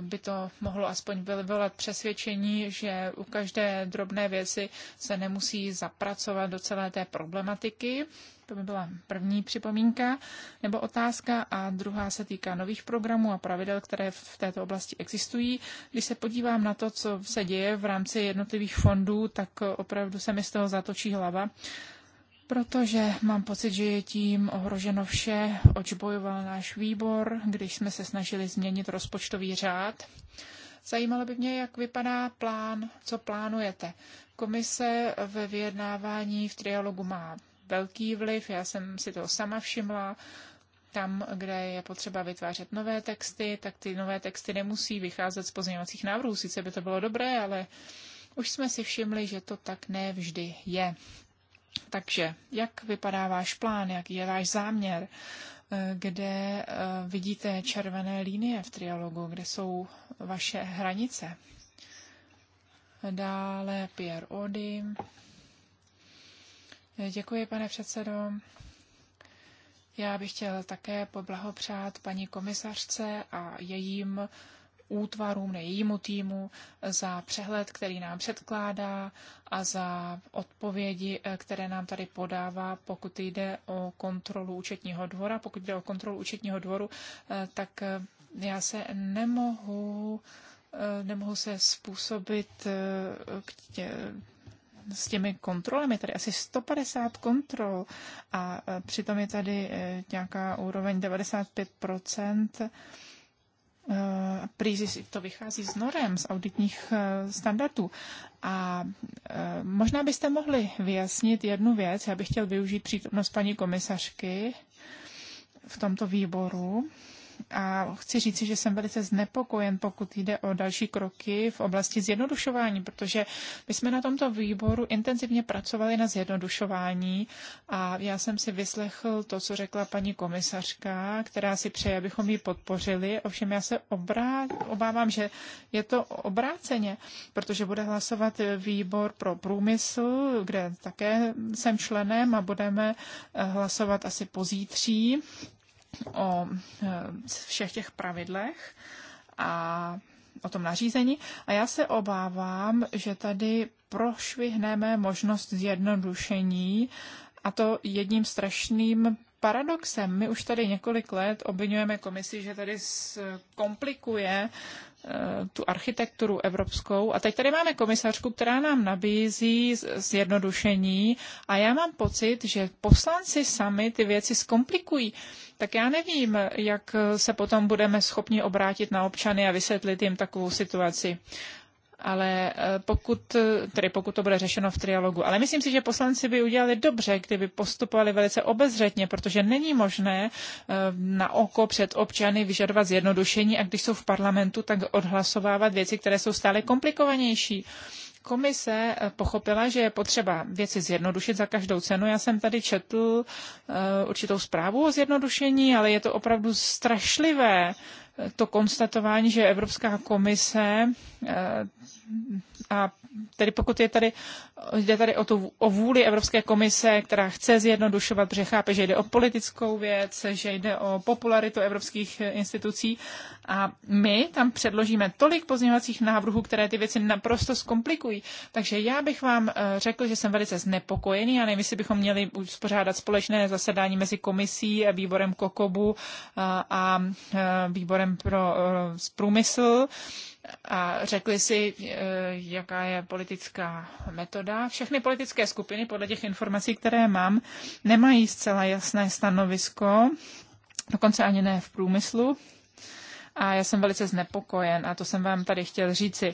S2: by to mohlo aspoň vyvolat přesvědčení, že u každé drobné věci se nemusí zapracovat do celé té problematiky. To by byla první připomínka nebo otázka. A druhá se týká nových programů a pravidel, které v této oblasti existují. Když se podívám na to, co se děje v rámci jednotlivých fondů, tak opravdu se mi z toho zatočí hlava protože mám pocit, že je tím ohroženo vše, oč bojoval náš výbor, když jsme se snažili změnit rozpočtový řád. Zajímalo by mě, jak vypadá plán, co plánujete. Komise ve vyjednávání v trialogu má velký vliv, já jsem si toho sama všimla. Tam, kde je potřeba vytvářet nové texty, tak ty nové texty nemusí vycházet z pozměňovacích návrhů. Sice by to bylo dobré, ale už jsme si všimli, že to tak nevždy je. Takže jak vypadá váš plán, jaký je váš záměr, eh, kde eh, vidíte červené linie v trialogu, kde jsou vaše hranice? Dále Pierre Ody. Děkuji, pane předsedo. Já bych chtěl také poblahopřát paní komisařce a jejím útvarům, jejímu týmu za přehled, který nám předkládá a za odpovědi, eh, které nám tady podává, pokud jde o kontrolu účetního dvora. Pokud jde o kontrolu účetního dvoru, eh, tak eh, já se nemohu, nemohu se způsobit k tě, s těmi kontrolami, tady asi 150 kontrol a přitom je tady nějaká úroveň 95 Eh, prý to vychází z norem, z auditních eh, standardů. A eh, možná byste mohli vyjasnit jednu věc. Já bych chtěl využít přítomnost paní komisařky v tomto výboru a chci říci, že jsem velice znepokojen, pokud jde o další kroky v oblasti zjednodušování, protože my jsme na tomto výboru intenzivně pracovali na zjednodušování a já jsem si vyslechl to, co řekla paní komisařka, která si přeje, abychom ji podpořili. Ovšem já se obrá... obávám, že je to obráceně, protože bude hlasovat výbor pro průmysl, kde také jsem členem a budeme hlasovat asi pozítří o e, všech těch pravidlech a o tom nařízení. A já se obávám, že tady prošvihneme možnost zjednodušení a to jedním strašným paradoxem. My už tady několik let obvinujeme komisi, že tady komplikuje Eh, tu architekturu evropskou. A teď tady máme komisařku, která nám nabízí zjednodušení a já mám pocit, že poslanci sami ty věci zkomplikují. Tak já nevím, jak se potom budeme schopni obrátit na občany a vysvětlit jim takovou situaci ale eh, pokud, tedy pokud to bude řešeno v trialogu. Ale myslím si, že poslanci by udělali dobře, kdyby postupovali velice obezřetně, protože není možné eh, na oko před občany vyžadovat zjednodušení a když jsou v parlamentu, tak odhlasovávat věci, které jsou stále komplikovanější. Komise eh, pochopila, že je potřeba věci zjednodušit za každou cenu. Já jsem tady četl určitou zprávu o zjednodušení, ale je to opravdu strašlivé to konstatování, že Evropská komise eh, a tedy pokud je tady, jde tady o, tu, o vůli Evropské komise, která chce zjednodušovat, protože chápe, že jde o politickou věc, že jde o popularitu evropských institucí a my tam předložíme tolik pozměňovacích návrhů, které ty věci naprosto zkomplikují. Takže já bych vám eh, řekl, že jsem velice znepokojený a nevím, jestli bychom měli uspořádat společné zasedání mezi komisí, výborem Kokobu eh, a výborem ministrem pro eh, průmysl a řekli si, eh, jaká je politická metoda. Všechny politické skupiny, podle těch informací, které mám, nemají zcela jasné stanovisko, dokonce ani ne v průmyslu a já jsem velice znepokojen a to jsem vám tady chtěl říci.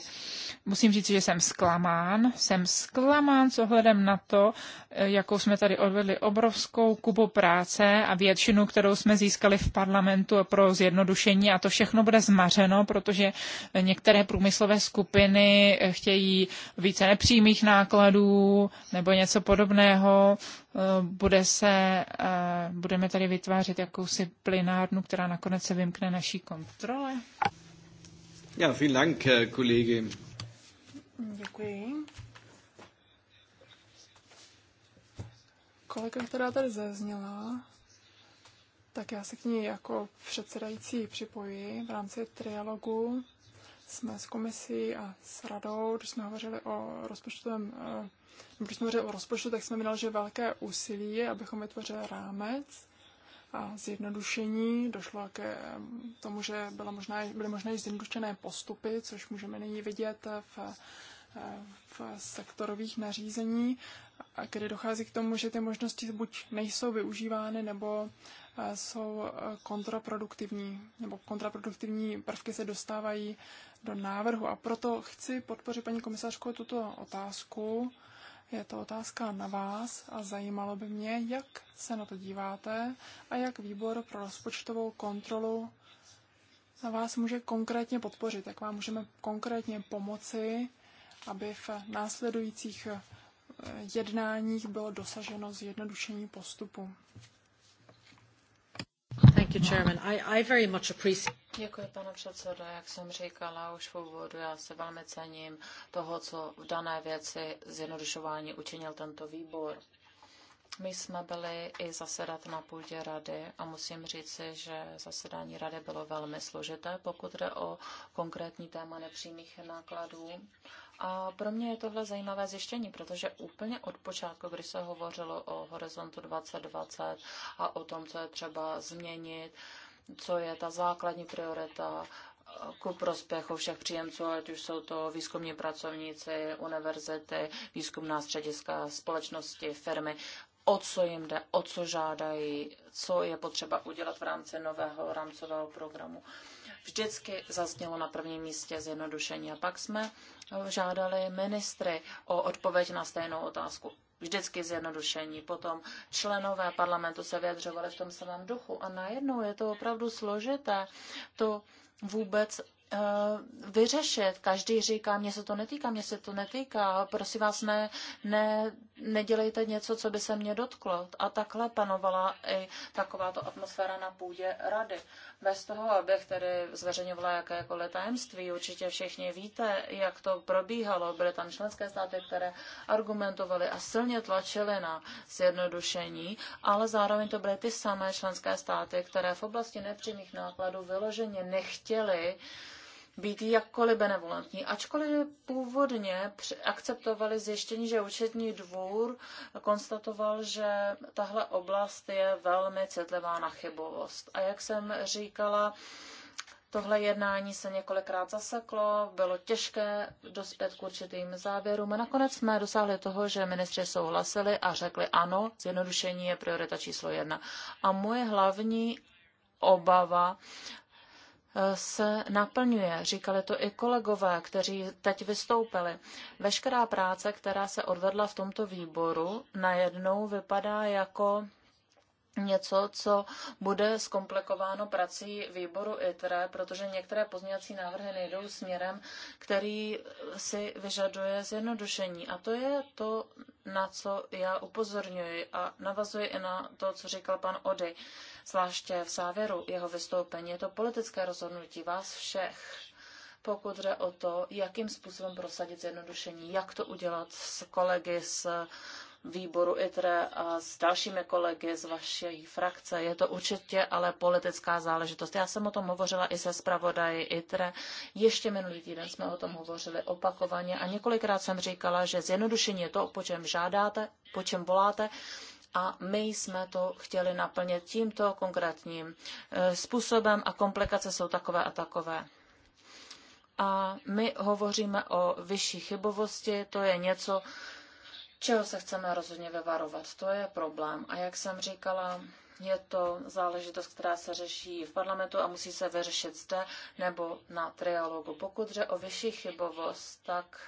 S2: Musím říci, že jsem zklamán. Jsem zklamán s ohledem na to, eh, jakou jsme tady odvedli obrovskou kubu práce a většinu, kterou jsme získali v parlamentu pro zjednodušení a to všechno bude zmařeno, protože některé průmyslové skupiny chtějí více nepřímých nákladů nebo něco podobného bude se, eh, budeme tady vytvářet jakousi plynárnu, která nakonec se vymkne naší kontrole.
S1: Ja, vielen Dank, Kollege. Děkuji. Kolega, která tady zazněla, tak já se k ní jako předsedající připojuji v rámci trialogu. Jsme s komisí a s radou, když jsme hovořili o rozpočtovém eh, No, když jsme o rozpočtu, tak jsme vydali, že velké úsilí je, abychom vytvořili rámec a zjednodušení. Došlo k tomu, že byla možná, byly možné i zjednodušené postupy, což můžeme nyní vidět v, e, v sektorových nařízení, kdy dochází k tomu, že ty možnosti buď nejsou využívány, nebo e, jsou e, kontraproduktivní, nebo kontraproduktivní prvky se dostávají do návrhu. A proto chci podpořit paní komisařku tuto otázku je to otázka na vás a zajímalo by mě, jak se na to díváte a jak výbor pro rozpočtovou kontrolu na vás může konkrétně podpořit, jak vám můžeme konkrétně pomoci, aby v následujících eh, jednáních bylo dosaženo zjednodušení postupu.
S3: Thank you, Chairman. I, I very much appreciate... Děkuji, pane předsedo. Jak jsem říkala už v úvodu, já se velmi cením toho, co v dané věci zjednodušování učinil tento výbor. My jsme byli i zasedat na půdě rady a musím říci, že zasedání rady bylo velmi složité, pokud jde o konkrétní téma nepřímých nákladů. A pro mě je tohle zajímavé zjištění, protože úplně od počátku, když se hovořilo o horizontu 2020 a o tom, co je třeba změnit, co je ta základní priorita eh, ku prospěchu všech příjemců, ať už jsou to výzkumní pracovníci, univerzity, výzkumná střediska, společnosti, firmy, o co jim jde, o co žádají, co je potřeba udělat v rámci nového rámcového programu. Vždycky zaznělo na prvním místě zjednodušení a pak jsme eh, žádali ministry o odpověď na stejnou otázku vždycky zjednodušení. Potom členové parlamentu se vyjadřovali v tom samém duchu a najednou je to opravdu složité to vůbec eh, vyřešit. Každý říká, mně se to netýká, mně se to netýká, prosím vás, ne, ne nedělejte něco, co by se mě dotklo. A takhle panovala i takováto atmosféra na půdě rady. Bez toho, abych tedy zveřejňovala jakékoliv tajemství, určitě všichni víte, jak to probíhalo. Byly tam členské státy, které argumentovaly a silně tlačily na zjednodušení, ale zároveň to byly ty samé členské státy, které v oblasti nepřímých nákladů vyloženě nechtěly být jakkoliv benevolentní. Ačkoliv původně akceptovali zjištění, že účetní dvůr konstatoval, že tahle oblast je velmi citlivá na chybovost. A jak jsem říkala, Tohle jednání se několikrát zaseklo, bylo těžké dospět k určitým závěrům a nakonec jsme dosáhli toho, že ministři souhlasili a řekli ano, zjednodušení je priorita číslo jedna. A moje hlavní obava se naplňuje. Říkali to i kolegové, kteří teď vystoupili. Veškerá práce, která se odvedla v tomto výboru, najednou vypadá jako něco, co bude zkomplikováno prací výboru ITRE, protože některé pozměňovací návrhy nejdou směrem, který si vyžaduje zjednodušení. A to je to, na co já upozorňuji a navazuji i na to, co říkal pan Ody zvláště v závěru jeho vystoupení. Je to politické rozhodnutí vás všech, pokud jde o to, jakým způsobem prosadit zjednodušení, jak to udělat s kolegy z výboru ITRE a s dalšími kolegy z vaší frakce. Je to určitě ale politická záležitost. Já jsem o tom hovořila i se zpravodaji ITRE. Ještě minulý týden jsme o tom hovořili opakovaně a několikrát jsem říkala, že zjednodušení je to, po čem žádáte, po čem voláte a my jsme to chtěli naplnit tímto konkrétním eh, způsobem a komplikace jsou takové a takové. A my hovoříme o vyšší chybovosti, to je něco, čeho se chceme rozhodně vyvarovat. To je problém. A jak jsem říkala, je to záležitost, která se řeší v parlamentu a musí se vyřešit zde nebo na trialogu. Pokud jde o vyšší chybovost, tak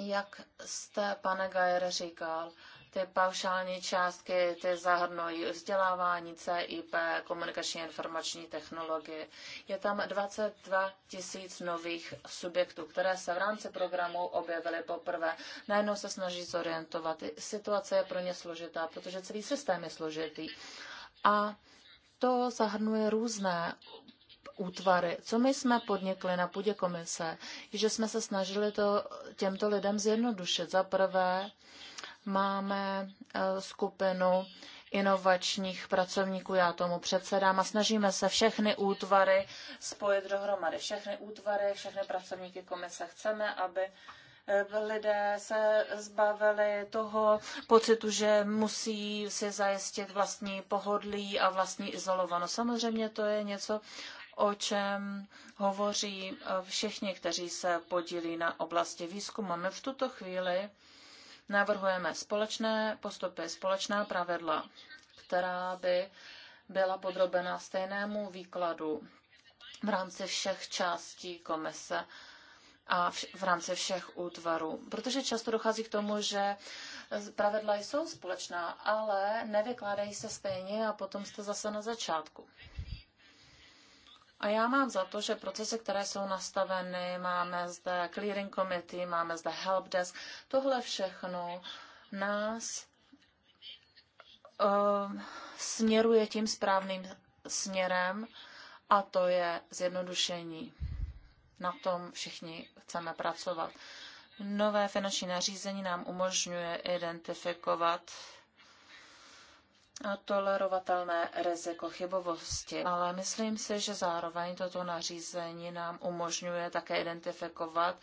S3: jak jste, pane Gajer, říkal, ty paušální částky, ty zahrnují vzdělávání CIP, komunikační informační technologie. Je tam 22 tisíc nových subjektů, které se v rámci programu objevily poprvé. Najednou se snaží zorientovat. Situace je pro ně složitá, protože celý systém je složitý. A to zahrnuje různé útvary. Co my jsme podnikli na půdě komise, že jsme se snažili to těmto lidem zjednodušit. Za prvé máme eh, skupinu inovačních pracovníků, já tomu předsedám a snažíme se všechny útvary spojit dohromady. Všechny útvary, všechny pracovníky komise chceme, aby eh, lidé se zbavili toho pocitu, že musí si zajistit vlastní pohodlí a vlastní izolovanost. Samozřejmě to je něco, o čem hovoří e, všichni, kteří se podílí na oblasti výzkumu. My v tuto chvíli navrhujeme společné postupy, společná pravidla, která by byla podrobena stejnému výkladu v rámci všech částí komise a v, rámci všech útvarů. Protože často dochází k tomu, že pravidla jsou společná, ale nevykládají se stejně a potom jste zase na začátku. A já mám za to, že procesy, které jsou nastaveny, máme zde clearing committee, máme zde desk. tohle všechno nás uh, směruje tím správným směrem a to je zjednodušení. Na tom všichni chceme pracovat. Nové finanční nařízení nám umožňuje identifikovat a tolerovatelné riziko chybovosti. Ale myslím si, že zároveň toto nařízení nám umožňuje také identifikovat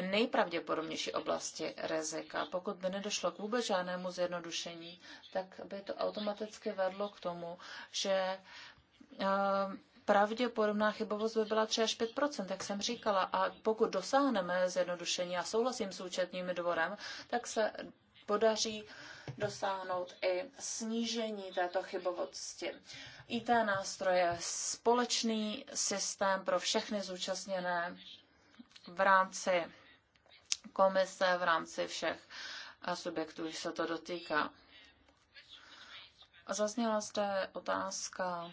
S3: nejpravděpodobnější oblasti rizika. Pokud by nedošlo k vůbec žádnému zjednodušení, tak by to automaticky vedlo k tomu, že eh, pravděpodobná chybovost by byla 3 až 5 jak jsem říkala. A pokud dosáhneme zjednodušení, a souhlasím s účetním dvorem, tak se podaří dosáhnout i snížení této chybovosti. IT nástroje, společný systém pro všechny zúčastněné v rámci komise, v rámci všech eh, subjektů, když se to dotýká. Zazněla zde otázka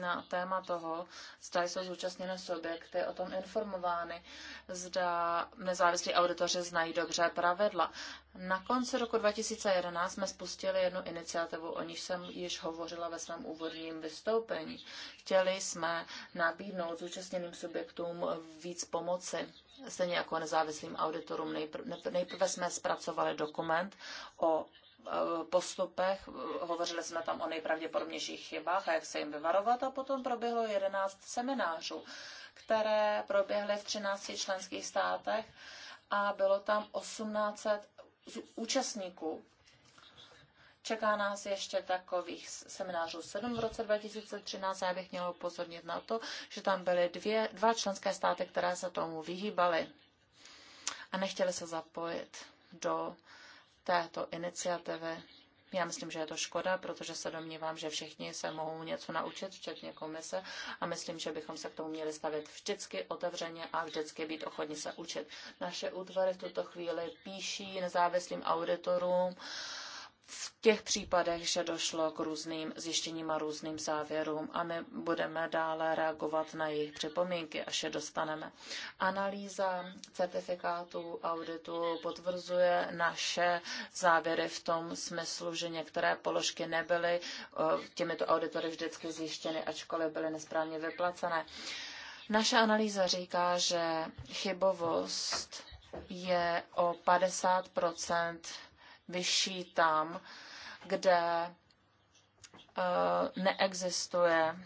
S3: na téma toho, zda jsou zúčastněné subjekty o tom informovány, zda nezávislí auditoři znají dobře pravidla. Na konci roku 2011 jsme spustili jednu iniciativu, o níž jsem již hovořila ve svém úvodním vystoupení. Chtěli jsme nabídnout zúčastněným subjektům víc pomoci. Stejně jako nezávislým auditorům nejprve, jsme zpracovali dokument o Eh, postupech, hovořili jsme tam o nejpravděpodobnějších chybách a jak se jim vyvarovat a potom proběhlo 11 seminářů, které proběhly v 13 členských státech a bylo tam 1800 účastníků. Čeká nás ještě takových seminářů 7 v roce 2013 a já bych měla upozornit na to, že tam byly dvě, dva členské státy, které se tomu vyhýbaly a nechtěly se zapojit do uh, této iniciativy. Já myslím, že je to škoda, protože se domnívám, že všichni se mohou něco naučit, včetně komise, a myslím, že bychom se k tomu měli stavit vždycky otevřeně a vždycky být ochotni se učit. Naše útvary v tuto chvíli píší nezávislým auditorům, v těch případech, že došlo k různým zjištěním a různým závěrům a my budeme dále reagovat na jejich připomínky, až je dostaneme. Analýza certifikátů auditu potvrzuje naše závěry v tom smyslu, že některé položky nebyly eh, těmito auditory vždycky zjištěny, ačkoliv byly nesprávně vyplacené. Naše analýza říká, že chybovost je o 50 vyšší tam, kde eh, neexistuje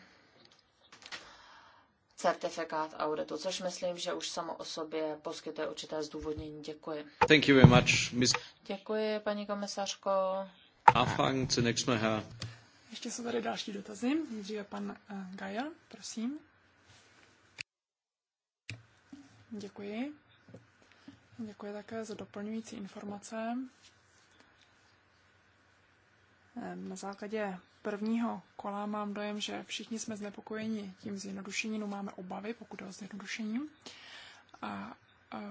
S3: certifikát auditu, což myslím, že už samo o sobě poskytuje určité zdůvodnění. Děkuji.
S1: Thank you very much, Ms.
S3: Děkuji, paní komisařko.
S1: Anfang zunächst mal Herr. Ještě jsou tady další dotazy. Nejdříve pan eh, Gaja, prosím. Děkuji. Děkuji také za doplňující informace. Na základě prvního kola mám dojem, že všichni jsme znepokojeni tím zjednodušením, no máme obavy, pokud je o zjednodušení. A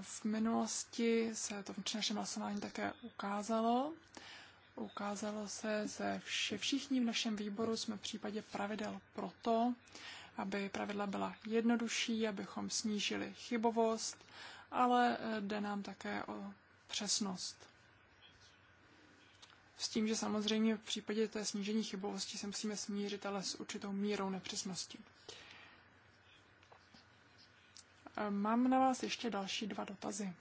S1: v minulosti se to v našem hlasování také ukázalo. Ukázalo se, že všichni v našem výboru jsme v případě pravidel proto, aby pravidla byla jednodušší, abychom snížili chybovost, ale eh, jde nám také o přesnost s tím, že samozřejmě v případě té snížení chybovosti se musíme smířit, ale s určitou mírou nepřesnosti. E, mám na vás ještě další dva dotazy.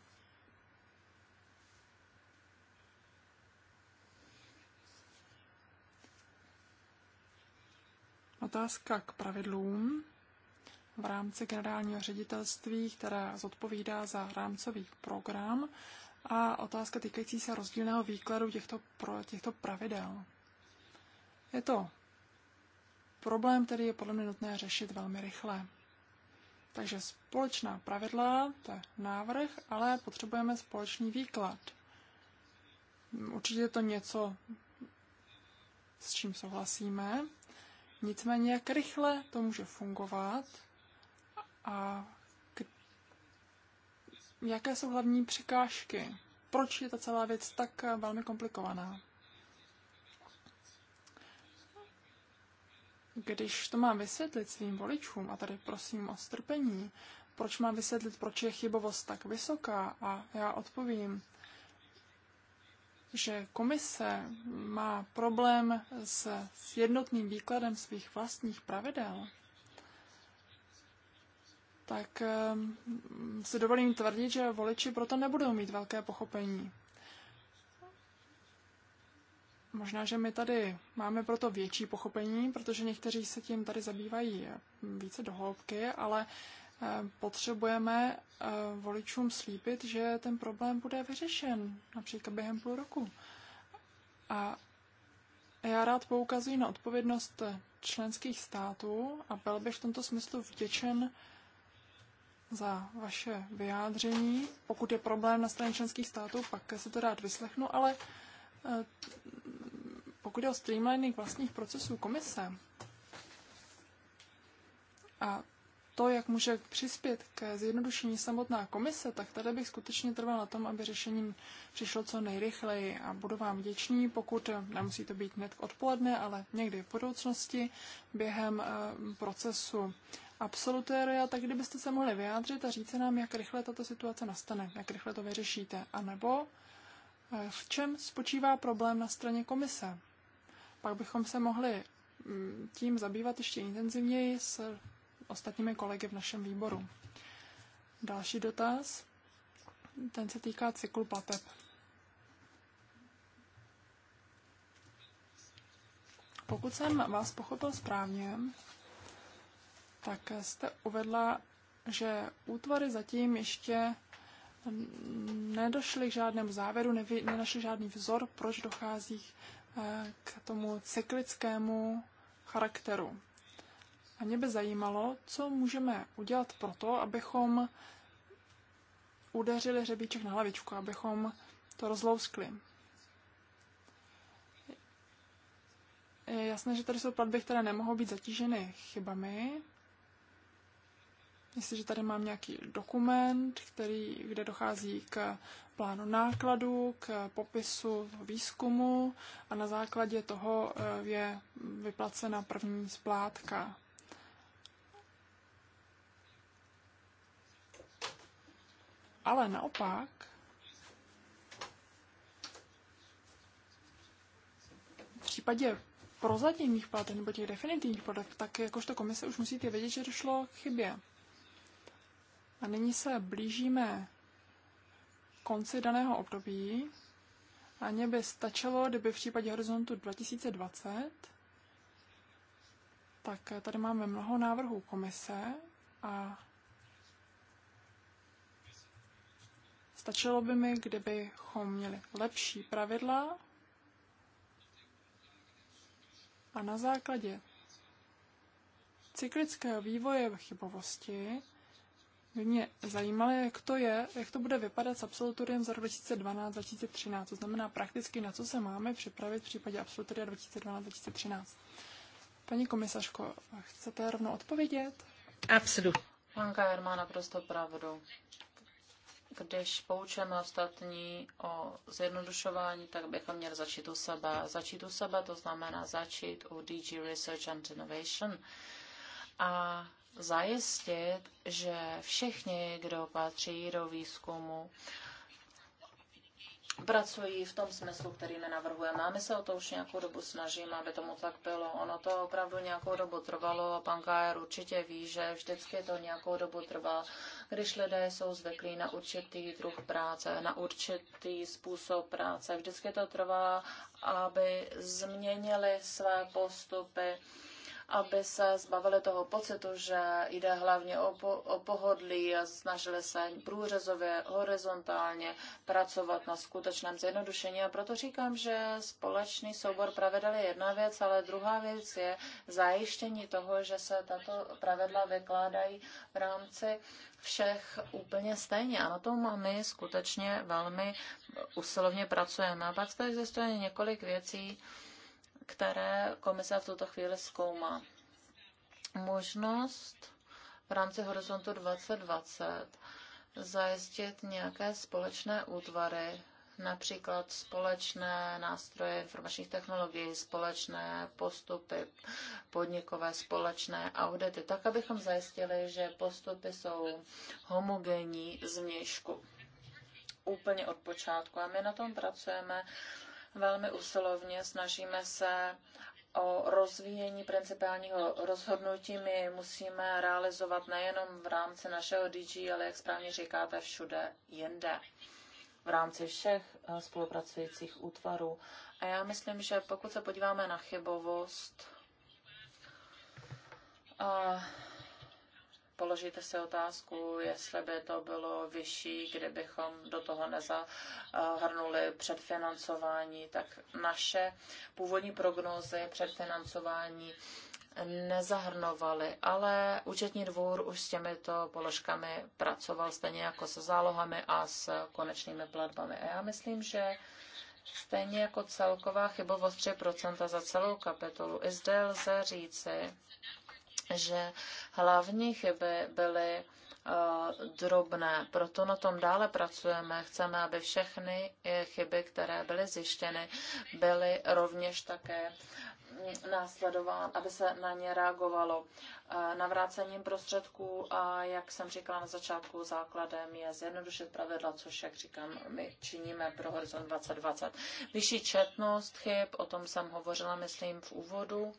S1: Otázka k pravidlům v rámci generálního ředitelství, které zodpovídá za rámcový program a otázka týkající se rozdílného výkladu těchto, pro, těchto pravidel. Je to problém, který je podle mě nutné řešit velmi rychle. Takže společná pravidla, to je návrh, ale potřebujeme společný výklad. Určitě je to něco, s čím souhlasíme. Nicméně, jak rychle to může fungovat a jaké jsou hlavní překážky? Proč je ta celá věc tak eh, velmi komplikovaná? Když to mám vysvětlit svým voličům, a tady prosím o strpení, proč mám vysvětlit, proč je chybovost tak vysoká, a já odpovím, že komise má problém s jednotným výkladem svých vlastních pravidel, tak ehm, si dovolím tvrdit, že voliči proto nebudou mít velké pochopení. Možná, že my tady máme proto větší pochopení, protože někteří se tím tady zabývají eh, více dohloubky, ale ehm, potřebujeme eh, voličům slíbit, že ten problém bude vyřešen, například během půl roku. A já rád poukazuji na odpovědnost eh, členských států a byl bych v tomto smyslu vděčen za vaše vyjádření. Pokud je problém na straně členských států, pak se to rád vyslechnu, ale eh, pokud je o streamlining vlastních procesů komise a to, jak může přispět ke zjednodušení samotná komise, tak tady bych skutečně trval na tom, aby řešení přišlo co nejrychleji a budu vám vděčný, pokud nemusí to být hned odpoledne, ale někdy v budoucnosti během eh, procesu absolutéria, tak kdybyste se mohli vyjádřit a říct nám, jak rychle tato situace nastane, jak rychle to vyřešíte, anebo eh, v čem spočívá problém na straně komise. Pak bychom se mohli mm, tím zabývat ještě intenzivněji s ostatními kolegy v našem výboru. Další dotaz, ten se týká cyklu plateb. Pokud jsem vás pochopil správně, tak jste uvedla, že útvary zatím ještě nedošly k žádnému závěru, nevy, nenašli žádný vzor, proč dochází k tomu cyklickému charakteru. A mě by zajímalo, co můžeme udělat pro to, abychom udeřili hřebíček na hlavičku, abychom to rozlouskli. Je jasné, že tady jsou platby, které nemohou být zatíženy chybami, Jestliže tady mám nějaký dokument, který, kde dochází k plánu nákladu, k popisu výzkumu a na základě toho eh, je vyplacena první splátka. Ale naopak, v případě prozatímních plateb nebo těch definitivních plateb, tak jakožto komise už musíte vědět, že došlo k chybě. A nyní se blížíme konci daného období a mě by stačilo, kdyby v případě horizontu 2020, tak tady máme mnoho návrhů komise a stačilo by mi, kdybychom měli lepší pravidla a na základě cyklického vývoje chybovosti by mě zajímalo, jak to je, jak to bude vypadat s absolutoriem za 2012-2013, to znamená prakticky na co se máme připravit v případě absolutoria 2012-2013. Paní komisařko, chcete rovnou odpovědět? Absolutně.
S3: Panka Kajer má naprosto pravdu. Když poučeme ostatní o zjednodušování, tak bychom měli začít u sebe. Začít u sebe, to znamená začít u DG Research and Innovation. A zajistit, že všichni, kdo patří do výzkumu, pracují v tom smyslu, který my navrhujeme. A my se o to už nějakou dobu snažíme, aby tomu tak bylo. Ono to opravdu nějakou dobu trvalo a pan Kajer určitě ví, že vždycky to nějakou dobu trvá, když lidé jsou zvyklí na určitý druh práce, na určitý způsob práce. Vždycky to trvá, aby změnili své postupy aby se zbavili toho pocitu, že jde hlavně o, po, o pohodlí a snažili se průřezově, horizontálně pracovat na skutečném zjednodušení. A proto říkám, že společný soubor pravidel je jedna věc, ale druhá věc je zajištění toho, že se tato pravidla vykládají v rámci všech úplně stejně. A na tom my skutečně velmi usilovně pracujeme. A pak zde existuje několik věcí, které komise v tuto chvíli zkoumá. Možnost v rámci Horizontu 2020 zajistit nějaké společné útvary, například společné nástroje informačních technologií, společné postupy podnikové, společné audity, tak abychom zajistili, že postupy jsou homogenní z vnějšku úplně od počátku. A my na tom pracujeme velmi usilovně snažíme se o rozvíjení principálního rozhodnutí. My musíme realizovat nejenom v rámci našeho DG, ale jak správně říkáte, všude jinde v rámci všech eh, spolupracujících útvarů. A já myslím, že pokud se podíváme na chybovost, a eh, Položíte si otázku, jestli by to bylo vyšší, kdybychom do toho nezahrnuli předfinancování, tak naše původní prognózy předfinancování nezahrnovaly, ale účetní dvůr už s těmito položkami pracoval stejně jako se zálohami a s konečnými platbami. A já myslím, že stejně jako celková chybovost 3% za celou kapitolu, i zde lze říci, že hlavní chyby byly eh, drobné. Proto na tom dále pracujeme. Chceme, aby všechny eh, chyby, které byly zjištěny, byly rovněž také mm, následován, aby se na ně reagovalo. Eh, navrácením prostředků a, jak jsem říkala na začátku, základem je zjednodušit pravidla, což, jak říkám, my činíme pro Horizon 2020. Vyšší četnost chyb, o tom jsem hovořila, myslím, v úvodu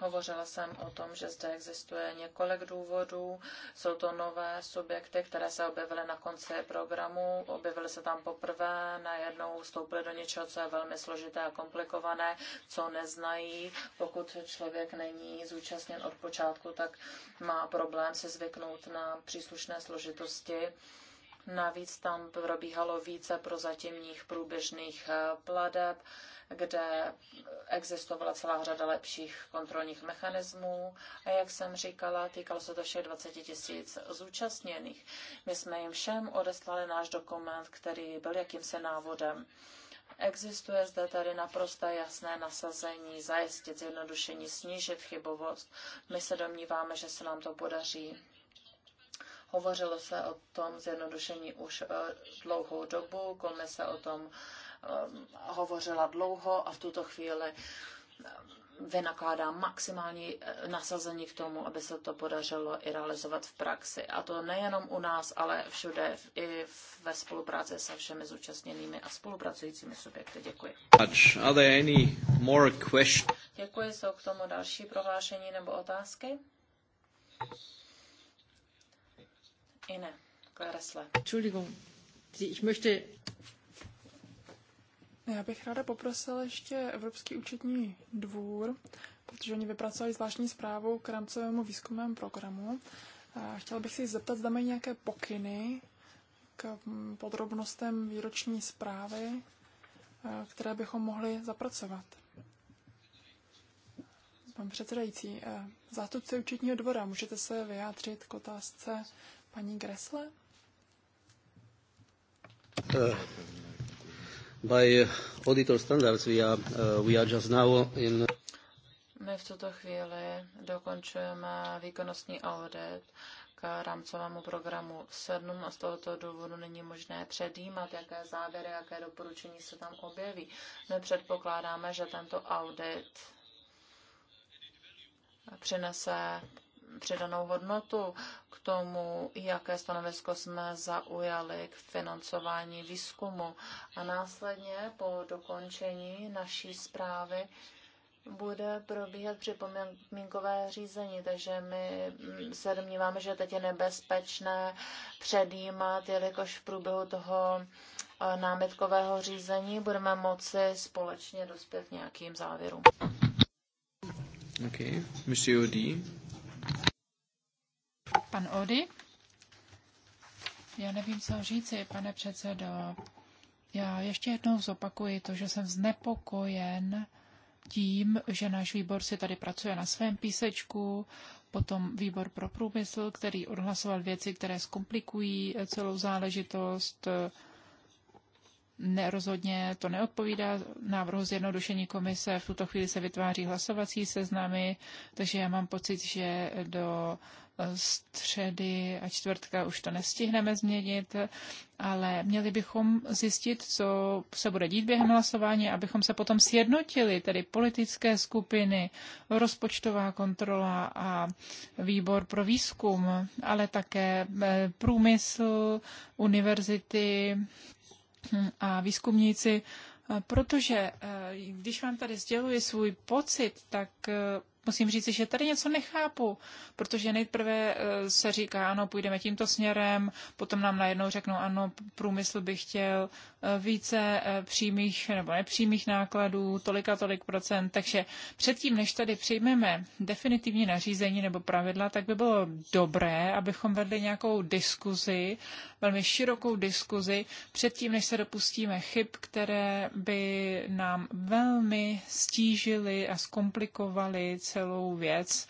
S3: Hovořila jsem o tom, že zde existuje několik důvodů. Jsou to nové subjekty, které se objevily na konci programu, objevily se tam poprvé, najednou vstoupily do něčeho, co je velmi složité a komplikované, co neznají. Pokud člověk není zúčastněn od počátku, tak má problém se zvyknout na příslušné složitosti. Navíc tam probíhalo více prozatímních průběžných eh, pladeb kde existovala celá řada lepších kontrolních mechanismů a jak jsem říkala, týkalo se to všech 20 tisíc zúčastněných. My jsme jim všem odeslali náš dokument, který byl jakýmsi návodem. Existuje zde tady naprosto jasné nasazení, zajistit zjednodušení, snížit chybovost. My se domníváme, že se nám to podaří. Hovořilo se o tom zjednodušení už eh, dlouhou dobu, komise o tom uh, Um, hovořila dlouho a v tuto chvíli um, vynakládám maximální eh, nasazení k tomu, aby se to podařilo i realizovat v praxi. A to nejenom u nás, ale všude i ve spolupráci se všemi zúčastněnými a spolupracujícími subjekty. Děkuji.
S1: Are there any more questions?
S3: Děkuji. Jsou k tomu další prohlášení nebo otázky? Ine, Klare
S1: Entschuldigung, ich möchte já bych ráda poprosila ještě Evropský účetní dvůr, protože oni vypracovali zvláštní zprávu k rámcovému výzkumnému programu. A chtěla bych si zeptat, zda mají nějaké pokyny k mm, podrobnostem výroční zprávy, které bychom mohli zapracovat. Pan předsedající, zástupce účetního dvora, můžete se vyjádřit k otázce paní Gresle?
S3: Eh, by eh, auditor standards we are, uh, we are just now in eh, my v tuto chvíli dokončujeme výkonnostní audit k rámcovému programu 7 a z tohoto důvodu není možné předjímat, jaké závěry, jaké doporučení se tam objeví. My předpokládáme, že tento audit přinese přidanou hodnotu k tomu, jaké stanovisko jsme zaujali k financování výzkumu. A následně po dokončení naší zprávy bude probíhat připomínkové řízení, takže my mm, se domníváme, že teď je nebezpečné předjímat, jelikož v průběhu toho e, námitkového řízení budeme moci společně dospět nějakým závěrům.
S1: Okay. Monsieur Audi.
S2: Pan Ody? Já nevím, co říci, pane předsedo. Já ještě jednou zopakuji to, že jsem znepokojen tím, že náš výbor si tady pracuje na svém písečku, potom výbor pro průmysl, který odhlasoval věci, které zkomplikují celou záležitost. Nerozhodně to neodpovídá návrhu zjednodušení komise. V tuto chvíli se vytváří hlasovací seznamy, takže já mám pocit, že do středy a čtvrtka už to nestihneme změnit, ale měli bychom zjistit, co se bude dít během hlasování, abychom se potom sjednotili, tedy politické skupiny, rozpočtová kontrola a výbor pro výzkum, ale také eh, průmysl, univerzity hm, a výzkumníci, eh, protože eh, když vám tady sděluji svůj pocit, tak musím říct, že tady něco nechápu, protože nejprve eh, se říká, ano, půjdeme tímto směrem, potom nám najednou řeknou, ano, průmysl by chtěl eh, více eh, přímých nebo nepřímých nákladů, tolika, tolik procent, takže předtím, než tady přijmeme definitivní nařízení nebo pravidla, tak by bylo dobré, abychom vedli nějakou diskuzi, velmi širokou diskuzi, předtím, než se dopustíme chyb, které by nám velmi stížily a zkomplikovaly celou věc,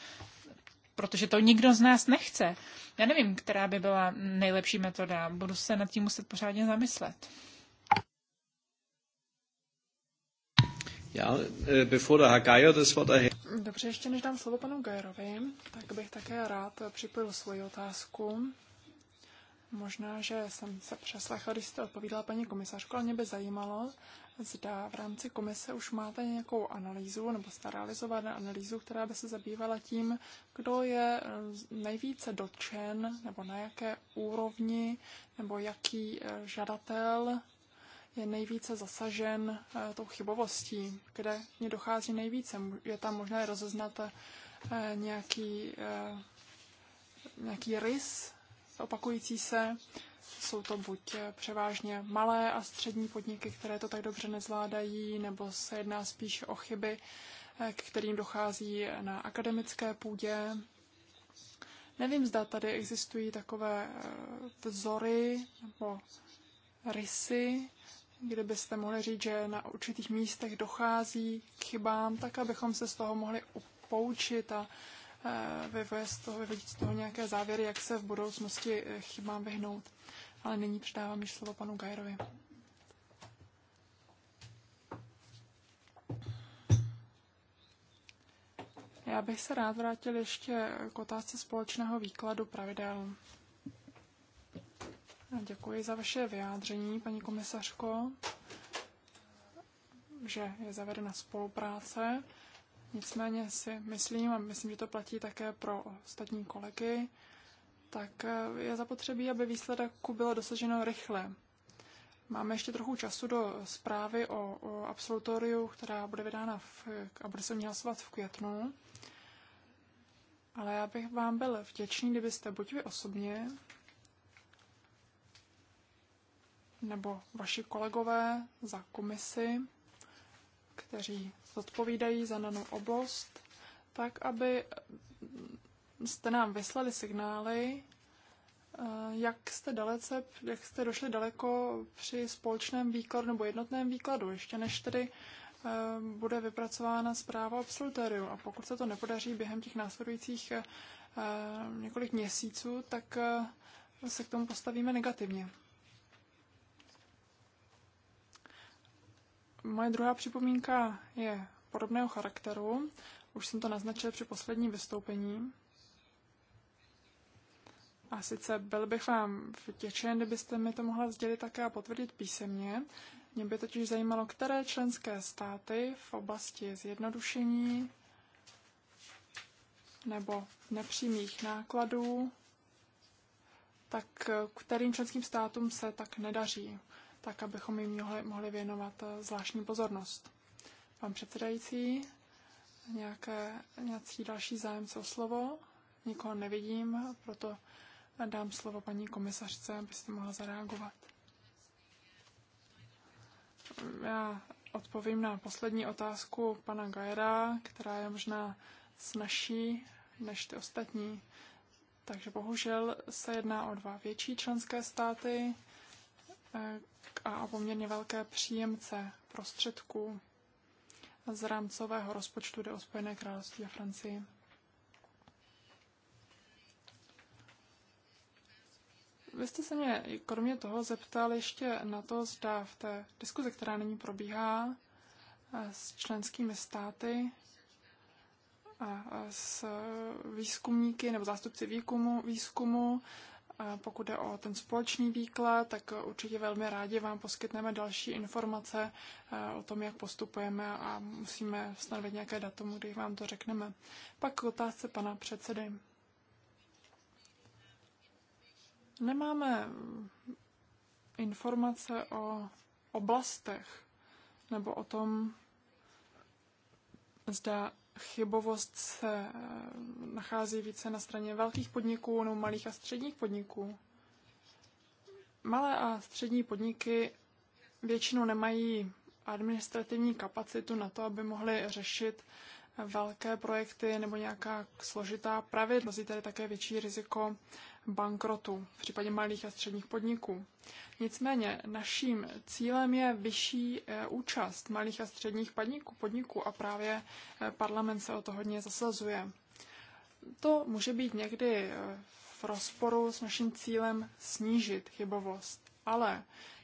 S2: protože to nikdo z nás nechce. Já nevím, která by byla nejlepší metoda. Budu se nad tím muset pořádně
S1: zamyslet. Já, eh, bevor der Herr Geier das Wort erhält. Dobře, ještě než dám slovo panu Geierovi, tak bych také rád připojil svoji otázku. Možná, že jsem se přeslechla, když jste odpovídala paní komisařko, ale mě by zajímalo, zda v rámci komise už máte nějakou analýzu, nebo jste analýzu, která by se zabývala tím, kdo je eh, nejvíce dotčen, nebo na jaké úrovni, nebo jaký eh, žadatel je nejvíce zasažen eh, tou chybovostí, kde mě dochází nejvíce. Je tam možné rozeznat nějaký, nějaký rys opakující se, jsou to buď eh, převážně malé a střední podniky, které to tak dobře nezvládají, nebo se jedná spíš o chyby, eh, k kterým dochází na akademické půdě. Nevím, zda tady existují takové eh, vzory nebo rysy, kde byste mohli říct, že na určitých místech dochází k chybám, tak abychom se z toho mohli poučit a Eh, vyvést z toho, vyvodit z toho nějaké závěry, jak se v budoucnosti eh, chybám vyhnout. Ale nyní předávám již slovo panu Gajerovi. Já bych se rád vrátil ještě k otázce společného výkladu pravidel. Děkuji za vaše vyjádření, paní komisařko, že je zavedena spolupráce Nicméně si myslím, a myslím, že to platí také pro ostatní kolegy, tak eh, je zapotřebí, aby výsledek bylo dosaženo rychle. Máme ještě trochu času do zprávy o, o absolutoriu, která bude vydána v, a bude se hlasovat v květnu. Ale já bych vám byl vděčný, kdybyste buď vy osobně, nebo vaši kolegové za komisi, kteří zodpovídají za danou oblast, tak aby jste nám vyslali signály, eh, jak jste dalece, jak jste došli daleko při společném výkladu nebo jednotném výkladu, ještě než tedy eh, bude vypracována zpráva absolutoriu. A pokud se to nepodaří během těch následujících eh, několik měsíců, tak se k tomu postavíme negativně. Moje druhá připomínka je podobného charakteru. Už jsem to naznačil při posledním vystoupení. A sice byl bych vám vděčen, kdybyste mi to mohla sdělit také a potvrdit písemně. Mě by totiž zajímalo, které členské státy v oblasti zjednodušení nebo nepřímých nákladů, tak kterým členským státům se tak nedaří tak abychom jim mohli, mohli věnovat eh, zvláštní pozornost. Pan předsedající, nějaké, nějaký další zájemce o slovo? Nikoho nevidím, proto dám slovo paní komisařce, abyste mohla zareagovat. Já odpovím na poslední otázku pana Gajera, která je možná snažší než ty ostatní. Takže bohužel se jedná o dva větší členské státy, a poměrně velké příjemce prostředků z rámcového rozpočtu jde o Spojené království a Francii. Vy jste se mě kromě toho zeptal ještě na to, zda v té diskuzi, která nyní probíhá eh, s členskými státy a s výzkumníky nebo zástupci výkumu, výzkumu pokud jde o ten společný výklad, tak určitě velmi rádi vám poskytneme další informace eh, o tom, jak postupujeme a musíme stanovit nějaké datum, kdy vám to řekneme. Pak k otázce pana předsedy. Nemáme mm, informace o oblastech nebo o tom, zda chybovost se eh, nachází více na straně velkých podniků nebo malých a středních podniků. Malé a střední podniky většinou nemají administrativní kapacitu na to, aby mohly řešit velké projekty nebo nějaká složitá pravidla. Hrozí tady také větší riziko bankrotu v případě malých a středních podniků. Nicméně naším cílem je vyšší eh, účast malých a středních podniků, podniků a právě eh, parlament se o to hodně zasazuje. To může být někdy eh, v rozporu s naším cílem snížit chybovost, ale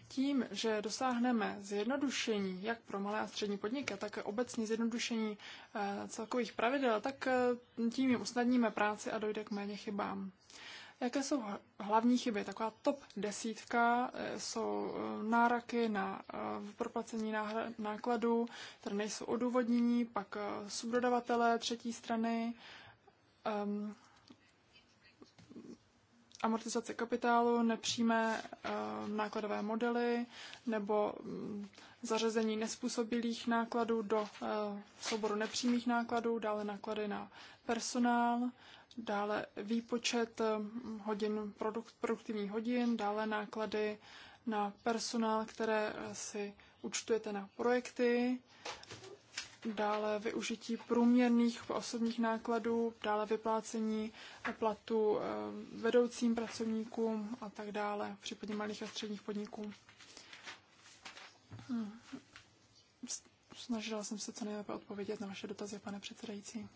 S1: tím, že dosáhneme zjednodušení jak pro malé a střední podniky, tak obecně zjednodušení eh, celkových pravidel, tak eh, tím jim usnadníme práci a dojde k méně chybám. Jaké jsou hlavní chyby? Taková top desítka eh, jsou náraky na proplacení nákladů, které nejsou odůvodnění, pak subdodavatele, třetí strany, ehm, amortizace kapitálu, nepřímé eh, nákladové modely nebo mm, zařazení nespůsobilých nákladů do eh, souboru nepřímých nákladů, dále náklady na personál, dále výpočet eh, hodin, produkt, produktivních hodin, dále náklady na personál, které si účtujete na projekty dále využití průměrných osobních nákladů, dále vyplácení platu eh, vedoucím pracovníkům a tak dále, případně malých a středních podniků. Hmm. Snažila jsem se co nejlépe odpovědět na vaše dotazy, pane předsedající.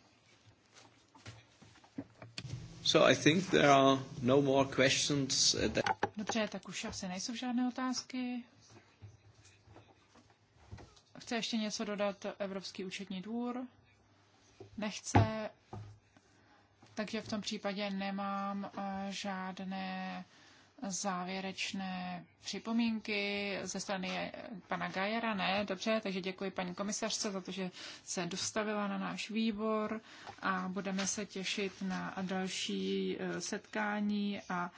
S1: So I think there are no more questions. Eh,
S2: Dobře, tak už asi nejsou žádné otázky. Chce ještě něco dodat Evropský účetní dvůr? Nechce. Takže v tom případě nemám eh, žádné závěrečné připomínky ze strany eh, pana Gajera. Ne, dobře, takže děkuji paní komisařce za to, že se dostavila na náš výbor a budeme se těšit na další eh, setkání a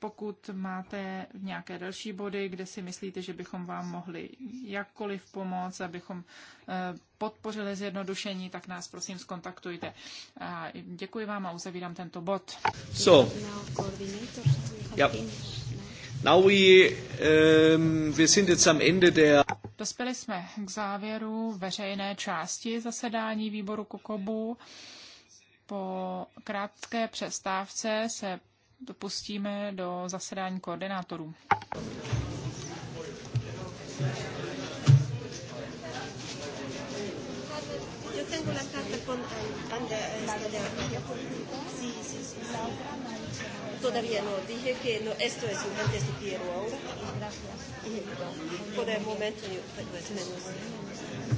S2: pokud máte nějaké další body, kde si myslíte, že bychom vám mohli jakkoliv pomoct, abychom eh, podpořili zjednodušení, tak nás prosím skontaktujte. A děkuji vám a uzavírám tento bod.
S1: So. Yep. Now we, um, ehm,
S2: we sind jetzt am Ende der... Dospěli jsme k závěru veřejné části zasedání výboru Kokobu. Po krátké přestávce se dopustíme do zasedání koordinátorů. Eh,
S1: eh, Todavía no.
S3: Dije que no, esto es urgente, esto quiero ahora. por el momento yo, pues, no menos.